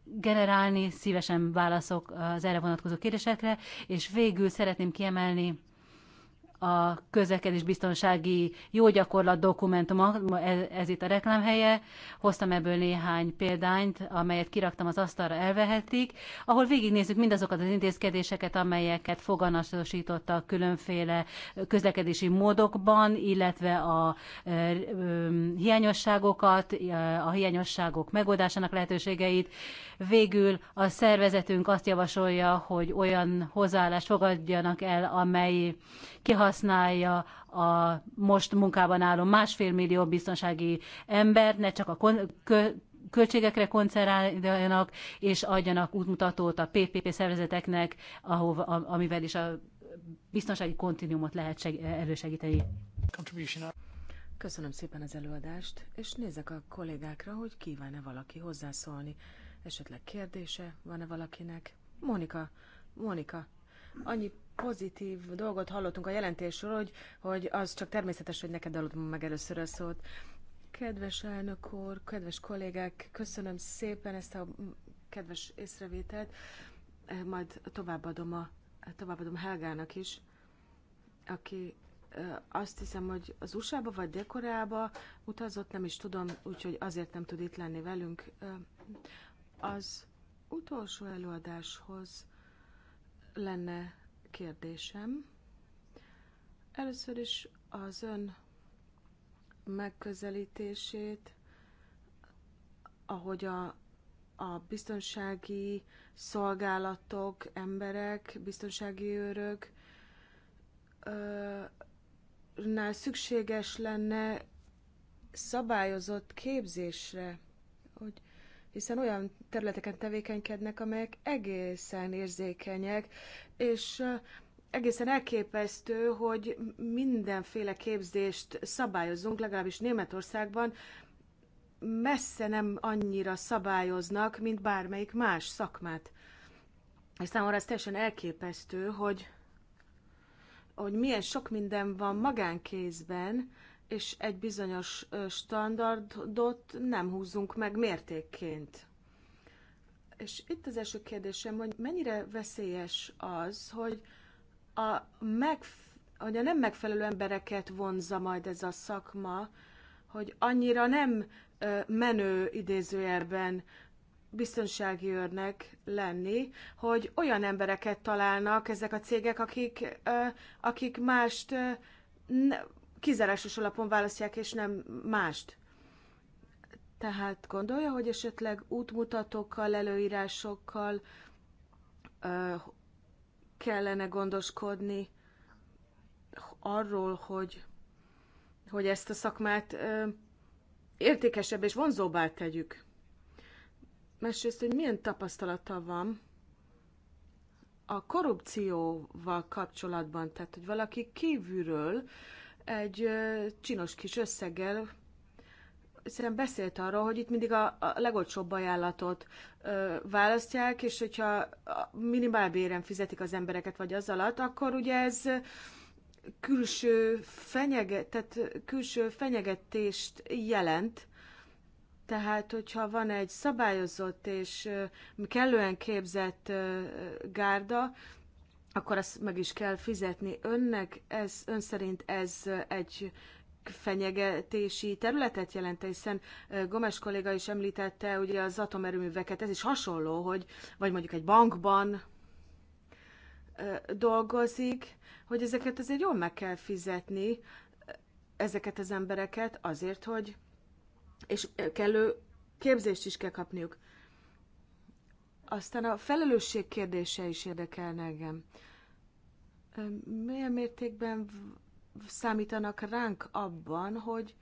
generálni, szívesen válaszok az erre vonatkozó kérdésekre, és végül szeretném kiemelni a közlekedés biztonsági jó gyakorlat dokumentuma, ez, ez itt a reklámhelye, hoztam ebből néhány példányt, amelyet kiraktam az asztalra, elvehetik, ahol végignézzük mindazokat az intézkedéseket, amelyeket foganatosítottak különféle közlekedési módokban, illetve a e, e, hiányosságokat, a hiányosságok megoldásának lehetőségeit. Végül a szervezetünk azt javasolja, hogy olyan hozzáállást fogadjanak el, amely kihasználja a most munkában álló másfél millió biztonsági embert, ne csak a kon- költségekre koncentráljanak, és adjanak útmutatót a PPP szervezeteknek, ahova, amivel is a biztonsági kontinuumot lehet seg- elősegíteni. Köszönöm szépen az előadást, és nézek a kollégákra, hogy kíván-e valaki hozzászólni. Esetleg kérdése van-e valakinek? Monika, Monika, annyi pozitív dolgot hallottunk a jelentésről, hogy, hogy az csak természetes, hogy neked adom meg először a szót. Kedves elnök úr, kedves kollégák, köszönöm szépen ezt a kedves észrevételt. Majd továbbadom, a, továbbadom Helgának is, aki azt hiszem, hogy az USA-ba vagy Dekorába utazott, nem is tudom, úgyhogy azért nem tud itt lenni velünk. Az utolsó előadáshoz lenne kérdésem. Először is az ön megközelítését, ahogy a, a biztonsági szolgálatok, emberek, biztonsági őrök, nál szükséges lenne szabályozott képzésre, hogy hiszen olyan területeken tevékenykednek, amelyek egészen érzékenyek, és egészen elképesztő, hogy mindenféle képzést szabályozunk, legalábbis Németországban messze nem annyira szabályoznak, mint bármelyik más szakmát. És számomra ez teljesen elképesztő, hogy, hogy milyen sok minden van magánkézben, és egy bizonyos standardot nem húzzunk meg mértékként. És itt az első kérdésem, hogy mennyire veszélyes az, hogy a, megf- hogy a nem megfelelő embereket vonza majd ez a szakma, hogy annyira nem menő idézőjelben biztonsági őrnek lenni, hogy olyan embereket találnak ezek a cégek, akik, akik mást kizárásos alapon választják, és nem mást. Tehát gondolja, hogy esetleg útmutatókkal, előírásokkal ö, kellene gondoskodni arról, hogy, hogy ezt a szakmát ö, értékesebb és vonzóbbá tegyük. Másrészt, hogy milyen tapasztalata van a korrupcióval kapcsolatban, tehát hogy valaki kívülről egy csinos kis összeggel szerintem beszélt arról, hogy itt mindig a, a legolcsóbb ajánlatot ö, választják, és hogyha minimálbéren fizetik az embereket, vagy az alatt, akkor ugye ez külső, fenyeget, tehát külső fenyegetést jelent. Tehát, hogyha van egy szabályozott és kellően képzett gárda, akkor azt meg is kell fizetni. Önnek ez, ön szerint ez egy fenyegetési területet jelent, hiszen Gomes kolléga is említette ugye az atomerőműveket, ez is hasonló, hogy vagy mondjuk egy bankban dolgozik, hogy ezeket azért jól meg kell fizetni, ezeket az embereket azért, hogy és kellő képzést is kell kapniuk. Aztán a felelősség kérdése is érdekelne engem. Milyen mértékben számítanak ránk abban, hogy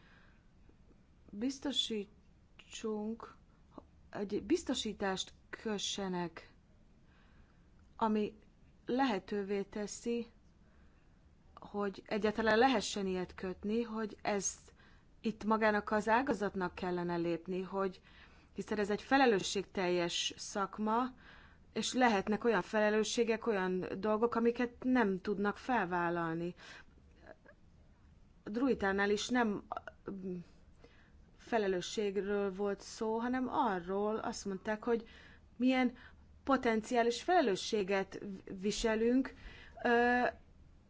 biztosítsunk, egy biztosítást kössenek, ami lehetővé teszi, hogy egyáltalán lehessen ilyet kötni, hogy ezt itt magának az ágazatnak kellene lépni, hogy hiszen ez egy felelősségteljes szakma, és lehetnek olyan felelősségek, olyan dolgok, amiket nem tudnak felvállalni. A druitánál is nem felelősségről volt szó, hanem arról azt mondták, hogy milyen potenciális felelősséget viselünk,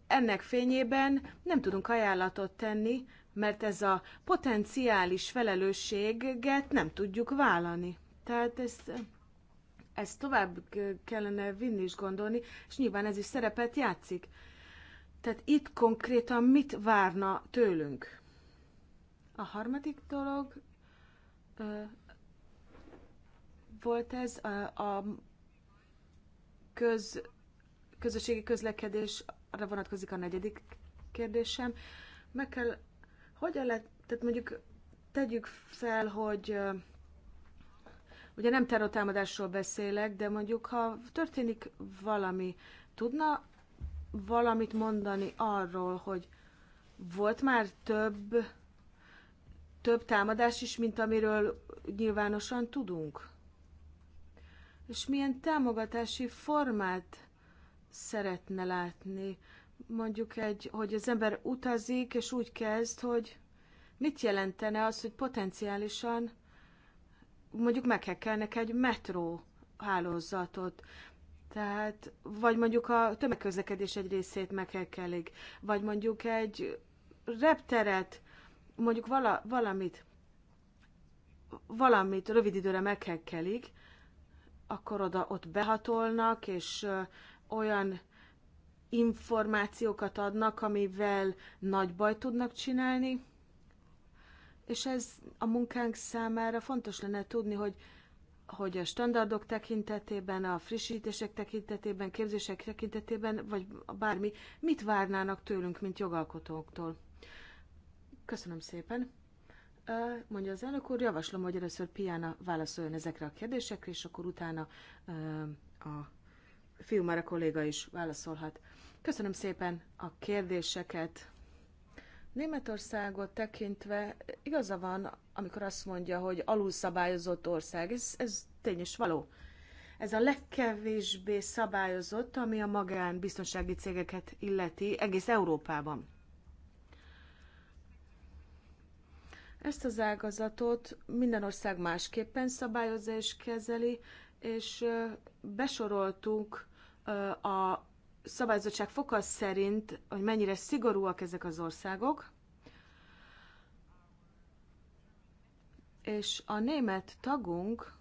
ennek fényében nem tudunk ajánlatot tenni, mert ez a potenciális felelősséget nem tudjuk vállalni. Tehát ezt, ezt tovább kellene vinni és gondolni, és nyilván ez is szerepet játszik. Tehát itt konkrétan mit várna tőlünk? A harmadik dolog ö, volt ez a, a köz, közösségi arra vonatkozik a negyedik kérdésem. Meg kell hogyan lehet, tehát mondjuk tegyük fel, hogy ugye nem terrortámadásról beszélek, de mondjuk ha történik valami, tudna valamit mondani arról, hogy volt már több, több támadás is, mint amiről nyilvánosan tudunk? És milyen támogatási formát szeretne látni? mondjuk egy, hogy az ember utazik, és úgy kezd, hogy mit jelentene az, hogy potenciálisan mondjuk meghekelnek egy metró hálózatot, tehát, vagy mondjuk a tömegközlekedés egy részét meghekelik, vagy mondjuk egy repteret, mondjuk vala, valamit, valamit rövid időre meghekkelik, akkor oda ott behatolnak, és olyan információkat adnak, amivel nagy baj tudnak csinálni, és ez a munkánk számára fontos lenne tudni, hogy, hogy a standardok tekintetében, a frissítések tekintetében, képzések tekintetében, vagy bármi, mit várnának tőlünk, mint jogalkotóktól. Köszönöm szépen. Mondja az elnök úr, javaslom, hogy először Piana válaszoljon ezekre a kérdésekre, és akkor utána a Fiumara kolléga is válaszolhat. Köszönöm szépen a kérdéseket. Németországot tekintve igaza van, amikor azt mondja, hogy alulszabályozott ország. Ez, ez tény és való. Ez a legkevésbé szabályozott, ami a magánbiztonsági cégeket illeti egész Európában. Ezt az ágazatot minden ország másképpen szabályozza és kezeli, és besoroltunk a szabályozottság foka szerint, hogy mennyire szigorúak ezek az országok, és a német tagunk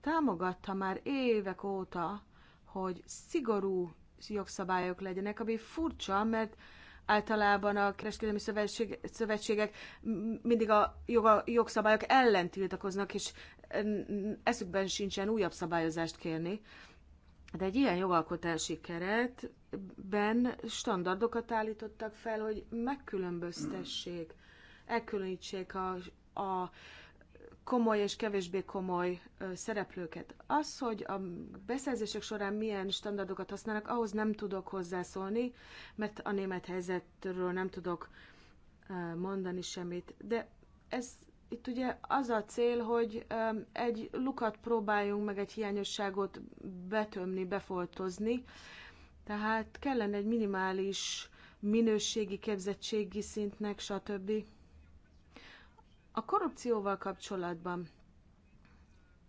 támogatta már évek óta, hogy szigorú jogszabályok legyenek, ami furcsa, mert általában a kereskedelmi szövetség, szövetségek mindig a jogszabályok ellen tiltakoznak, és eszükben sincsen újabb szabályozást kérni. De egy ilyen jogalkotási keretben standardokat állítottak fel, hogy megkülönböztessék, elkülönítsék a, a komoly és kevésbé komoly szereplőket. Az, hogy a beszerzések során milyen standardokat használnak, ahhoz nem tudok hozzászólni, mert a német helyzetről nem tudok mondani semmit. De ez itt ugye az a cél, hogy egy lukat próbáljunk meg egy hiányosságot betömni, befoltozni, tehát kellene egy minimális minőségi, képzettségi szintnek, stb. A korrupcióval kapcsolatban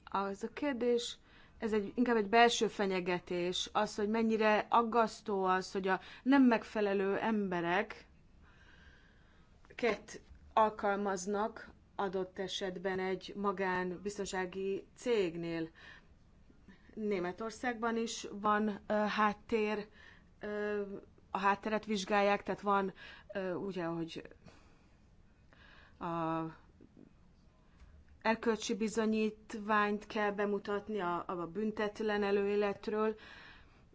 az a kérdés, ez egy, inkább egy belső fenyegetés, az, hogy mennyire aggasztó az, hogy a nem megfelelő emberek ket alkalmaznak adott esetben egy magán biztonsági cégnél. Németországban is van uh, háttér, uh, a hátteret vizsgálják, tehát van uh, ugye, hogy a erkölcsi bizonyítványt kell bemutatni a, a büntetlen előéletről,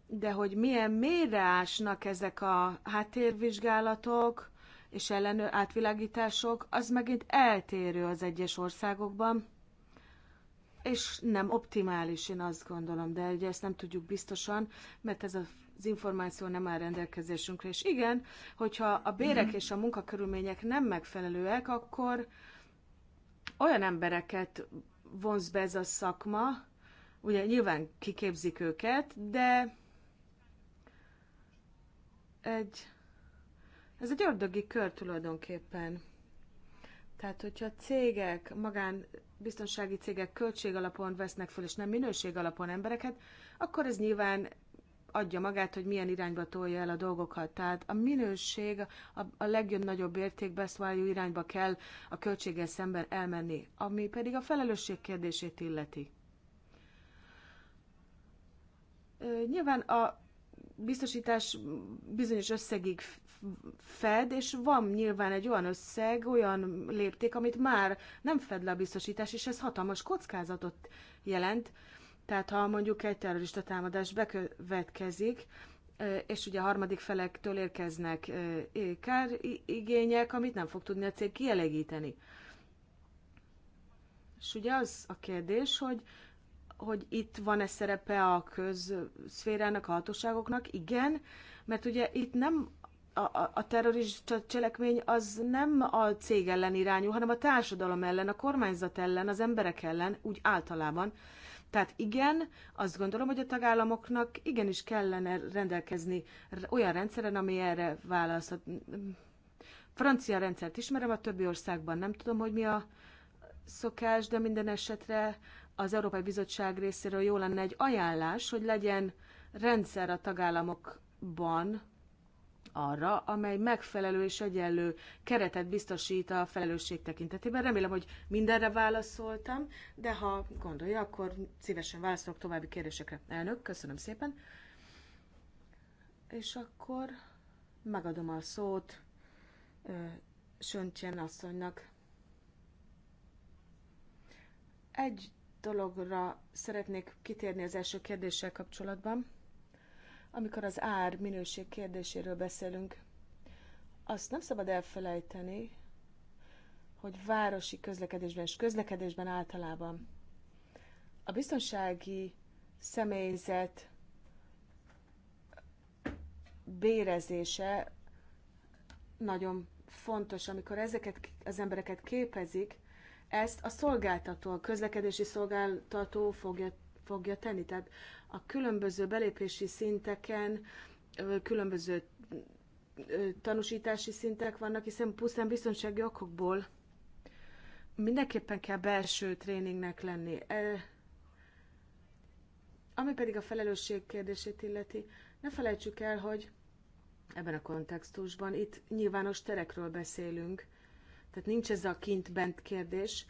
de hogy milyen mélyre ásnak ezek a háttérvizsgálatok, és ellenő átvilágítások, az megint eltérő az egyes országokban, és nem optimális, én azt gondolom, de ugye ezt nem tudjuk biztosan, mert ez az információ nem áll rendelkezésünkre. És igen, hogyha a bérek mhm. és a munkakörülmények nem megfelelőek, akkor olyan embereket vonz be ez a szakma, ugye nyilván kiképzik őket, de egy ez egy ördögi kör tulajdonképpen. Tehát, hogyha cégek, magán biztonsági cégek költség alapon vesznek fel és nem minőség alapon embereket, hát akkor ez nyilván adja magát, hogy milyen irányba tolja el a dolgokat. Tehát a minőség a, a legjobb nagyobb értékbe beszváljú irányba kell a költséggel szemben elmenni, ami pedig a felelősség kérdését illeti. Nyilván a biztosítás bizonyos összegig fed, és van nyilván egy olyan összeg, olyan lépték, amit már nem fed le a biztosítás, és ez hatalmas kockázatot jelent. Tehát ha mondjuk egy terrorista támadás bekövetkezik, és ugye a harmadik felektől érkeznek igények, amit nem fog tudni a cég kielégíteni. És ugye az a kérdés, hogy, hogy itt van-e szerepe a közszférának, a hatóságoknak? Igen, mert ugye itt nem a, a, a terrorista cselekmény az nem a cég ellen irányú, hanem a társadalom ellen, a kormányzat ellen, az emberek ellen, úgy általában. Tehát igen, azt gondolom, hogy a tagállamoknak igenis kellene rendelkezni olyan rendszeren, ami erre választhat. Francia rendszert ismerem, a többi országban nem tudom, hogy mi a szokás, de minden esetre az Európai Bizottság részéről jó lenne egy ajánlás, hogy legyen rendszer a tagállamokban, arra, amely megfelelő és egyenlő keretet biztosít a felelősség tekintetében. Remélem, hogy mindenre válaszoltam, de ha gondolja, akkor szívesen válaszolok további kérdésekre. Elnök, köszönöm szépen. És akkor megadom a szót Söntjen asszonynak. Egy dologra szeretnék kitérni az első kérdéssel kapcsolatban. Amikor az ár minőség kérdéséről beszélünk, azt nem szabad elfelejteni, hogy városi közlekedésben és közlekedésben általában a biztonsági személyzet bérezése nagyon fontos, amikor ezeket az embereket képezik, ezt a szolgáltató, a közlekedési szolgáltató fogja, fogja tenni. Tehát a különböző belépési szinteken különböző tanúsítási szintek vannak, hiszen pusztán biztonsági okokból mindenképpen kell belső tréningnek lenni. E, ami pedig a felelősség kérdését illeti, ne felejtsük el, hogy ebben a kontextusban itt nyilvános terekről beszélünk, tehát nincs ez a kint-bent kérdés,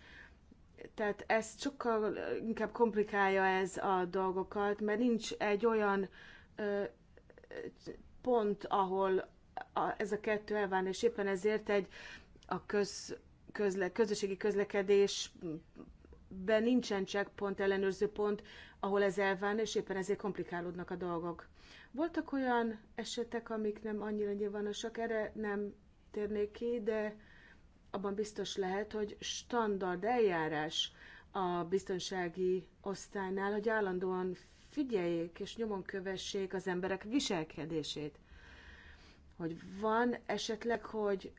tehát ez sokkal inkább komplikálja ez a dolgokat, mert nincs egy olyan ö, pont, ahol a, ez a kettő elválna, és éppen ezért egy a köz, közle, közösségi közlekedésben nincsen pont ellenőrző pont, ahol ez elválna, és éppen ezért komplikálódnak a dolgok. Voltak olyan esetek, amik nem annyira nyilvánosak, erre nem térnék ki, de abban biztos lehet, hogy standard eljárás a biztonsági osztálynál, hogy állandóan figyeljék és nyomon kövessék az emberek viselkedését. Hogy van esetleg, hogy,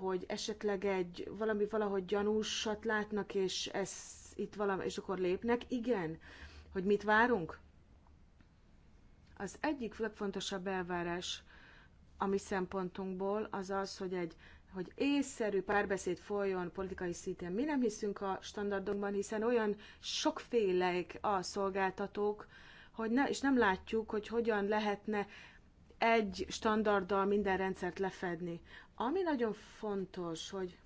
hogy esetleg egy valami valahogy gyanúsat látnak, és ez itt valami, és akkor lépnek. Igen. Hogy mit várunk? Az egyik legfontosabb elvárás a mi szempontunkból az az, hogy egy hogy észszerű párbeszéd folyjon politikai szinten. Mi nem hiszünk a standardokban, hiszen olyan sokfélek a szolgáltatók, hogy ne, és nem látjuk, hogy hogyan lehetne egy standarddal minden rendszert lefedni. Ami nagyon fontos, hogy,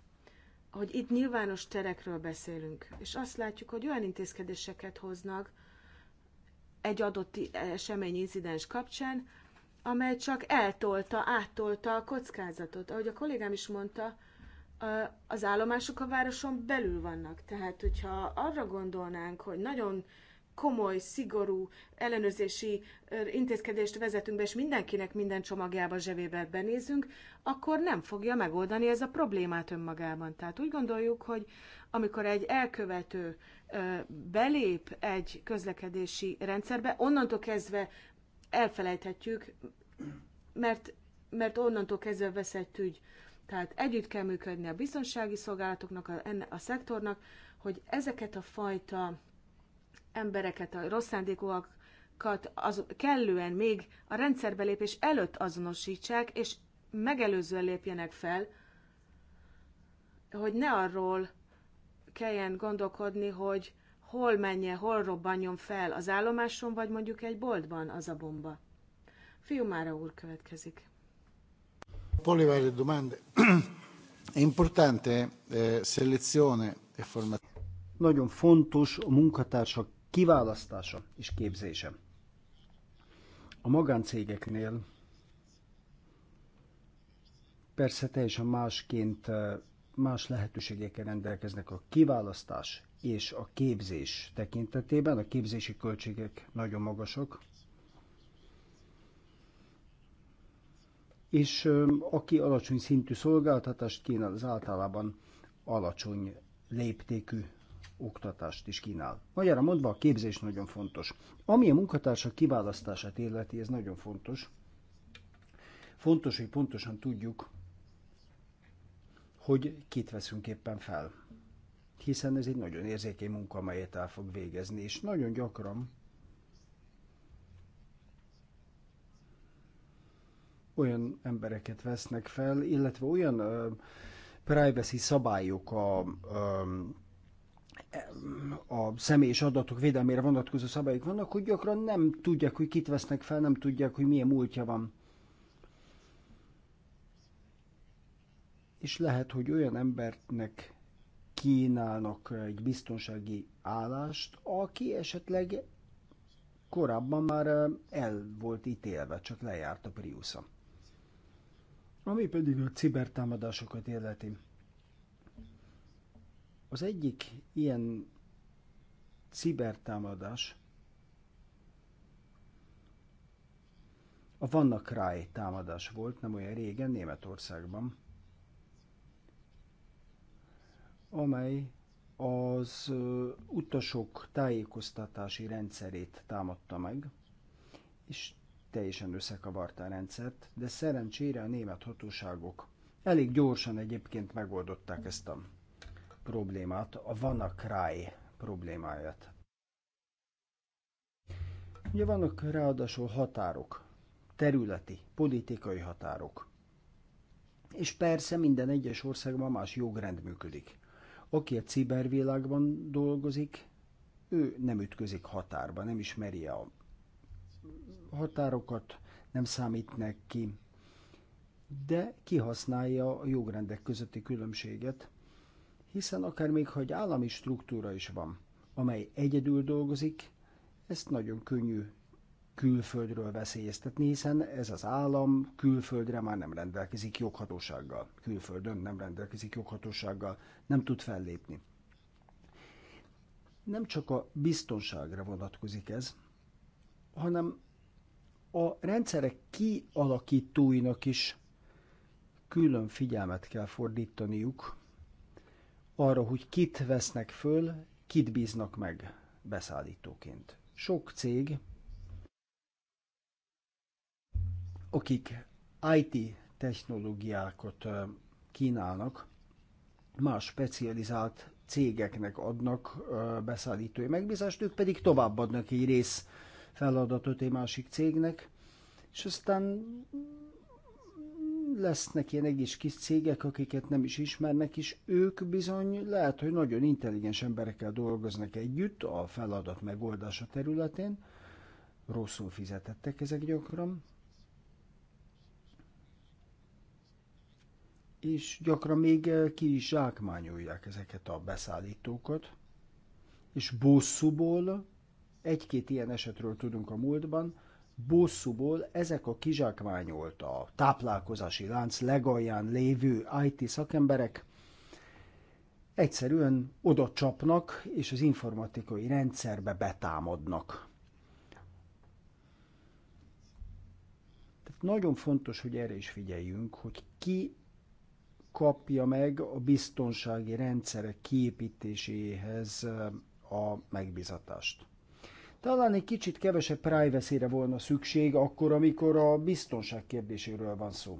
hogy itt nyilvános terekről beszélünk, és azt látjuk, hogy olyan intézkedéseket hoznak egy adott esemény, incidens kapcsán, amely csak eltolta, áttolta a kockázatot. Ahogy a kollégám is mondta, az állomások a városon belül vannak. Tehát, hogyha arra gondolnánk, hogy nagyon komoly, szigorú ellenőrzési intézkedést vezetünk be, és mindenkinek minden csomagjába, zsebébe benézünk, akkor nem fogja megoldani ez a problémát önmagában. Tehát úgy gondoljuk, hogy amikor egy elkövető belép egy közlekedési rendszerbe, onnantól kezdve elfelejthetjük, mert, mert onnantól kezdve veszett ügy. Tehát együtt kell működni a biztonsági szolgálatoknak, a, a szektornak, hogy ezeket a fajta embereket, a rossz szándékúakat az, kellően még a rendszerbelépés előtt azonosítsák, és megelőzően lépjenek fel, hogy ne arról kelljen gondolkodni, hogy hol menje, hol robbanjon fel, az állomáson, vagy mondjuk egy boltban az a bomba. Fiumára úr következik. Polivare domande. importante eh, selezione e formazione. Nagyon fontos a munkatársak kiválasztása és képzése. A magáncégeknél persze teljesen másként, eh, más lehetőségekkel rendelkeznek a kiválasztás és a képzés tekintetében a képzési költségek nagyon magasak. És aki alacsony szintű szolgáltatást kínál, az általában alacsony léptékű oktatást is kínál. Magyarra mondva a képzés nagyon fontos. Ami a munkatársak kiválasztását illeti, ez nagyon fontos. Fontos, hogy pontosan tudjuk, hogy kit veszünk éppen fel hiszen ez egy nagyon érzékeny munka, amelyet el fog végezni, és nagyon gyakran olyan embereket vesznek fel, illetve olyan ö, privacy szabályok a, ö, a személyes adatok védelmére vonatkozó szabályok vannak, hogy gyakran nem tudják, hogy kit vesznek fel, nem tudják, hogy milyen múltja van. És lehet, hogy olyan embernek kínálnak egy biztonsági állást, aki esetleg korábban már eh, el volt ítélve, csak lejárt a Priusza. Ami pedig a cibertámadásokat illeti. Az egyik ilyen cibertámadás a Vannak Rai támadás volt, nem olyan régen, Németországban. amely az utasok tájékoztatási rendszerét támadta meg, és teljesen összekavarta a rendszert, de szerencsére a német hatóságok elég gyorsan egyébként megoldották ezt a problémát, a vanakráj problémáját. Ugye vannak ráadásul határok, területi, politikai határok. És persze minden egyes országban más jogrend működik. Aki a cibervilágban dolgozik, ő nem ütközik határba, nem ismeri a határokat, nem számít neki, de kihasználja a jogrendek közötti különbséget, hiszen akár még, ha egy állami struktúra is van, amely egyedül dolgozik, ezt nagyon könnyű külföldről veszélyeztetni, hiszen ez az állam külföldre már nem rendelkezik joghatósággal. Külföldön nem rendelkezik joghatósággal, nem tud fellépni. Nem csak a biztonságra vonatkozik ez, hanem a rendszerek kialakítóinak is külön figyelmet kell fordítaniuk arra, hogy kit vesznek föl, kit bíznak meg beszállítóként. Sok cég akik IT technológiákat kínálnak, más specializált cégeknek adnak beszállítói megbízást, ők pedig továbbadnak egy rész feladatot egy másik cégnek, és aztán lesznek ilyen egész kis cégek, akiket nem is ismernek, és ők bizony lehet, hogy nagyon intelligens emberekkel dolgoznak együtt a feladat megoldása területén, rosszul fizetettek ezek gyakran, és gyakran még eh, ki is zsákmányolják ezeket a beszállítókat, és bosszúból, egy-két ilyen esetről tudunk a múltban, bosszúból ezek a kizsákmányolt a táplálkozási lánc legalján lévő IT szakemberek egyszerűen oda csapnak, és az informatikai rendszerbe betámadnak. Tehát nagyon fontos, hogy erre is figyeljünk, hogy ki kapja meg a biztonsági rendszerek kiépítéséhez a megbizatást. Talán egy kicsit kevesebb privacy-re volna szükség akkor, amikor a biztonság kérdéséről van szó.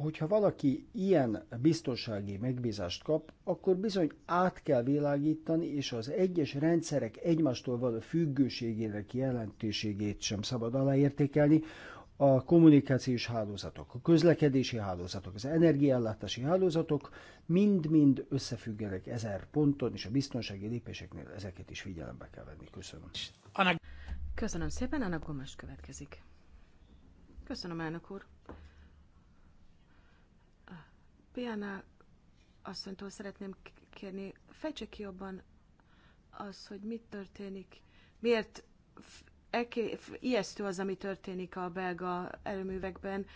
hogyha valaki ilyen biztonsági megbízást kap, akkor bizony át kell világítani, és az egyes rendszerek egymástól való függőségének jelentőségét sem szabad aláértékelni, a kommunikációs hálózatok, a közlekedési hálózatok, az energiállátási hálózatok mind-mind összefüggenek ezer ponton, és a biztonsági lépéseknél ezeket is figyelembe kell venni. Köszönöm. Köszönöm szépen, Anna Gomes következik. Köszönöm, elnök úr. Piana asszonytól szeretném kérni, fejtsék ki jobban az, hogy mit történik, miért eké, ijesztő az, ami történik a belga erőművekben.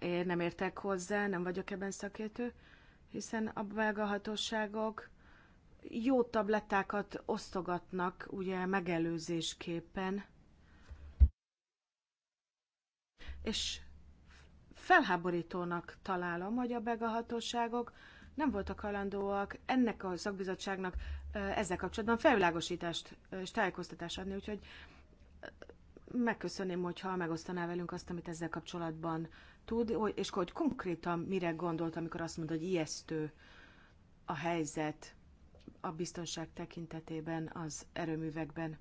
Én nem értek hozzá, nem vagyok ebben szakértő, hiszen a belga hatóságok jó tablettákat osztogatnak, ugye megelőzésképpen. És Felháborítónak találom, hogy a begahatóságok nem voltak hajlandóak ennek a szakbizottságnak ezzel kapcsolatban felvilágosítást és tájékoztatást adni, úgyhogy megköszönném, hogyha megosztaná velünk azt, amit ezzel kapcsolatban tud, és hogy konkrétan mire gondolt, amikor azt mondta, hogy ijesztő a helyzet a biztonság tekintetében az erőművekben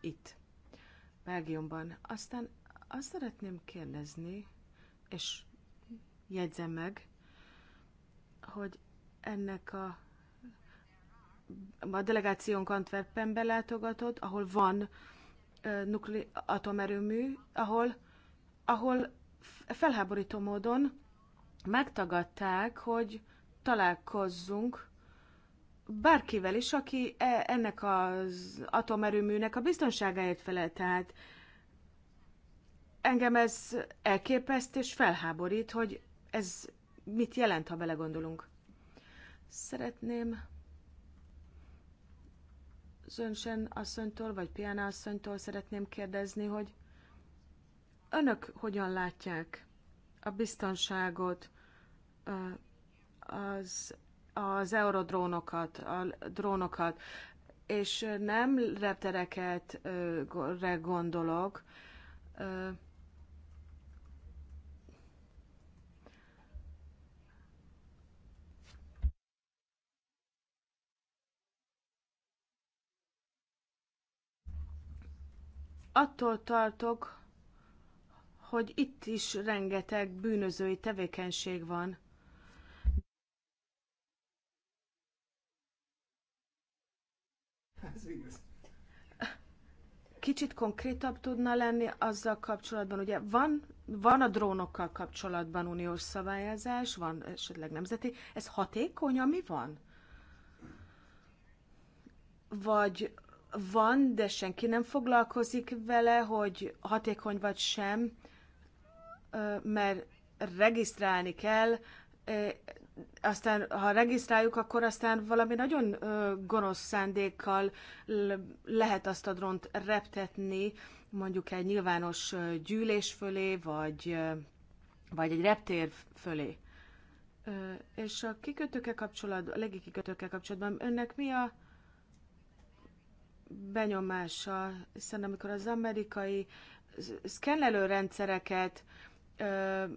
itt, Belgiumban. Aztán azt szeretném kérdezni, és jegyzem meg, hogy ennek a a delegációnk Antwerpenbe látogatott, ahol van uh, nukle- atomerőmű, ahol, ahol felháborító módon megtagadták, hogy találkozzunk bárkivel is, aki e-, ennek az atomerőműnek a biztonságáért felel. Tehát engem ez elképeszt és felháborít, hogy ez mit jelent, ha belegondolunk. Szeretném Zönsen asszonytól, vagy Piana asszonytól szeretném kérdezni, hogy önök hogyan látják a biztonságot, az, az eurodrónokat, a drónokat, és nem reptereket gondolok, attól tartok, hogy itt is rengeteg bűnözői tevékenység van. Kicsit konkrétabb tudna lenni azzal kapcsolatban, ugye van, van a drónokkal kapcsolatban uniós szabályozás, van esetleg nemzeti, ez hatékony, ami van? Vagy van, de senki nem foglalkozik vele, hogy hatékony vagy sem, mert regisztrálni kell, aztán ha regisztráljuk, akkor aztán valami nagyon gonosz szándékkal lehet azt a dront reptetni, mondjuk egy nyilvános gyűlés fölé, vagy, vagy egy reptér fölé. És a kikötőkkel kapcsolatban, a legi kikötőkkel kapcsolatban önnek mi a benyomással, hiszen amikor az amerikai szkennelő rendszereket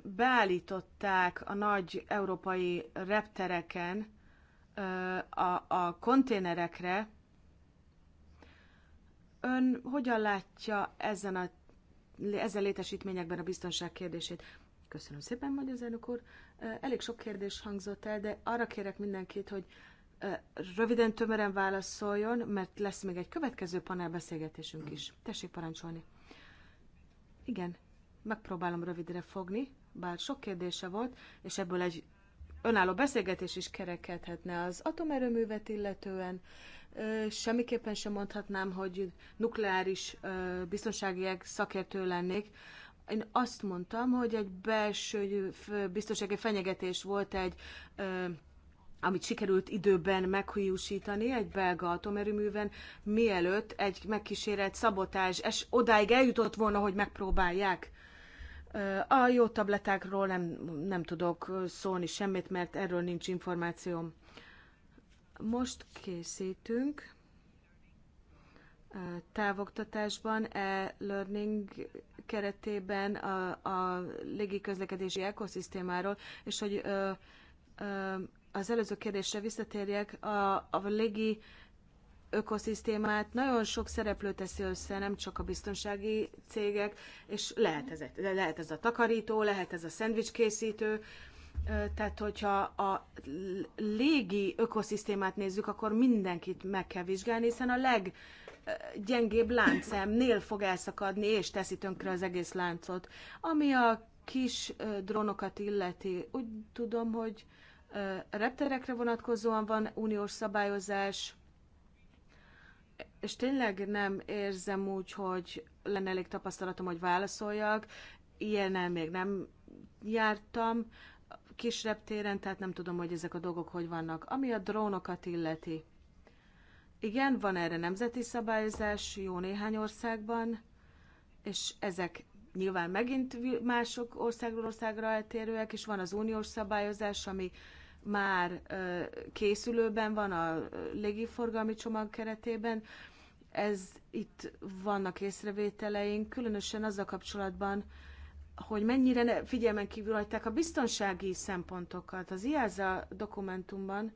beállították a nagy európai reptereken a, a konténerekre, ön hogyan látja ezen a, ezen létesítményekben a biztonság kérdését? Köszönöm szépen, Magyar Zenok úr. Elég sok kérdés hangzott el, de arra kérek mindenkit, hogy röviden, tömören válaszoljon, mert lesz még egy következő panelbeszélgetésünk is. Tessék parancsolni. Igen, megpróbálom rövidre fogni, bár sok kérdése volt, és ebből egy önálló beszélgetés is kerekedhetne az atomerőművet illetően. Semmiképpen sem mondhatnám, hogy nukleáris biztonsági szakértő lennék. Én azt mondtam, hogy egy belső biztonsági fenyegetés volt egy amit sikerült időben meghújúsítani egy belga atomerőműven, mielőtt egy megkísérelt szabotás, és odáig eljutott volna, hogy megpróbálják. A jó tabletákról nem, nem tudok szólni semmit, mert erről nincs információm. Most készítünk távoktatásban, e-learning keretében a, a légiközlekedési ekoszisztémáról, és hogy ö, ö, az előző kérdésre visszatérjek, a, a légi ökoszisztémát nagyon sok szereplő teszi össze, nem csak a biztonsági cégek, és lehet ez, lehet ez a takarító, lehet ez a szendvicskészítő, tehát hogyha a légi ökoszisztémát nézzük, akkor mindenkit meg kell vizsgálni, hiszen a leg gyengébb láncemnél fog elszakadni, és teszi tönkre az egész láncot. Ami a kis drónokat illeti, úgy tudom, hogy repterekre vonatkozóan van uniós szabályozás, és tényleg nem érzem úgy, hogy lenne elég tapasztalatom, hogy válaszoljak. Ilyennel még nem jártam kis reptéren, tehát nem tudom, hogy ezek a dolgok hogy vannak. Ami a drónokat illeti. Igen, van erre nemzeti szabályozás jó néhány országban, és ezek nyilván megint mások országról országra eltérőek, és van az uniós szabályozás, ami már készülőben van a légiforgalmi csomag keretében. Ez itt vannak észrevételeink, különösen az a kapcsolatban, hogy mennyire figyelmen kívül hagyták a biztonsági szempontokat. Az IASA dokumentumban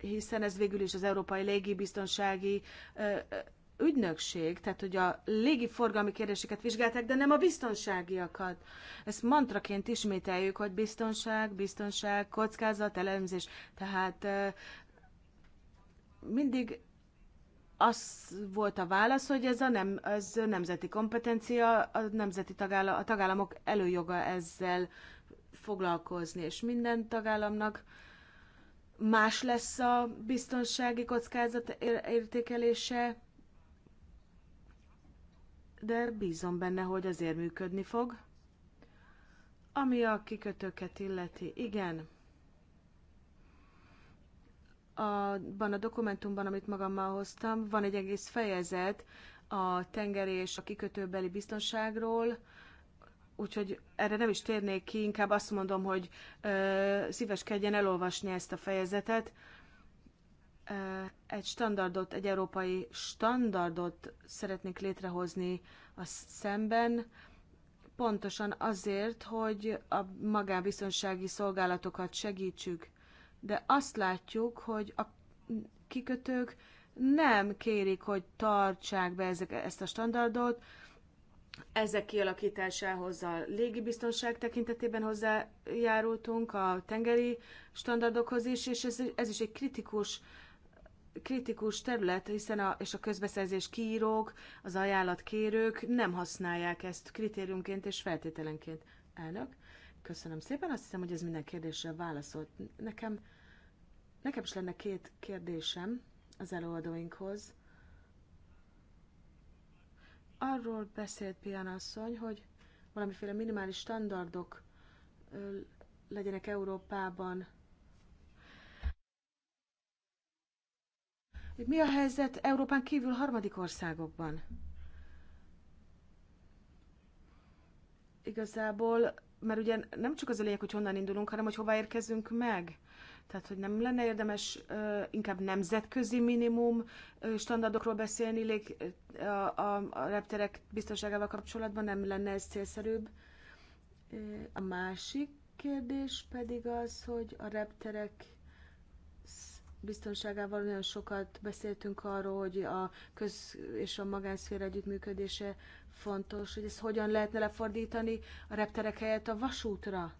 hiszen ez végül is az Európai Légibiztonsági ügynökség, tehát hogy a légiforgalmi kérdéseket vizsgálták, de nem a biztonságiakat. Ezt mantraként ismételjük, hogy biztonság, biztonság, kockázat, elemzés. Tehát mindig az volt a válasz, hogy ez a nem, ez nemzeti kompetencia, a nemzeti tagállam, a tagállamok előjoga ezzel foglalkozni, és minden tagállamnak más lesz a biztonsági kockázat értékelése, de bízom benne, hogy azért működni fog. Ami a kikötőket illeti, igen. Abban a dokumentumban, amit magammal hoztam, van egy egész fejezet a tenger és a kikötőbeli biztonságról, úgyhogy erre nem is térnék ki, inkább azt mondom, hogy ö, szíveskedjen elolvasni ezt a fejezetet. Ö, egy standardot, egy európai standardot szeretnék létrehozni a szemben, pontosan azért, hogy a magánbiztonsági szolgálatokat segítsük. De azt látjuk, hogy a kikötők nem kérik, hogy tartsák be ezek, ezt a standardot, ezek kialakításához a légibiztonság tekintetében hozzájárultunk, a tengeri standardokhoz is, és ez, ez is egy kritikus uh, kritikus terület, hiszen a, és a közbeszerzés kiírók, az ajánlatkérők nem használják ezt kritériumként és feltételenként. Elnök, köszönöm szépen, azt hiszem, hogy ez minden kérdésre válaszolt. Nekem, nekem is lenne két kérdésem az előadóinkhoz. Arról beszélt Pian asszony, hogy valamiféle minimális standardok legyenek Európában Mi a helyzet Európán kívül harmadik országokban? Igazából, mert ugye nem csak az a lényeg, hogy honnan indulunk, hanem hogy hova érkezünk meg. Tehát, hogy nem lenne érdemes inkább nemzetközi minimum standardokról beszélni lég, a, a, a repterek biztonságával kapcsolatban, nem lenne ez célszerűbb. A másik kérdés pedig az, hogy a repterek biztonságával nagyon sokat beszéltünk arról, hogy a köz és a magánszféra együttműködése fontos, hogy ezt hogyan lehetne lefordítani a repterek helyett a vasútra.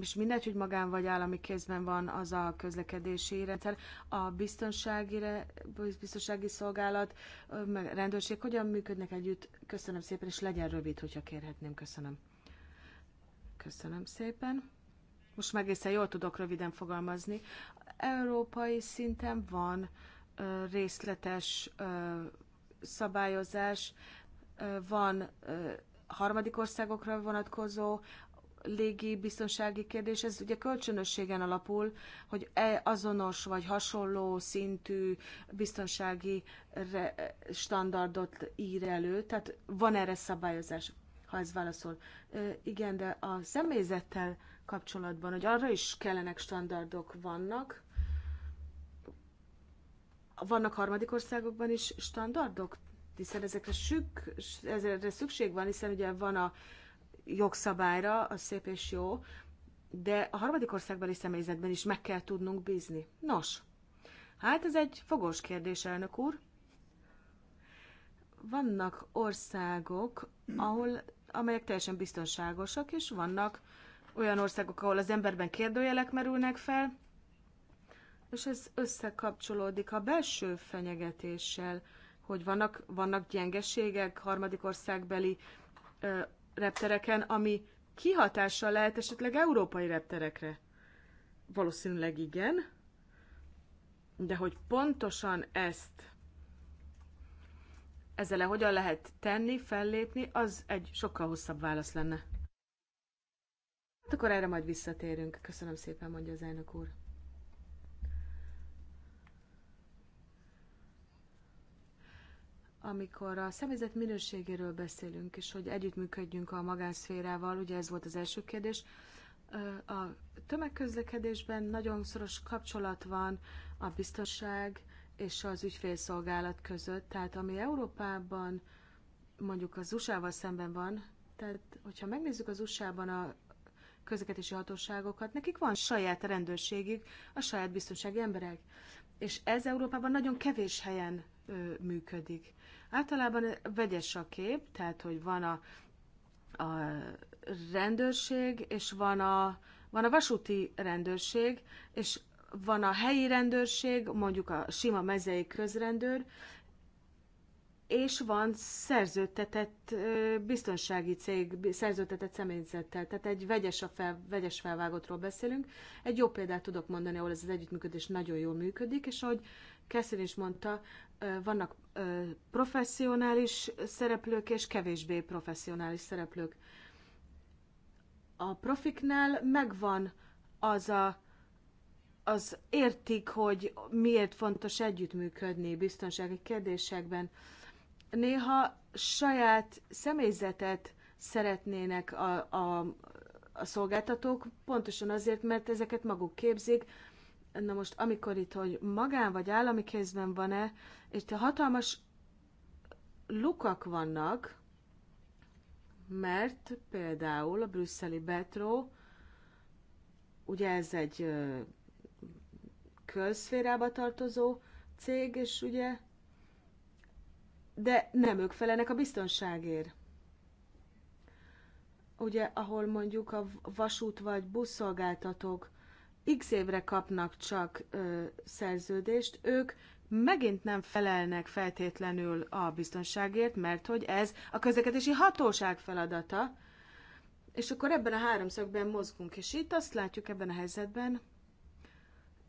És mindegy, hogy magán vagy állami kézben van az a közlekedési rendszer. A biztonsági, biztonsági szolgálat, meg rendőrség hogyan működnek együtt? Köszönöm szépen, és legyen rövid, hogyha kérhetném. Köszönöm. Köszönöm szépen most meg egészen jól tudok röviden fogalmazni, európai szinten van részletes szabályozás, van harmadik országokra vonatkozó légi biztonsági kérdés, ez ugye kölcsönösségen alapul, hogy e azonos vagy hasonló szintű biztonsági standardot ír elő, tehát van erre szabályozás, ha ez válaszol. Igen, de a személyzettel kapcsolatban, hogy arra is kellenek standardok vannak. Vannak harmadik országokban is standardok, hiszen ezekre, sük, ezekre szükség van, hiszen ugye van a jogszabályra, a szép és jó, de a harmadik országbeli személyzetben is meg kell tudnunk bízni. Nos, hát ez egy fogós kérdés, elnök úr. Vannak országok, ahol, amelyek teljesen biztonságosak, és vannak olyan országok, ahol az emberben kérdőjelek merülnek fel, és ez összekapcsolódik a belső fenyegetéssel, hogy vannak, vannak gyengeségek harmadik országbeli ö, reptereken, ami kihatással lehet esetleg európai repterekre. Valószínűleg igen, de hogy pontosan ezt ezzel hogyan lehet tenni, fellépni, az egy sokkal hosszabb válasz lenne. Hát akkor erre majd visszatérünk. Köszönöm szépen, mondja az elnök úr. amikor a személyzet minőségéről beszélünk, és hogy együttműködjünk a magánszférával, ugye ez volt az első kérdés, a tömegközlekedésben nagyon szoros kapcsolat van a biztonság és az ügyfélszolgálat között, tehát ami Európában mondjuk az USA-val szemben van, tehát hogyha megnézzük az USA-ban a, közlekedési hatóságokat, nekik van saját rendőrségük, a saját biztonsági emberek. És ez Európában nagyon kevés helyen ö, működik. Általában vegyes a kép, tehát hogy van a, a rendőrség, és van a, van a vasúti rendőrség, és van a helyi rendőrség, mondjuk a sima mezei közrendőr, és van szerződtetett biztonsági cég, szerződtetett személyzettel, tehát egy vegyes, a fel, vegyes felvágottról beszélünk. Egy jó példát tudok mondani, ahol ez az együttműködés nagyon jól működik, és ahogy Keszin is mondta, vannak professzionális szereplők és kevésbé professzionális szereplők. A profiknál megvan az a az értik, hogy miért fontos együttműködni biztonsági kérdésekben, néha saját személyzetet szeretnének a, a, a szolgáltatók, pontosan azért, mert ezeket maguk képzik. Na most, amikor itt, hogy magán vagy állami kézben van-e, te hatalmas lukak vannak, mert például a brüsszeli metró, ugye ez egy közszférába tartozó cég, és ugye de nem ők felelnek a biztonságért. Ugye, ahol mondjuk a vasút vagy buszszolgáltatók x évre kapnak csak ö, szerződést, ők megint nem felelnek feltétlenül a biztonságért, mert hogy ez a közlekedési hatóság feladata, és akkor ebben a háromszögben mozgunk, és itt azt látjuk ebben a helyzetben,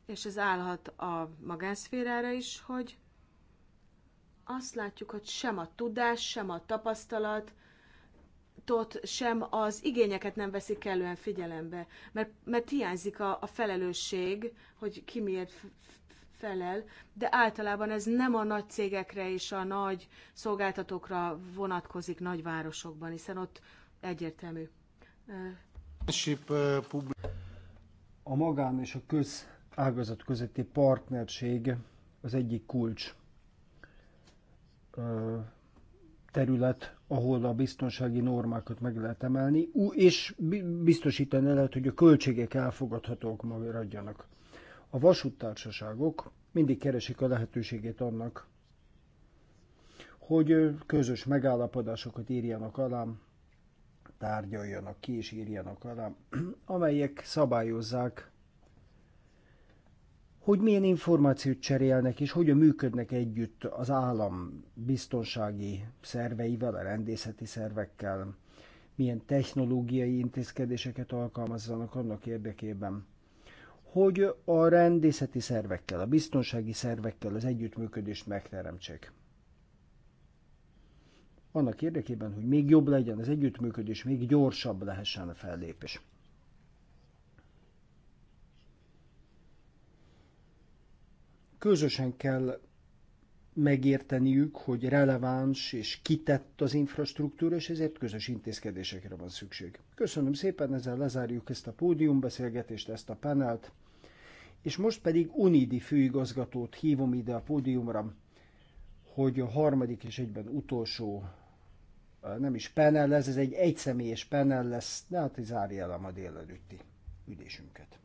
és ez állhat a magánszférára is, hogy azt látjuk, hogy sem a tudás, sem a tapasztalat, tot, sem az igényeket nem veszik kellően figyelembe, mert, mert hiányzik a, a felelősség, hogy ki miért felel, de általában ez nem a nagy cégekre és a nagy szolgáltatókra vonatkozik nagy városokban, hiszen ott egyértelmű. A magán és a közágazat közötti partnerség az egyik kulcs terület, ahol a biztonsági normákat meg lehet emelni, és biztosítani lehet, hogy a költségek elfogadhatók maradjanak. A vasúttársaságok mindig keresik a lehetőségét annak, hogy közös megállapodásokat írjanak alá, tárgyaljanak ki és írjanak alá, amelyek szabályozzák hogy milyen információt cserélnek és hogyan működnek együtt az állam biztonsági szerveivel, a rendészeti szervekkel, milyen technológiai intézkedéseket alkalmazzanak annak érdekében, hogy a rendészeti szervekkel, a biztonsági szervekkel az együttműködést megteremtsék. Annak érdekében, hogy még jobb legyen az együttműködés, még gyorsabb lehessen a fellépés. közösen kell megérteniük, hogy releváns és kitett az infrastruktúra, és ezért közös intézkedésekre van szükség. Köszönöm szépen, ezzel lezárjuk ezt a pódiumbeszélgetést, ezt a panelt, és most pedig Unidi főigazgatót hívom ide a pódiumra, hogy a harmadik és egyben utolsó nem is panel lesz, ez egy egyszemélyes panel lesz, de hát zárja el a ma délelőtti ülésünket.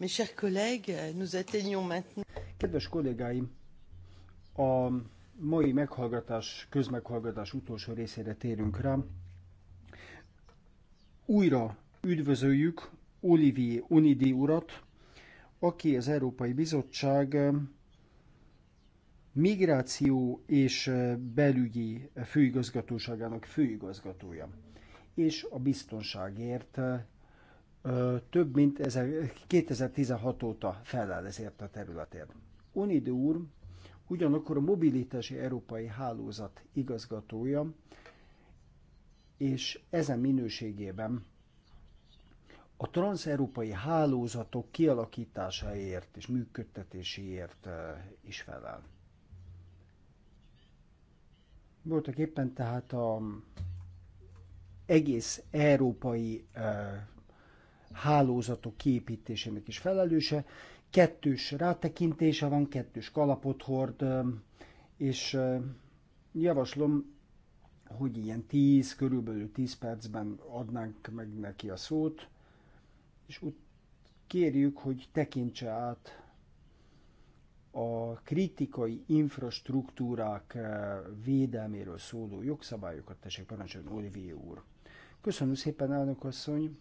Mes chers collègues, nous atteignons maintenant... Kedves kollégáim, a mai meghallgatás, közmeghallgatás utolsó részére térünk rá. Újra üdvözöljük Olivier Onidi urat, aki az Európai Bizottság eh, migráció és eh, belügyi főigazgatóságának főigazgatója, és a biztonságért eh, több mint 2016 óta felel ezért a területért. Onidő úr ugyanakkor a Mobilitási Európai Hálózat igazgatója, és ezen minőségében a transzeurópai hálózatok kialakításáért és működtetéséért is felel. Voltak éppen tehát a egész európai hálózatok kiépítésének is felelőse. Kettős rátekintése van, kettős kalapot hord, és javaslom, hogy ilyen 10, körülbelül 10 percben adnánk meg neki a szót, és úgy kérjük, hogy tekintse át a kritikai infrastruktúrák védelméről szóló jogszabályokat, tessék parancsoljon Olivier úr. Köszönöm szépen, elnök asszony!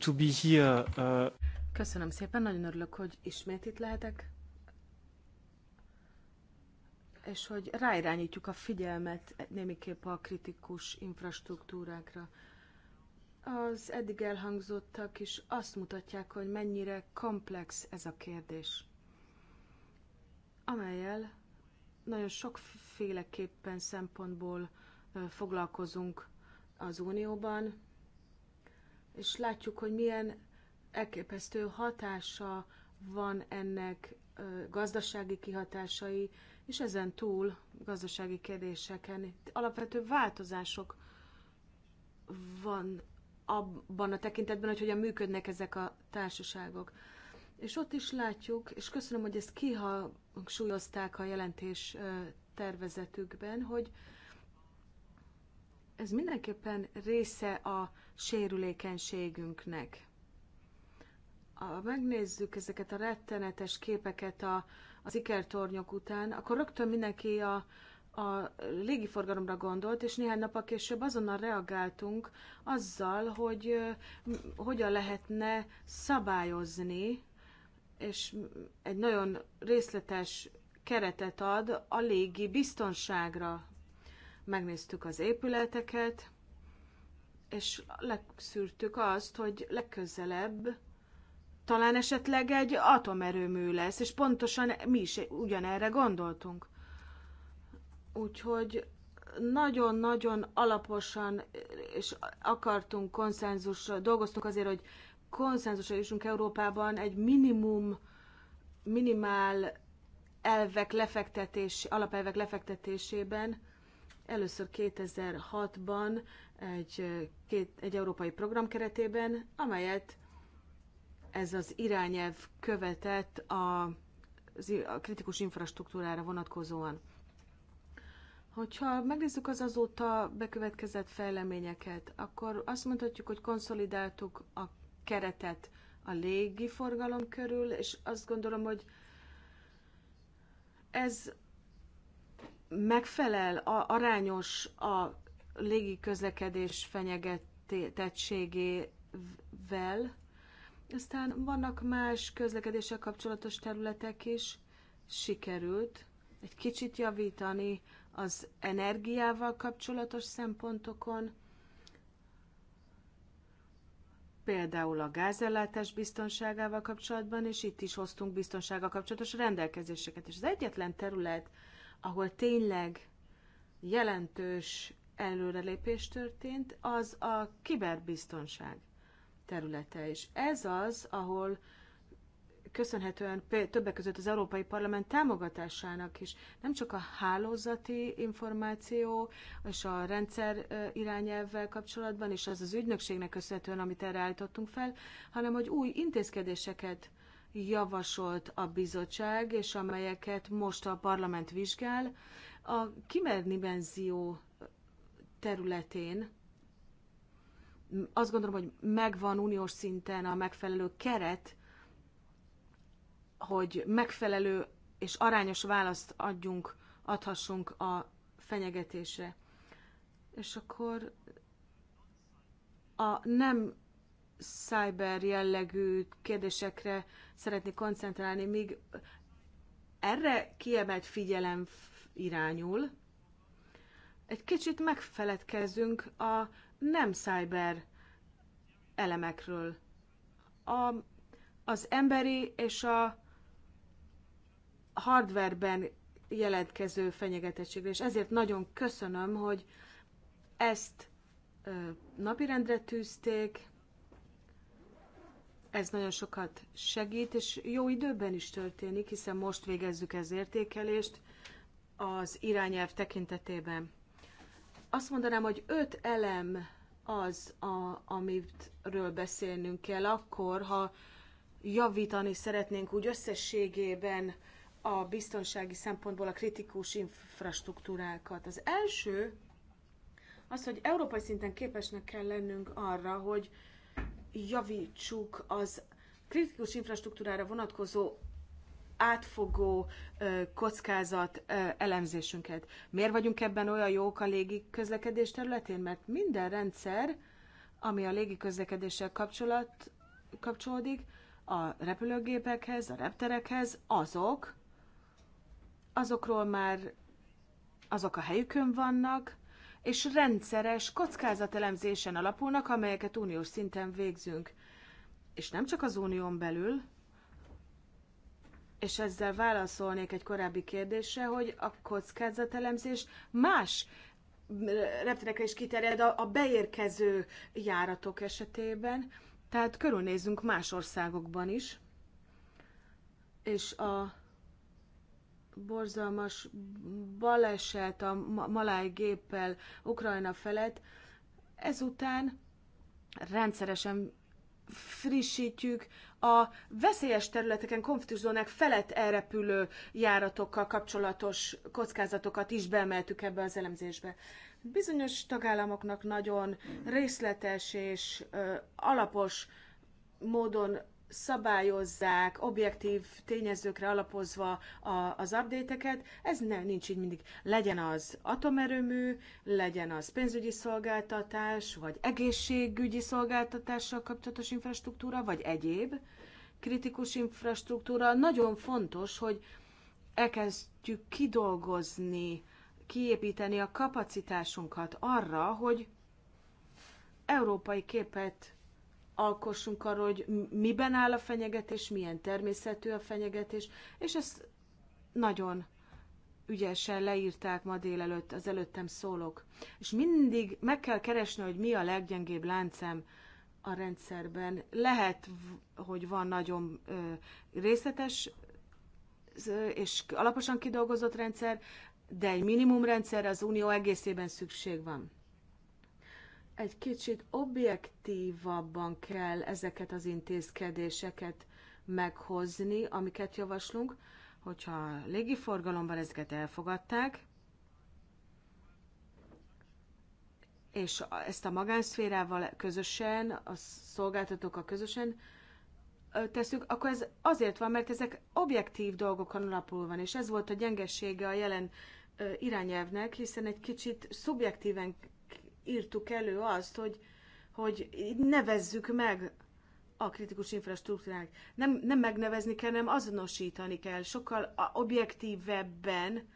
To be here, uh... Köszönöm szépen, nagyon örülök, hogy ismét itt lehetek. És hogy ráirányítjuk a figyelmet némiképp a kritikus infrastruktúrákra. Az eddig elhangzottak is azt mutatják, hogy mennyire komplex ez a kérdés, amelyel nagyon sokféleképpen szempontból foglalkozunk az Unióban, és látjuk, hogy milyen elképesztő hatása van ennek gazdasági kihatásai, és ezen túl gazdasági kérdéseken alapvető változások van abban a tekintetben, hogy hogyan működnek ezek a társaságok. És ott is látjuk, és köszönöm, hogy ezt kihangsúlyozták a jelentés tervezetükben, hogy ez mindenképpen része a sérülékenységünknek. Ha megnézzük ezeket a rettenetes képeket a, az ikertornyok után, akkor rögtön mindenki a, a légiforgalomra gondolt, és néhány nap később azonnal reagáltunk azzal, hogy hogyan lehetne szabályozni, és egy nagyon részletes keretet ad a légi biztonságra. Megnéztük az épületeket, és leszűrtük azt, hogy legközelebb talán esetleg egy atomerőmű lesz, és pontosan mi is ugyanerre gondoltunk. Úgyhogy nagyon-nagyon alaposan és akartunk konszenzusra, dolgoztunk azért, hogy konszenzusra jussunk Európában egy minimum, minimál elvek lefektetés, alapelvek lefektetésében. Először 2006-ban egy, eh, két, egy európai program keretében, amelyet ez az irányelv követett a, a kritikus infrastruktúrára vonatkozóan. Hogyha megnézzük az azóta bekövetkezett fejleményeket, akkor azt mondhatjuk, hogy konszolidáltuk a keretet a légi forgalom körül, és azt gondolom, hogy ez megfelel, a, arányos a légi közlekedés fenyegetettségével. Aztán vannak más közlekedéssel kapcsolatos területek is. Sikerült egy kicsit javítani az energiával kapcsolatos szempontokon, például a gázellátás biztonságával kapcsolatban, és itt is hoztunk biztonsággal kapcsolatos rendelkezéseket. És az egyetlen terület, ahol tényleg jelentős előrelépés történt, az a kiberbiztonság területe is. Ez az, ahol köszönhetően többek között az Európai Parlament támogatásának is nem csak a hálózati információ és a rendszer irányelvvel kapcsolatban, és az az ügynökségnek köszönhetően, amit erre állítottunk fel, hanem hogy új intézkedéseket javasolt a bizottság, és amelyeket most a parlament vizsgál, a kiberdimenzió területén azt gondolom, hogy megvan uniós szinten a megfelelő keret, hogy megfelelő és arányos választ adjunk, adhassunk a fenyegetésre. És akkor a nem cyber jellegű kérdésekre szeretnék koncentrálni, míg erre kiemelt figyelem irányul, egy kicsit megfeledkezzünk a nem szájber elemekről. A, az emberi és a hardwareben jelentkező fenyegetettségre, és ezért nagyon köszönöm, hogy ezt napirendre tűzték, ez nagyon sokat segít, és jó időben is történik, hiszen most végezzük ez értékelést az irányelv tekintetében. Azt mondanám, hogy öt elem az, a, amitről beszélnünk kell akkor, ha javítani szeretnénk úgy összességében a biztonsági szempontból a kritikus infrastruktúrákat. Az első az, hogy európai szinten képesnek kell lennünk arra, hogy javítsuk az kritikus infrastruktúrára vonatkozó átfogó kockázat elemzésünket. Miért vagyunk ebben olyan jók a légi közlekedés területén? Mert minden rendszer, ami a légi közlekedéssel kapcsolat, kapcsolódik, a repülőgépekhez, a repterekhez, azok, azokról már azok a helyükön vannak, és rendszeres kockázatelemzésen alapulnak, amelyeket uniós szinten végzünk. És nem csak az unión belül, és ezzel válaszolnék egy korábbi kérdésre, hogy a kockázatelemzés más repterekre is kiterjed a, a beérkező járatok esetében, tehát körülnézzünk más országokban is, és a borzalmas baleset a maláj géppel Ukrajna felett, ezután rendszeresen frissítjük a veszélyes területeken, konfliktuszónák felett elrepülő járatokkal kapcsolatos kockázatokat is beemeltük ebbe az elemzésbe. Bizonyos tagállamoknak nagyon részletes és ö, alapos módon szabályozzák, objektív tényezőkre alapozva a, az update-eket, ez ne, nincs így mindig. Legyen az atomerőmű, legyen az pénzügyi szolgáltatás, vagy egészségügyi szolgáltatással kapcsolatos infrastruktúra, vagy egyéb kritikus infrastruktúra. Nagyon fontos, hogy elkezdjük kidolgozni, kiépíteni a kapacitásunkat arra, hogy európai képet alkossunk arról, hogy miben áll a fenyegetés, milyen természetű a fenyegetés, és ezt nagyon ügyesen leírták ma délelőtt az előttem szólók. És mindig meg kell keresni, hogy mi a leggyengébb láncem a rendszerben. Lehet, hogy van nagyon részletes és alaposan kidolgozott rendszer, de egy minimumrendszer az unió egészében szükség van egy kicsit objektívabban kell ezeket az intézkedéseket meghozni, amiket javaslunk, hogyha légiforgalomban ezeket elfogadták, és ezt a magánszférával közösen, a szolgáltatókkal közösen teszünk, akkor ez azért van, mert ezek objektív dolgokon alapul van, és ez volt a gyengesége a jelen irányelvnek, hiszen egy kicsit szubjektíven írtuk elő azt, hogy, hogy nevezzük meg a kritikus infrastruktúrák. Nem, nem megnevezni kell, hanem azonosítani kell. Sokkal objektívebben,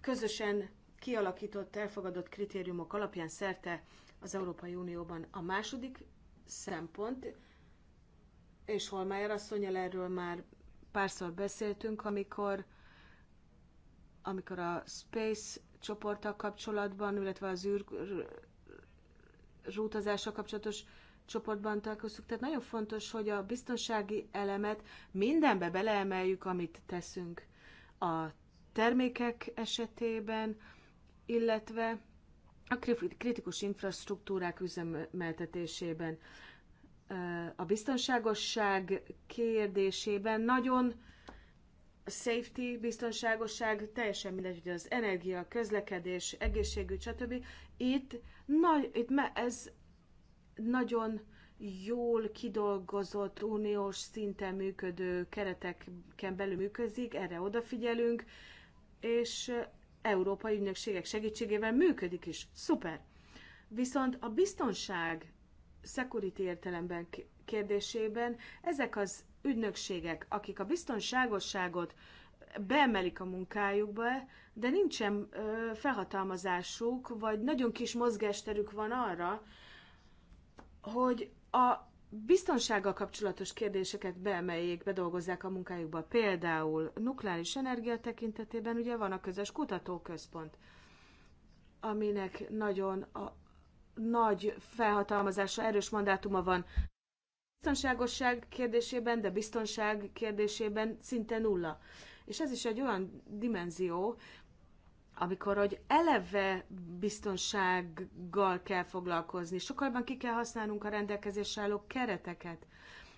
közösen kialakított, elfogadott kritériumok alapján szerte az Európai Unióban. A második szempont, és Holmájer asszonyjal erről már párszor beszéltünk, amikor, amikor a Space csoporttal kapcsolatban, illetve az űr utazással kapcsolatos csoportban találkoztuk. Tehát nagyon fontos, hogy a biztonsági elemet mindenbe beleemeljük, amit teszünk a termékek esetében, illetve a kritikus infrastruktúrák üzemeltetésében. A biztonságosság kérdésében nagyon safety, biztonságosság, teljesen mindegy, hogy az energia, közlekedés, egészségügy, stb. Itt, nagy, itt ez nagyon jól kidolgozott, uniós szinten működő kereteken belül működik, erre odafigyelünk, és európai ügynökségek segítségével működik is. Szuper! Viszont a biztonság security értelemben kérdésében ezek az ügynökségek, akik a biztonságosságot beemelik a munkájukba, de nincsen ö, felhatalmazásuk, vagy nagyon kis mozgásterük van arra, hogy a biztonsággal kapcsolatos kérdéseket beemeljék, bedolgozzák a munkájukba. Például nukleáris energia tekintetében ugye van a közös kutatóközpont, aminek nagyon a, nagy felhatalmazása, erős mandátuma van biztonságosság kérdésében, de biztonság kérdésében szinte nulla. És ez is egy olyan dimenzió, amikor, hogy eleve biztonsággal kell foglalkozni, sokkal ki kell használnunk a rendelkezésre álló kereteket.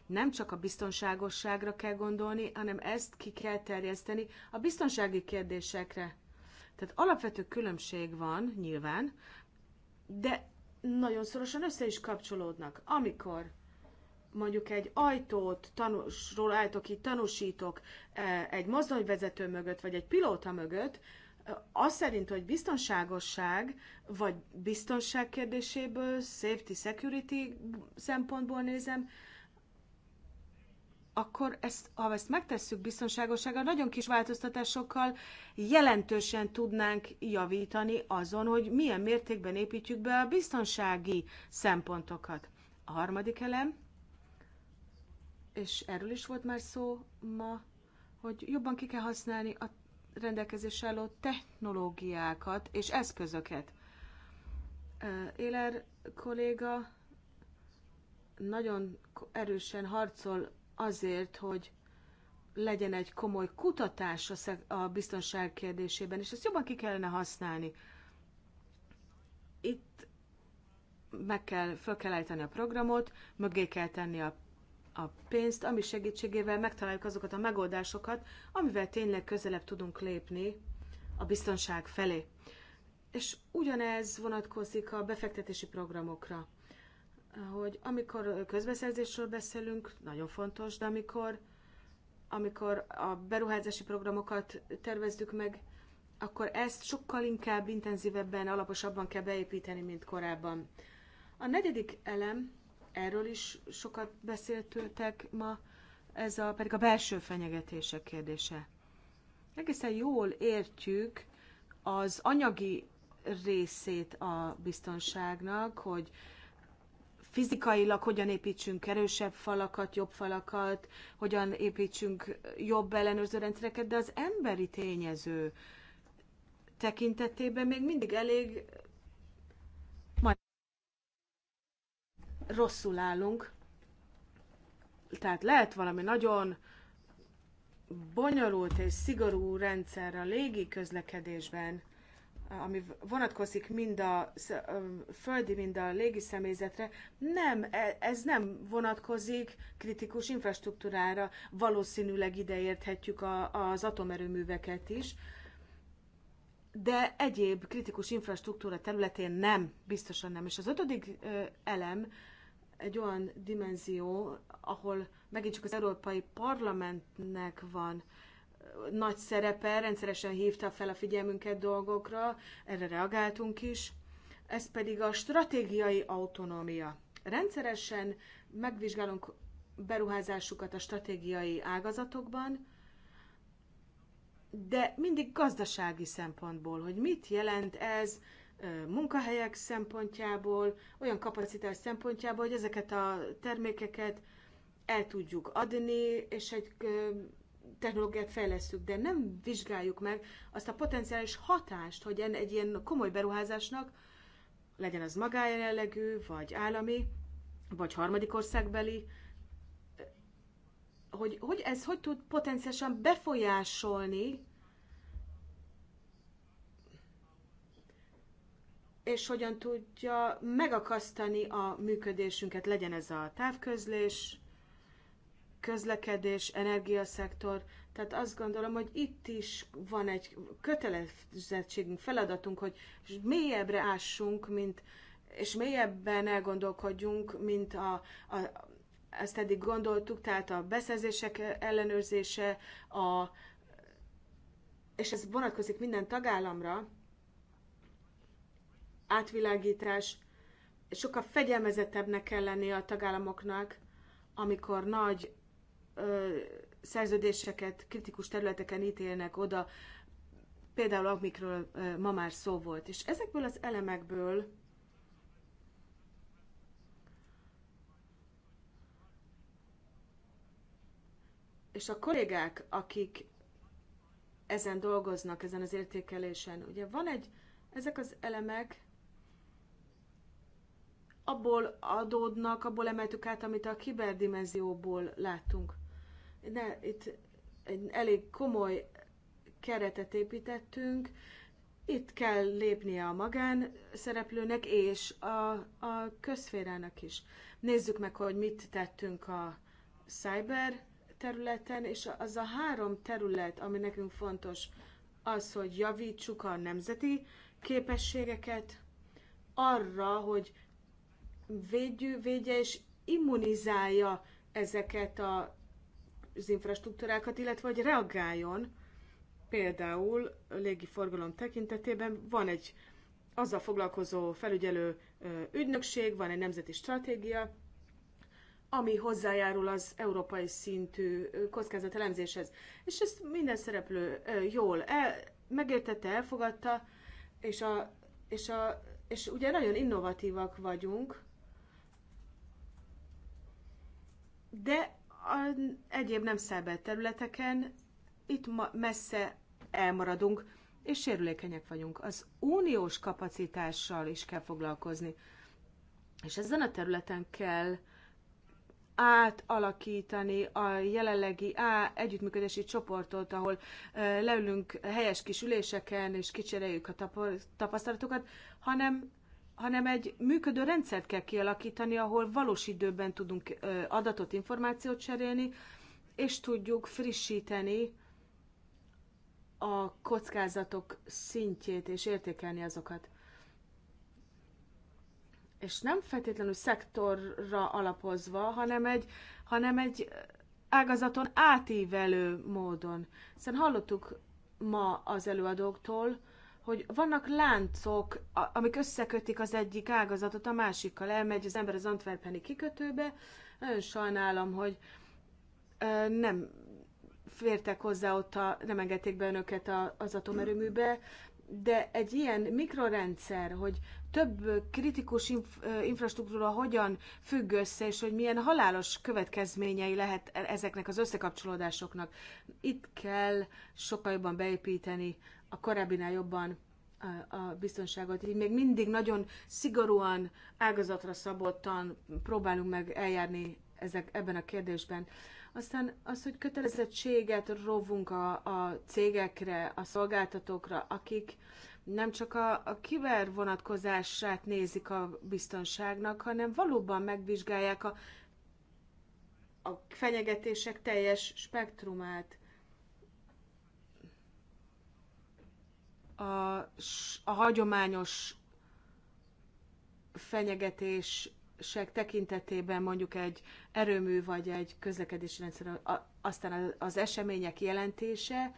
Nem csak a biztonságosságra kell gondolni, hanem ezt ki kell terjeszteni a biztonsági kérdésekre. Tehát alapvető különbség van, nyilván, de nagyon szorosan össze is kapcsolódnak. Amikor mondjuk egy ajtót, tanúsról álltok ki, tanúsítok eh, egy mozdonyvezető mögött, vagy egy pilóta mögött, eh, az szerint, hogy biztonságosság, vagy biztonság kérdéséből, safety, security szempontból nézem, akkor ezt, ha ezt megtesszük biztonságossággal, nagyon kis változtatásokkal jelentősen tudnánk javítani azon, hogy milyen mértékben építjük be a biztonsági szempontokat. A harmadik elem, és erről is volt már szó ma, hogy jobban ki kell használni a rendelkezés álló technológiákat és eszközöket. Éler kolléga nagyon erősen harcol azért, hogy legyen egy komoly kutatás a biztonság kérdésében, és ezt jobban ki kellene használni. Itt meg kell, föl kell állítani a programot, mögé kell tenni a a pénzt, ami segítségével megtaláljuk azokat a megoldásokat, amivel tényleg közelebb tudunk lépni a biztonság felé. És ugyanez vonatkozik a befektetési programokra, hogy amikor közbeszerzésről beszélünk, nagyon fontos, de amikor, amikor a beruházási programokat tervezzük meg, akkor ezt sokkal inkább intenzívebben, alaposabban kell beépíteni, mint korábban. A negyedik elem erről is sokat beszéltőtek ma, ez a, pedig a belső fenyegetések kérdése. Egészen jól értjük az anyagi részét a biztonságnak, hogy fizikailag hogyan építsünk erősebb falakat, jobb falakat, hogyan építsünk jobb ellenőrző rendszereket, de az emberi tényező tekintetében még mindig elég rosszul állunk. Tehát lehet valami nagyon bonyolult és szigorú rendszer a légi közlekedésben, ami vonatkozik mind a földi, mind a légi személyzetre, nem, e, ez nem vonatkozik kritikus infrastruktúrára, valószínűleg ideérthetjük a, az atomerőműveket is, de egyéb kritikus infrastruktúra területén nem, biztosan nem. És az ötödik elem egy olyan dimenzió, ahol megint csak az Európai Parlamentnek van nagy szerepe, rendszeresen hívta fel a figyelmünket dolgokra, erre reagáltunk is. Ez pedig a stratégiai autonómia. Rendszeresen megvizsgálunk beruházásukat a stratégiai ágazatokban, de mindig gazdasági szempontból, hogy mit jelent ez munkahelyek szempontjából, olyan kapacitás szempontjából, hogy ezeket a termékeket el tudjuk adni, és egy technológiát fejlesztünk, de nem vizsgáljuk meg azt a potenciális hatást, hogy egy ilyen komoly beruházásnak, legyen az magájellegű, vagy állami, vagy harmadik országbeli, hogy, hogy ez hogy tud potenciálisan befolyásolni és hogyan tudja megakasztani a működésünket, legyen ez a távközlés, közlekedés, energiaszektor. Tehát azt gondolom, hogy itt is van egy kötelezettségünk, feladatunk, hogy mélyebbre ássunk, mint, és mélyebben elgondolkodjunk, mint a, a, ezt eddig gondoltuk, tehát a beszerzések ellenőrzése, a, és ez vonatkozik minden tagállamra, átvilágítás, sokkal fegyelmezettebbnek kell lenni a tagállamoknak, amikor nagy ö, szerződéseket kritikus területeken ítélnek oda, például amikről ö, ma már szó volt. És ezekből az elemekből és a kollégák, akik ezen dolgoznak, ezen az értékelésen, ugye van egy, ezek az elemek abból adódnak, abból emeltük át, amit a kiberdimenzióból láttunk. De itt egy elég komoly keretet építettünk, itt kell lépnie a magán szereplőnek és a, a közférának is. Nézzük meg, hogy mit tettünk a cyber területen, és az a három terület, ami nekünk fontos, az, hogy javítsuk a nemzeti képességeket arra, hogy védjő, védje és immunizálja ezeket a, az infrastruktúrákat, illetve hogy reagáljon. Például légiforgalom tekintetében van egy azzal foglalkozó felügyelő ügynökség, van egy nemzeti stratégia, ami hozzájárul az európai szintű kockázatelemzéshez. És ezt minden szereplő jól el, megértette, elfogadta, és, a, és, a, és ugye nagyon innovatívak vagyunk, de a egyéb nem szábelt területeken itt messze elmaradunk, és sérülékenyek vagyunk. Az uniós kapacitással is kell foglalkozni. És ezen a területen kell átalakítani a jelenlegi á, együttműködési csoportot, ahol leülünk helyes kis üléseken, és kicseréljük a tapasztalatokat, hanem hanem egy működő rendszert kell kialakítani, ahol valós időben tudunk adatot, információt cserélni, és tudjuk frissíteni a kockázatok szintjét, és értékelni azokat. És nem feltétlenül szektorra alapozva, hanem egy, hanem egy ágazaton átívelő módon. Hiszen hallottuk ma az előadóktól, hogy vannak láncok, amik összekötik az egyik ágazatot a másikkal. Elmegy az ember az Antwerpeni kikötőbe, nagyon sajnálom, hogy nem fértek hozzá ott, a, nem engedték be önöket a, az atomerőműbe, de egy ilyen mikrorendszer, hogy több kritikus inf- infrastruktúra hogyan függ össze, és hogy milyen halálos következményei lehet e-, ezeknek az összekapcsolódásoknak. Itt kell sokkal jobban beépíteni a korábbinál jobban a biztonságot. Így még mindig nagyon szigorúan, ágazatra szabottan próbálunk meg eljárni ezek, ebben a kérdésben. Aztán az, hogy kötelezettséget rovunk a, a cégekre, a szolgáltatókra, akik nem csak a, a kiver vonatkozását nézik a biztonságnak, hanem valóban megvizsgálják a, a fenyegetések teljes spektrumát a, a hagyományos fenyegetések tekintetében mondjuk egy erőmű vagy egy közlekedési rendszer, aztán az események jelentése,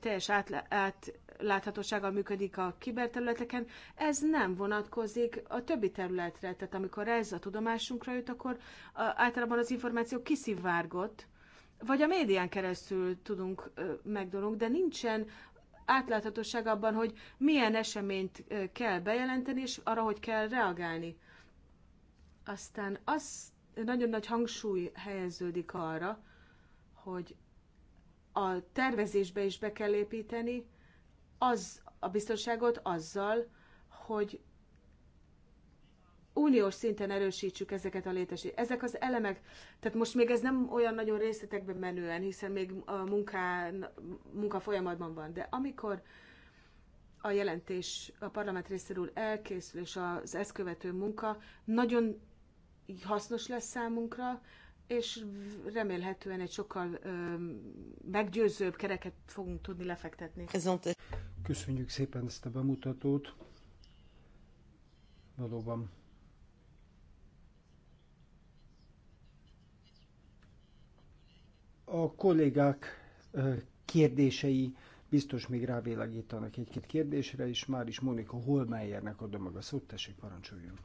teljes átláthatósággal működik a kiberterületeken, ez nem vonatkozik a többi területre. Tehát amikor ez a tudomásunkra jut, akkor általában az információ kiszivárgott, vagy a médián keresztül tudunk megdolunk, de nincsen átláthatóság abban, hogy milyen eseményt kell bejelenteni, és arra, hogy kell reagálni. Aztán az nagyon nagy hangsúly helyeződik arra, hogy a tervezésbe is be kell építeni az a biztonságot azzal, hogy uniós szinten erősítsük ezeket a létesítményeket. Ezek az elemek, tehát most még ez nem olyan nagyon részletekben menően, hiszen még a munkán, munka folyamatban van, de amikor a jelentés a parlament részéről elkészül, és az ezt követő munka nagyon hasznos lesz számunkra, és remélhetően egy sokkal ö, meggyőzőbb kereket fogunk tudni lefektetni. Köszönjük szépen ezt a bemutatót. Valóban A kollégák kérdései biztos még rávilágítanak egy-két kérdésre, és már is Monika Holmeyernek adom meg a szót, tessék parancsoljon.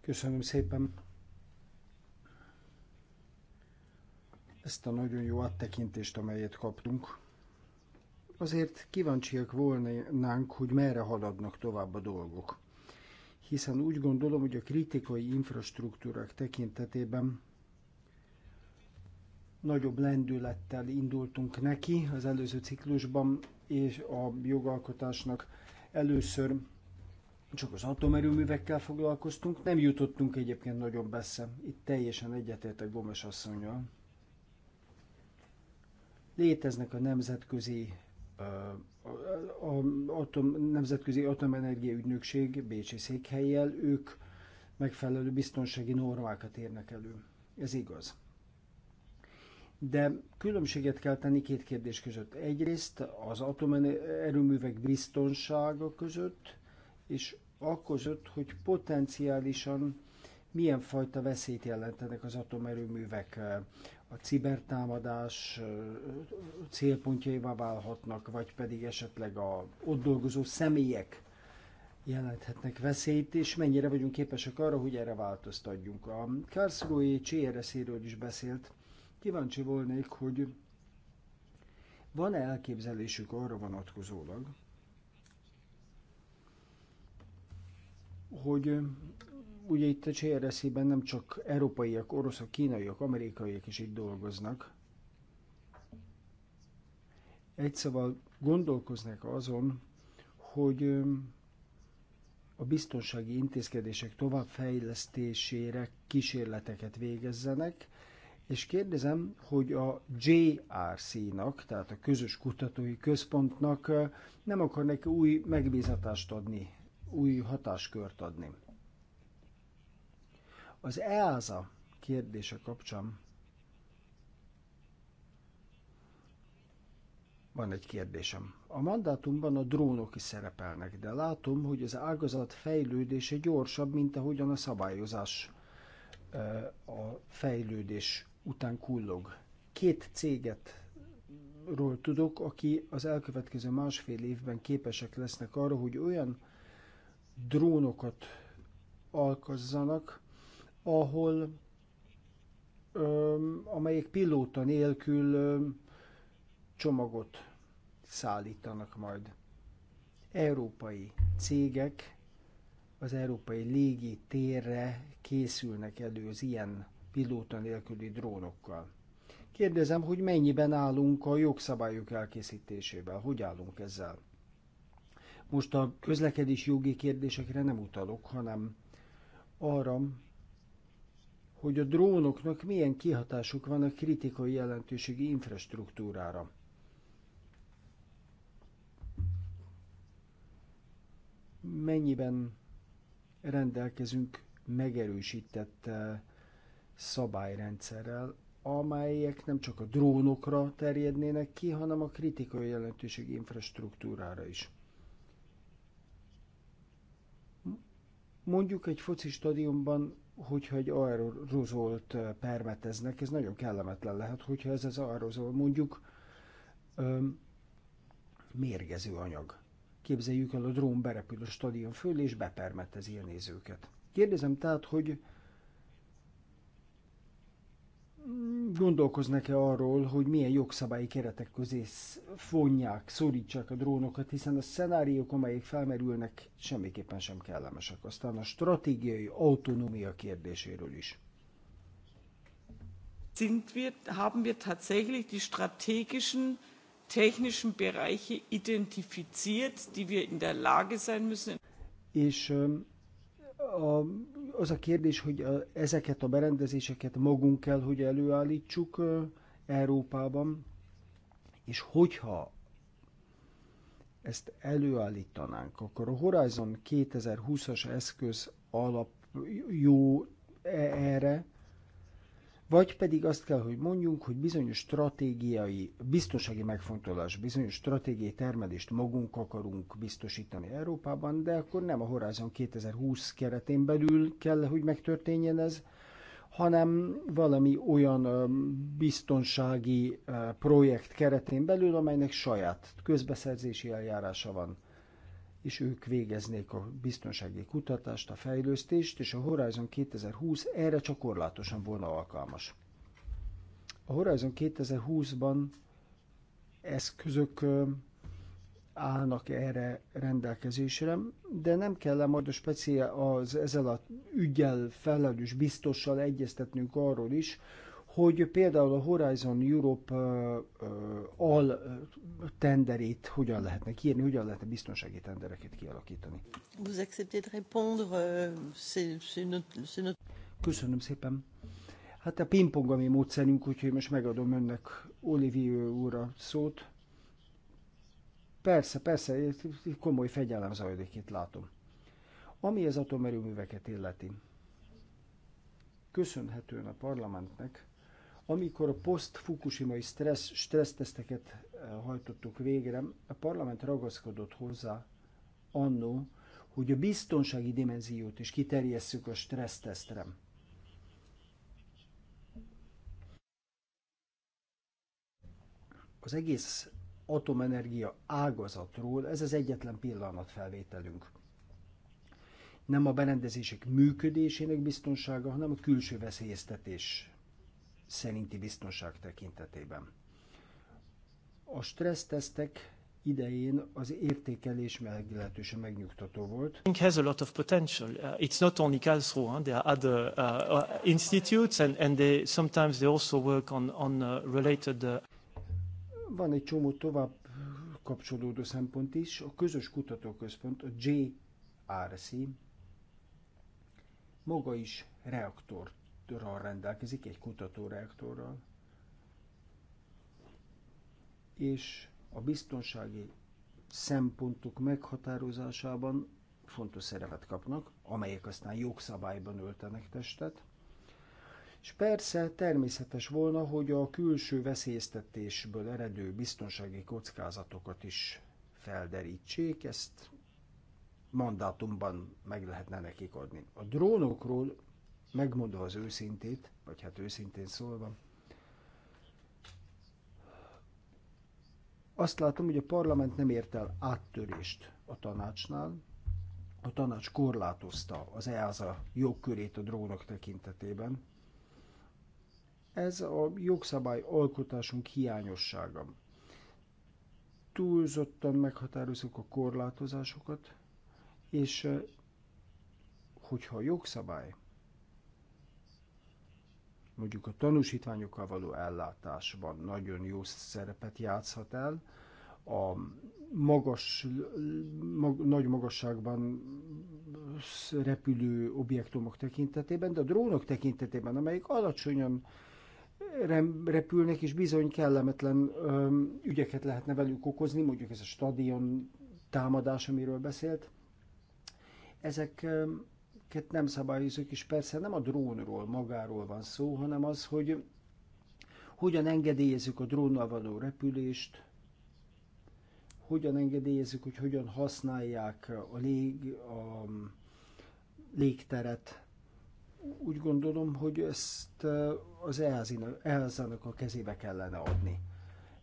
Köszönöm szépen ezt a nagyon jó áttekintést, amelyet kaptunk. Azért kíváncsiak volnánk, hogy merre haladnak tovább a dolgok. Hiszen úgy gondolom, hogy a kritikai infrastruktúrák tekintetében nagyobb lendülettel indultunk neki az előző ciklusban, és a jogalkotásnak először csak az atomerőművekkel foglalkoztunk, nem jutottunk egyébként nagyon messze. Itt teljesen egyetértek Gomes asszonyjal. Léteznek a nemzetközi a atom, Nemzetközi Atomenergia Ügynökség Bécsi székhelyjel, ők megfelelő biztonsági normákat érnek elő. Ez igaz de különbséget kell tenni két kérdés között. Egyrészt az atomerőművek biztonsága között, és akközött, hogy potenciálisan milyen fajta veszélyt jelentenek az atomerőművek. A cibertámadás célpontjaivá válhatnak, vagy pedig esetleg a ott dolgozó személyek jelenthetnek veszélyt, és mennyire vagyunk képesek arra, hogy erre változtatjunk. A Karlsruhe crsz is beszélt, Kíváncsi volnék, hogy van-e elképzelésük arra vonatkozólag, hogy ugye itt a CRSZ-ben nem csak európaiak, oroszok, kínaiak, amerikaiak is itt dolgoznak. Egy szóval gondolkoznak azon, hogy a biztonsági intézkedések továbbfejlesztésére kísérleteket végezzenek, és kérdezem, hogy a JRC-nak, tehát a Közös Kutatói Központnak nem neki új megbízatást adni, új hatáskört adni. Az EASA kérdése kapcsán van egy kérdésem. A mandátumban a drónok is szerepelnek, de látom, hogy az ágazat fejlődése gyorsabb, mint ahogyan a szabályozás a fejlődés után kullog. Két céget ról tudok, aki az elkövetkező másfél évben képesek lesznek arra, hogy olyan drónokat alkozzanak, ahol öm, amelyek pilóta nélkül öm, csomagot szállítanak majd. Európai cégek az európai légi térre készülnek elő az ilyen pilóta nélküli drónokkal. Kérdezem, hogy mennyiben állunk a jogszabályok elkészítésével, hogy állunk ezzel. Most a közlekedés jogi kérdésekre nem utalok, hanem arra, hogy a drónoknak milyen kihatásuk van a kritikai jelentőségi infrastruktúrára. Mennyiben rendelkezünk megerősített eh, szabályrendszerrel, amelyek nem csak a drónokra terjednének ki, hanem a kritikai jelentőség infrastruktúrára is. Mondjuk egy foci stadionban, hogyha egy aerozolt permeteznek, ez nagyon kellemetlen lehet, hogyha ez az aerozol mondjuk öm, mérgező anyag. Képzeljük el, a drón berepül a stadion föl, és bepermetezi a nézőket. Kérdezem tehát, hogy gondolkoznak-e arról, hogy milyen jogszabályi keretek közé fonják, szorítsák a drónokat, hiszen a szenáriók, amelyek felmerülnek, semmiképpen sem kellemesek. Aztán a stratégiai autonómia kérdéséről is. Sind wir, haben wir tatsächlich die strategischen technischen Bereiche identifiziert, die wir in der Lage sein müssen? És a az a kérdés, hogy a, ezeket a berendezéseket magunk kell, hogy előállítsuk ö, Európában, és hogyha ezt előállítanánk, akkor a Horizon 2020-as eszköz alap jó e, erre, vagy pedig azt kell, hogy mondjunk, hogy bizonyos stratégiai, biztonsági megfontolás, bizonyos stratégiai termelést magunk akarunk biztosítani Európában, de akkor nem a Horizon 2020 keretén belül kell, hogy megtörténjen ez, hanem valami olyan biztonsági projekt keretén belül, amelynek saját közbeszerzési eljárása van és ők végeznék a biztonsági kutatást, a fejlesztést, és a Horizon 2020 erre csak korlátosan volna alkalmas. A Horizon 2020-ban eszközök állnak erre rendelkezésre, de nem kell majd a speciál az ezzel a ügyel felelős biztossal egyeztetnünk arról is, hogy például a Horizon Europe al tenderét hogyan lehetne kiírni, hogyan lehetne biztonsági tendereket kialakítani. Vous acceptez de répondre, euh, c'est notre... Köszönöm szépen. Hát a pingpong a mi módszerünk, úgyhogy most megadom önnek Olivier úr a szót. Persze, persze, komoly fegyelem zajlik itt, látom. Ami az atomerőműveket illeti, köszönhetően a parlamentnek, amikor a poszt-fukushimai stressz, stresszteszteket eh, hajtottuk végre, a parlament ragaszkodott hozzá annó, hogy a biztonsági dimenziót is kiterjesszük a stressztesztre. Az egész atomenergia ágazatról ez az egyetlen pillanatfelvételünk. Nem a berendezések működésének biztonsága, hanem a külső veszélyeztetés szerinti biztonság tekintetében. A stressztesztek idején az értékelés meglehetősen megnyugtató volt. I think has a lot of potential. Uh, it's not only Karlsruhe, huh? there are other uh, uh institutes and, and they sometimes they also work on, on uh, related... Uh... Van egy csomó tovább kapcsolódó szempont is. A közös kutatóközpont, a JRC, maga is reaktort reaktorral rendelkezik, egy kutatóreaktorral, és a biztonsági szempontok meghatározásában fontos szerepet kapnak, amelyek aztán jogszabályban öltenek testet. És persze természetes volna, hogy a külső veszélyeztetésből eredő biztonsági kockázatokat is felderítsék, ezt mandátumban meg lehetne nekik adni. A drónokról megmondva az őszintét, vagy hát őszintén szólva, azt látom, hogy a parlament nem ért el áttörést a tanácsnál, a tanács korlátozta az EASA jogkörét a drónok tekintetében. Ez a jogszabály alkotásunk hiányossága. Túlzottan meghatározunk a korlátozásokat, és eh, hogyha a jogszabály mondjuk a tanúsítványokkal való ellátásban nagyon jó szerepet játszhat el, a magas, mag, nagy magasságban repülő objektumok tekintetében, de a drónok tekintetében, amelyek alacsonyan repülnek, és bizony kellemetlen öm, ügyeket lehetne velük okozni, mondjuk ez a stadion támadás, amiről beszélt, ezek öm, amiket nem szabályozok, és persze nem a drónról magáról van szó, hanem az, hogy hogyan engedélyezzük a drónnal való repülést, hogyan engedélyezzük, hogy hogyan használják a, lég, a légteret. Úgy gondolom, hogy ezt az EASA-nak a kezébe kellene adni,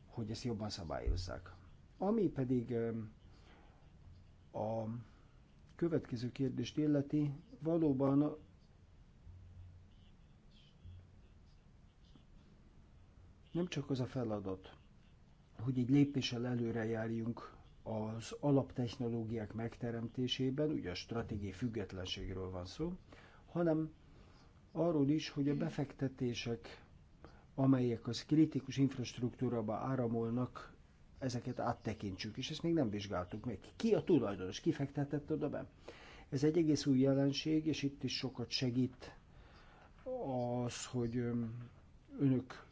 hogy ezt jobban szabályozzák. Ami pedig a következő kérdést illeti, valóban nem csak az a feladat, hogy egy lépéssel előre járjunk az alaptechnológiák megteremtésében, ugye a stratégiai függetlenségről van szó, hanem arról is, hogy a befektetések, amelyek az kritikus infrastruktúrába áramolnak, ezeket áttekintsük, és ezt még nem vizsgáltuk meg. Ki a tulajdonos? Ki fektetett oda be? Ez egy egész új jelenség, és itt is sokat segít az, hogy önök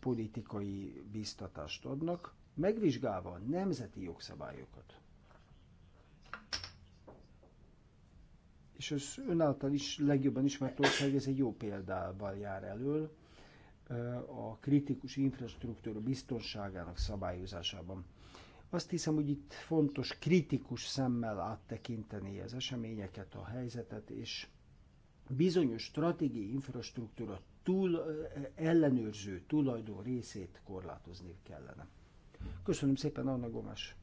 politikai bíztatást adnak, megvizsgálva a nemzeti jogszabályokat. És az ön által is legjobban ismert ország, ez egy jó példával jár elől a kritikus infrastruktúra biztonságának szabályozásában. Azt hiszem, hogy itt fontos kritikus szemmel áttekinteni az eseményeket, a helyzetet, és bizonyos stratégiai infrastruktúra túl ellenőrző tulajdon részét korlátozni kellene. Köszönöm szépen, Anna Gomes!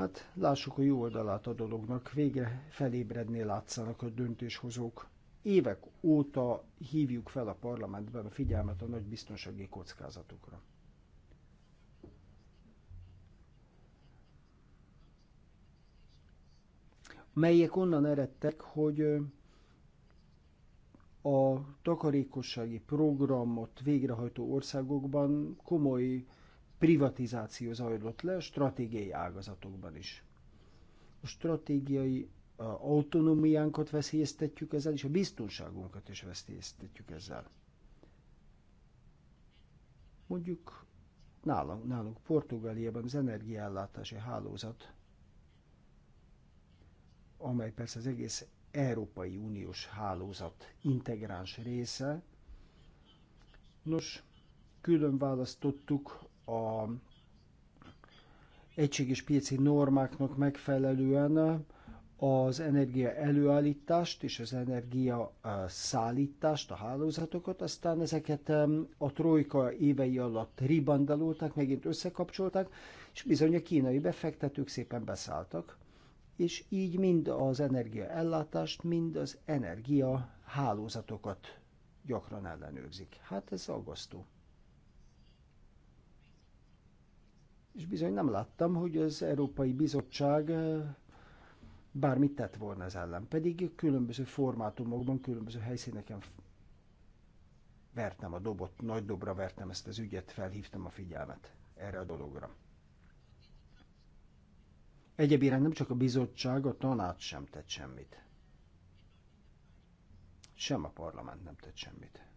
Hát lássuk a jó oldalát a dolognak, végre felébredni látszanak a döntéshozók. Évek óta hívjuk fel a parlamentben a figyelmet a nagy biztonsági kockázatokra. melyek onnan eredtek, hogy a takarékossági programot végrehajtó országokban komoly privatizáció zajlott le a stratégiai ágazatokban is. A stratégiai autonómiánkat veszélyeztetjük ezzel, és a biztonságunkat is veszélyeztetjük ezzel. Mondjuk nálunk, nálunk Portugáliában az energiállátási hálózat, amely persze az egész Európai Uniós hálózat integráns része. Nos, külön választottuk a egységes piaci normáknak megfelelően az energia előállítást és az energia szállítást, a hálózatokat, aztán ezeket a trojka évei alatt ribandalultak, megint összekapcsolták, és bizony a kínai befektetők szépen beszálltak, és így mind az energia ellátást, mind az energia hálózatokat gyakran ellenőrzik. Hát ez aggasztó. és bizony nem láttam, hogy az Európai Bizottság bármit tett volna ez ellen, pedig különböző formátumokban, különböző helyszíneken vertem a dobot, nagy dobra vertem ezt az ügyet, felhívtam a figyelmet erre a dologra. Egyébére nem csak a bizottság, a tanács sem tett semmit. Sem a parlament nem tett semmit.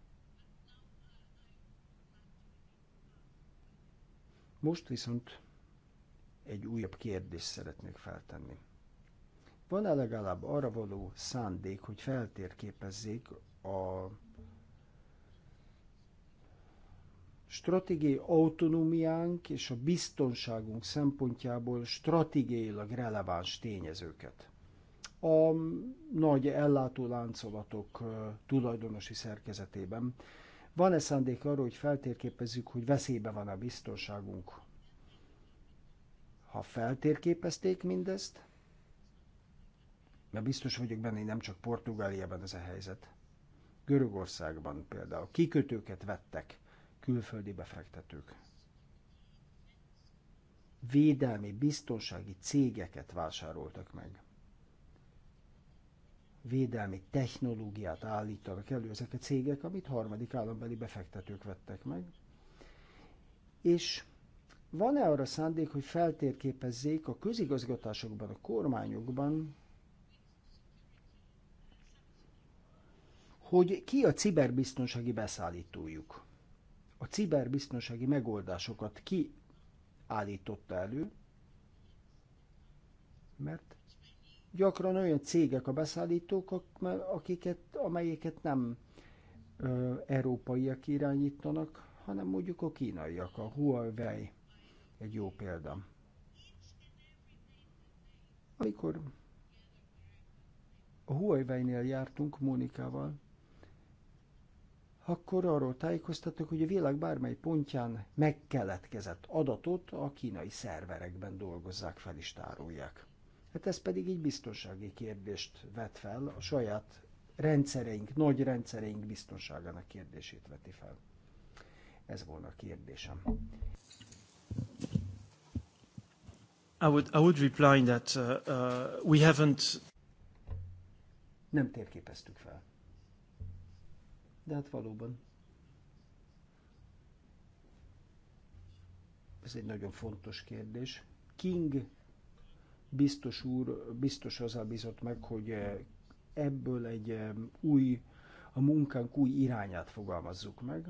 Most viszont egy újabb kérdést szeretnék feltenni. Van-e legalább arra való szándék, hogy feltérképezzék a stratégiai autonómiánk és a biztonságunk szempontjából stratégiailag releváns tényezőket. A nagy ellátóláncolatok tulajdonosi szerkezetében van-e szándék arra, hogy feltérképezzük, hogy veszélybe van a biztonságunk? Ha feltérképezték mindezt, mert biztos vagyok benne, hogy nem csak Portugáliában ez a helyzet. Görögországban például kikötőket vettek külföldi befektetők. Védelmi, biztonsági cégeket vásároltak meg védelmi technológiát állítanak elő ezek a cégek, amit harmadik állambeli befektetők vettek meg. És van-e arra szándék, hogy feltérképezzék a közigazgatásokban, a kormányokban, hogy ki a ciberbiztonsági beszállítójuk? A ciberbiztonsági megoldásokat ki állította elő? Mert gyakran olyan cégek a beszállítók, akiket, amelyeket nem ö, európaiak irányítanak, hanem mondjuk a kínaiak, a Huawei egy jó példa. Amikor a Huawei-nél jártunk Mónikával, akkor arról tájékoztattak, hogy a világ bármely pontján megkeletkezett adatot a kínai szerverekben dolgozzák fel és tárolják. Hát ez pedig így biztonsági kérdést vet fel, a saját rendszereink, nagy rendszereink biztonságának kérdését veti fel. Ez volna a kérdésem. I would, I would reply that uh, uh, we haven't... Nem térképeztük fel. De hát valóban. Ez egy nagyon fontos kérdés. King biztos úr, biztos azzal bizott meg, hogy eh, ebből egy eh, új, a munkánk új irányát fogalmazzuk meg.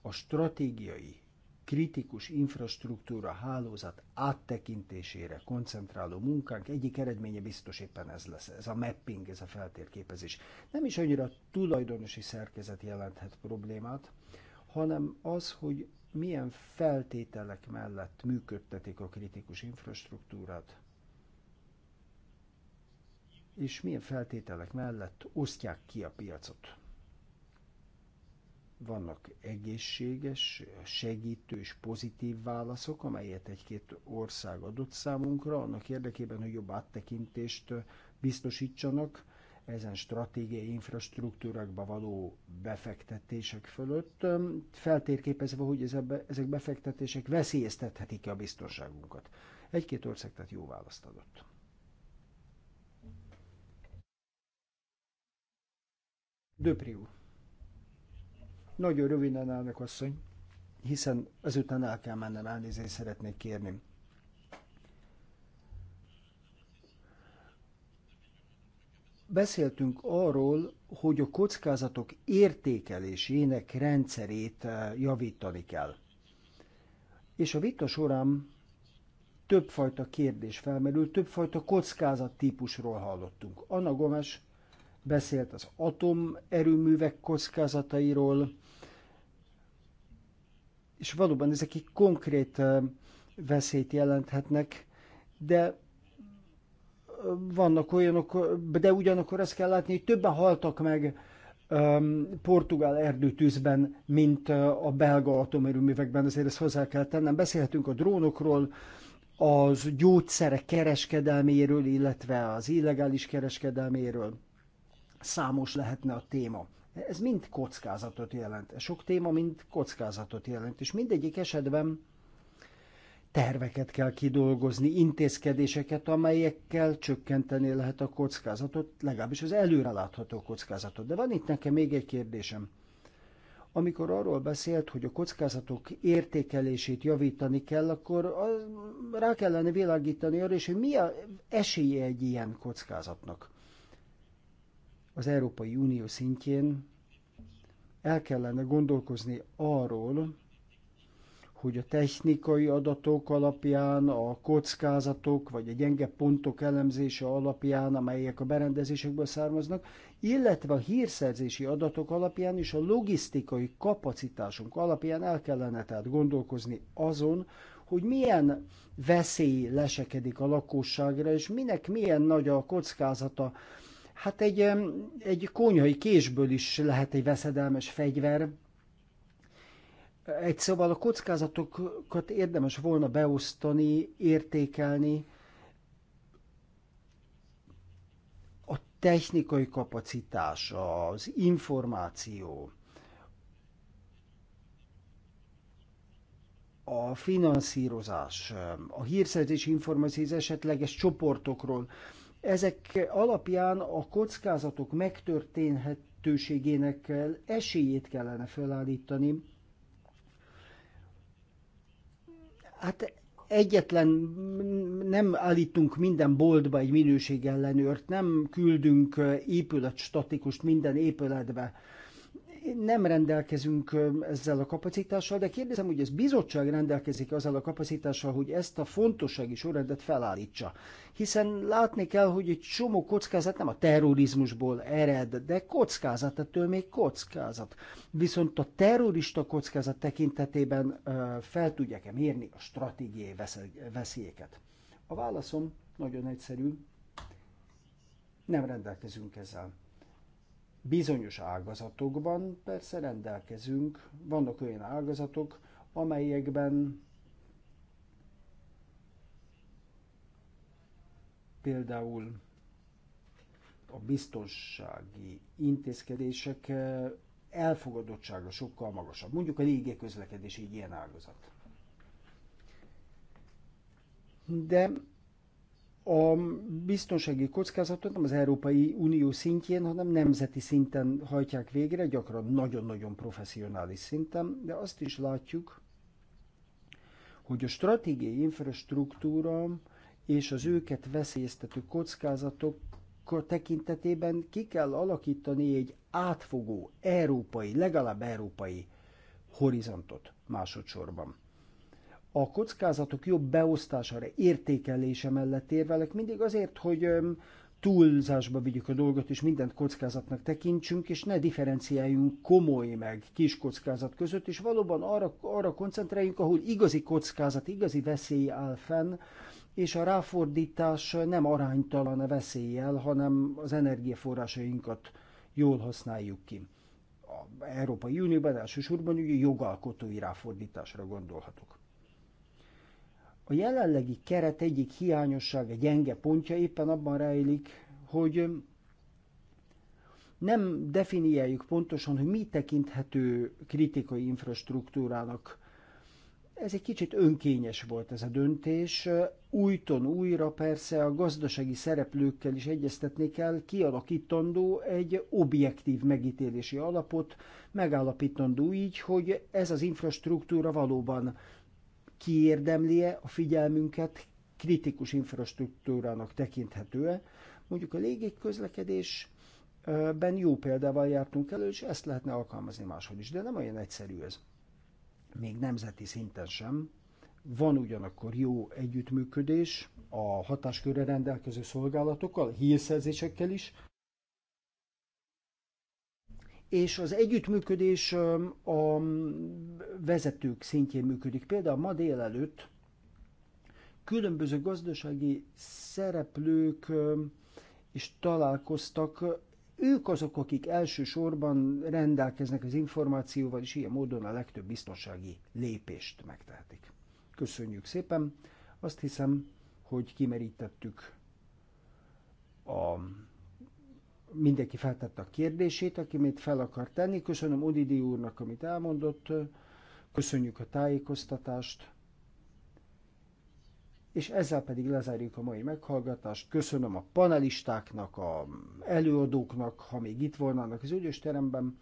A stratégiai kritikus infrastruktúra hálózat áttekintésére koncentráló munkánk egyik eredménye biztos éppen ez lesz, ez a mapping, ez a feltérképezés. Nem is annyira tulajdonosi szerkezet jelenthet problémát, hanem az, hogy milyen feltételek mellett működtetik a kritikus infrastruktúrát, és milyen feltételek mellett osztják ki a piacot. Vannak egészséges, segítő és pozitív válaszok, amelyet egy-két ország adott számunkra, annak érdekében, hogy jobb áttekintést biztosítsanak, ezen stratégiai infrastruktúrákba való befektetések fölött, feltérképezve, hogy ezek befektetések veszélyeztethetik-e a biztonságunkat. Egy-két ország tehát jó választ adott. Döpri úr. Nagyon röviden elnök asszony, hiszen ezután el kell mennem, elnézést szeretnék kérni. beszéltünk arról, hogy a kockázatok értékelésének rendszerét eh, javítani kell. És a vita során többfajta kérdés felmerült, többfajta típusról hallottunk. Anna Gomes beszélt az atomerőművek kockázatairól, és valóban ezek egy konkrét eh, veszélyt jelenthetnek, de vannak olyanok, de ugyanakkor ezt kell látni, hogy többen haltak meg portugál erdőtűzben, mint a belga atomerőművekben, ezért ezt hozzá kell tennem. Beszélhetünk a drónokról, az gyógyszerek kereskedelméről, illetve az illegális kereskedelméről. Számos lehetne a téma. Ez mind kockázatot jelent. Sok téma mind kockázatot jelent, és mindegyik esetben terveket kell kidolgozni, intézkedéseket, amelyekkel csökkenteni lehet a kockázatot, legalábbis az előrelátható kockázatot. De van itt nekem még egy kérdésem. Amikor arról beszélt, hogy a kockázatok értékelését javítani kell, akkor rá kellene világítani arra is, hogy mi a esélye egy ilyen kockázatnak. Az Európai Unió szintjén el kellene gondolkozni arról, hogy a technikai adatok alapján, a kockázatok vagy a gyenge pontok elemzése alapján, amelyek a berendezésekből származnak, illetve a hírszerzési adatok alapján és a logisztikai kapacitásunk alapján el kellene tehát gondolkozni azon, hogy milyen veszély lesekedik a lakosságra, és minek milyen nagy a kockázata. Hát egy, egy konyhai késből is lehet egy veszedelmes fegyver, egy szóval a kockázatokat érdemes volna beosztani, értékelni, a technikai kapacitás, az információ, a finanszírozás, a hírszerzés információ az esetleges csoportokról. Ezek alapján a kockázatok megtörténhetőségének esélyét kellene felállítani, Hát egyetlen nem állítunk minden boltba egy minőségellenőrt, nem küldünk épületstatikust minden épületbe nem rendelkezünk ezzel a kapacitással, de kérdezem, hogy ez bizottság rendelkezik azzal a kapacitással, hogy ezt a fontossági sorrendet felállítsa. Hiszen látni kell, hogy egy csomó kockázat nem a terrorizmusból ered, de kockázat, ettől még kockázat. Viszont a terrorista kockázat tekintetében fel tudják-e mérni a stratégiai veszélyeket? A válaszom nagyon egyszerű, nem rendelkezünk ezzel. Bizonyos ágazatokban persze rendelkezünk, vannak olyan ágazatok, amelyekben például a biztonsági intézkedések eh, elfogadottsága sokkal magasabb. Mondjuk a légi közlekedés egy ilyen ágazat. De a biztonsági kockázatot nem az Európai Unió szintjén, hanem nemzeti szinten hajtják végre, gyakran nagyon-nagyon professzionális szinten, de azt is látjuk, hogy a stratégiai infrastruktúra és az őket veszélyeztető kockázatok tekintetében ki kell alakítani egy átfogó európai, legalább európai horizontot másodszorban a kockázatok jobb beosztására, értékelése mellett érvelek, mindig azért, hogy túlzásba vigyük a dolgot, és mindent kockázatnak tekintsünk, és ne differenciáljunk komoly meg kis kockázat között, és valóban arra, arra koncentráljunk, ahol igazi kockázat, igazi veszély áll fenn, és a ráfordítás nem aránytalan a veszéllyel, hanem az energiaforrásainkat jól használjuk ki. A Európai Unióban elsősorban ugye jogalkotói ráfordításra gondolhatok. A jelenlegi keret egyik hiányossága, gyenge pontja éppen abban rejlik, hogy um, nem definiáljuk pontosan, hogy mi tekinthető kritikai infrastruktúrának. Ez egy kicsit önkényes volt ez a döntés. Újton újra persze a gazdasági szereplőkkel is egyeztetni kell, kialakítandó egy objektív megítélési alapot, megállapítandó így, hogy ez az infrastruktúra valóban kiérdemlie a figyelmünket, kritikus infrastruktúrának tekinthető Mondjuk a légiközlekedés jó példával jártunk elő, és ezt lehetne alkalmazni máshol is, de nem olyan egyszerű ez. Még nemzeti szinten sem. Van ugyanakkor jó együttműködés a hatáskörre rendelkező szolgálatokkal, hírszerzésekkel is, és az együttműködés a vezetők szintjén működik. Például ma délelőtt különböző gazdasági szereplők is találkoztak. Ők azok, akik elsősorban rendelkeznek az információval, és ilyen módon a legtöbb biztonsági lépést megtehetik. Köszönjük szépen! Azt hiszem, hogy kimerítettük a mindenki feltette a kérdését, aki mit fel akar tenni. Köszönöm Odidi úrnak, amit elmondott. Köszönjük a tájékoztatást. És ezzel pedig lezárjuk a mai meghallgatást. Köszönöm a panelistáknak, a előadóknak, ha még itt volnának az ügyös teremben.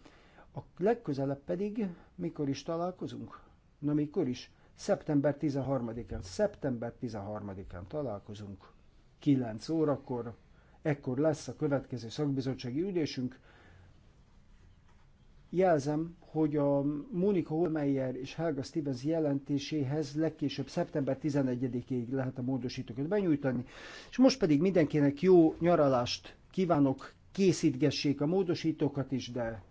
A legközelebb pedig, mikor is találkozunk? Na mikor is? Szeptember 13-án. Szeptember 13-án találkozunk. 9 órakor ekkor lesz a következő szakbizottsági ülésünk. Jelzem, hogy a Monika Holmeyer és Helga Stevens jelentéséhez legkésőbb szeptember 11-ig lehet a módosítókat benyújtani, és most pedig mindenkinek jó nyaralást kívánok, készítgessék a módosítókat is, de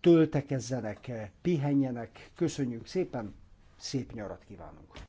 töltekezzenek, pihenjenek, köszönjük szépen, szép nyarat kívánunk!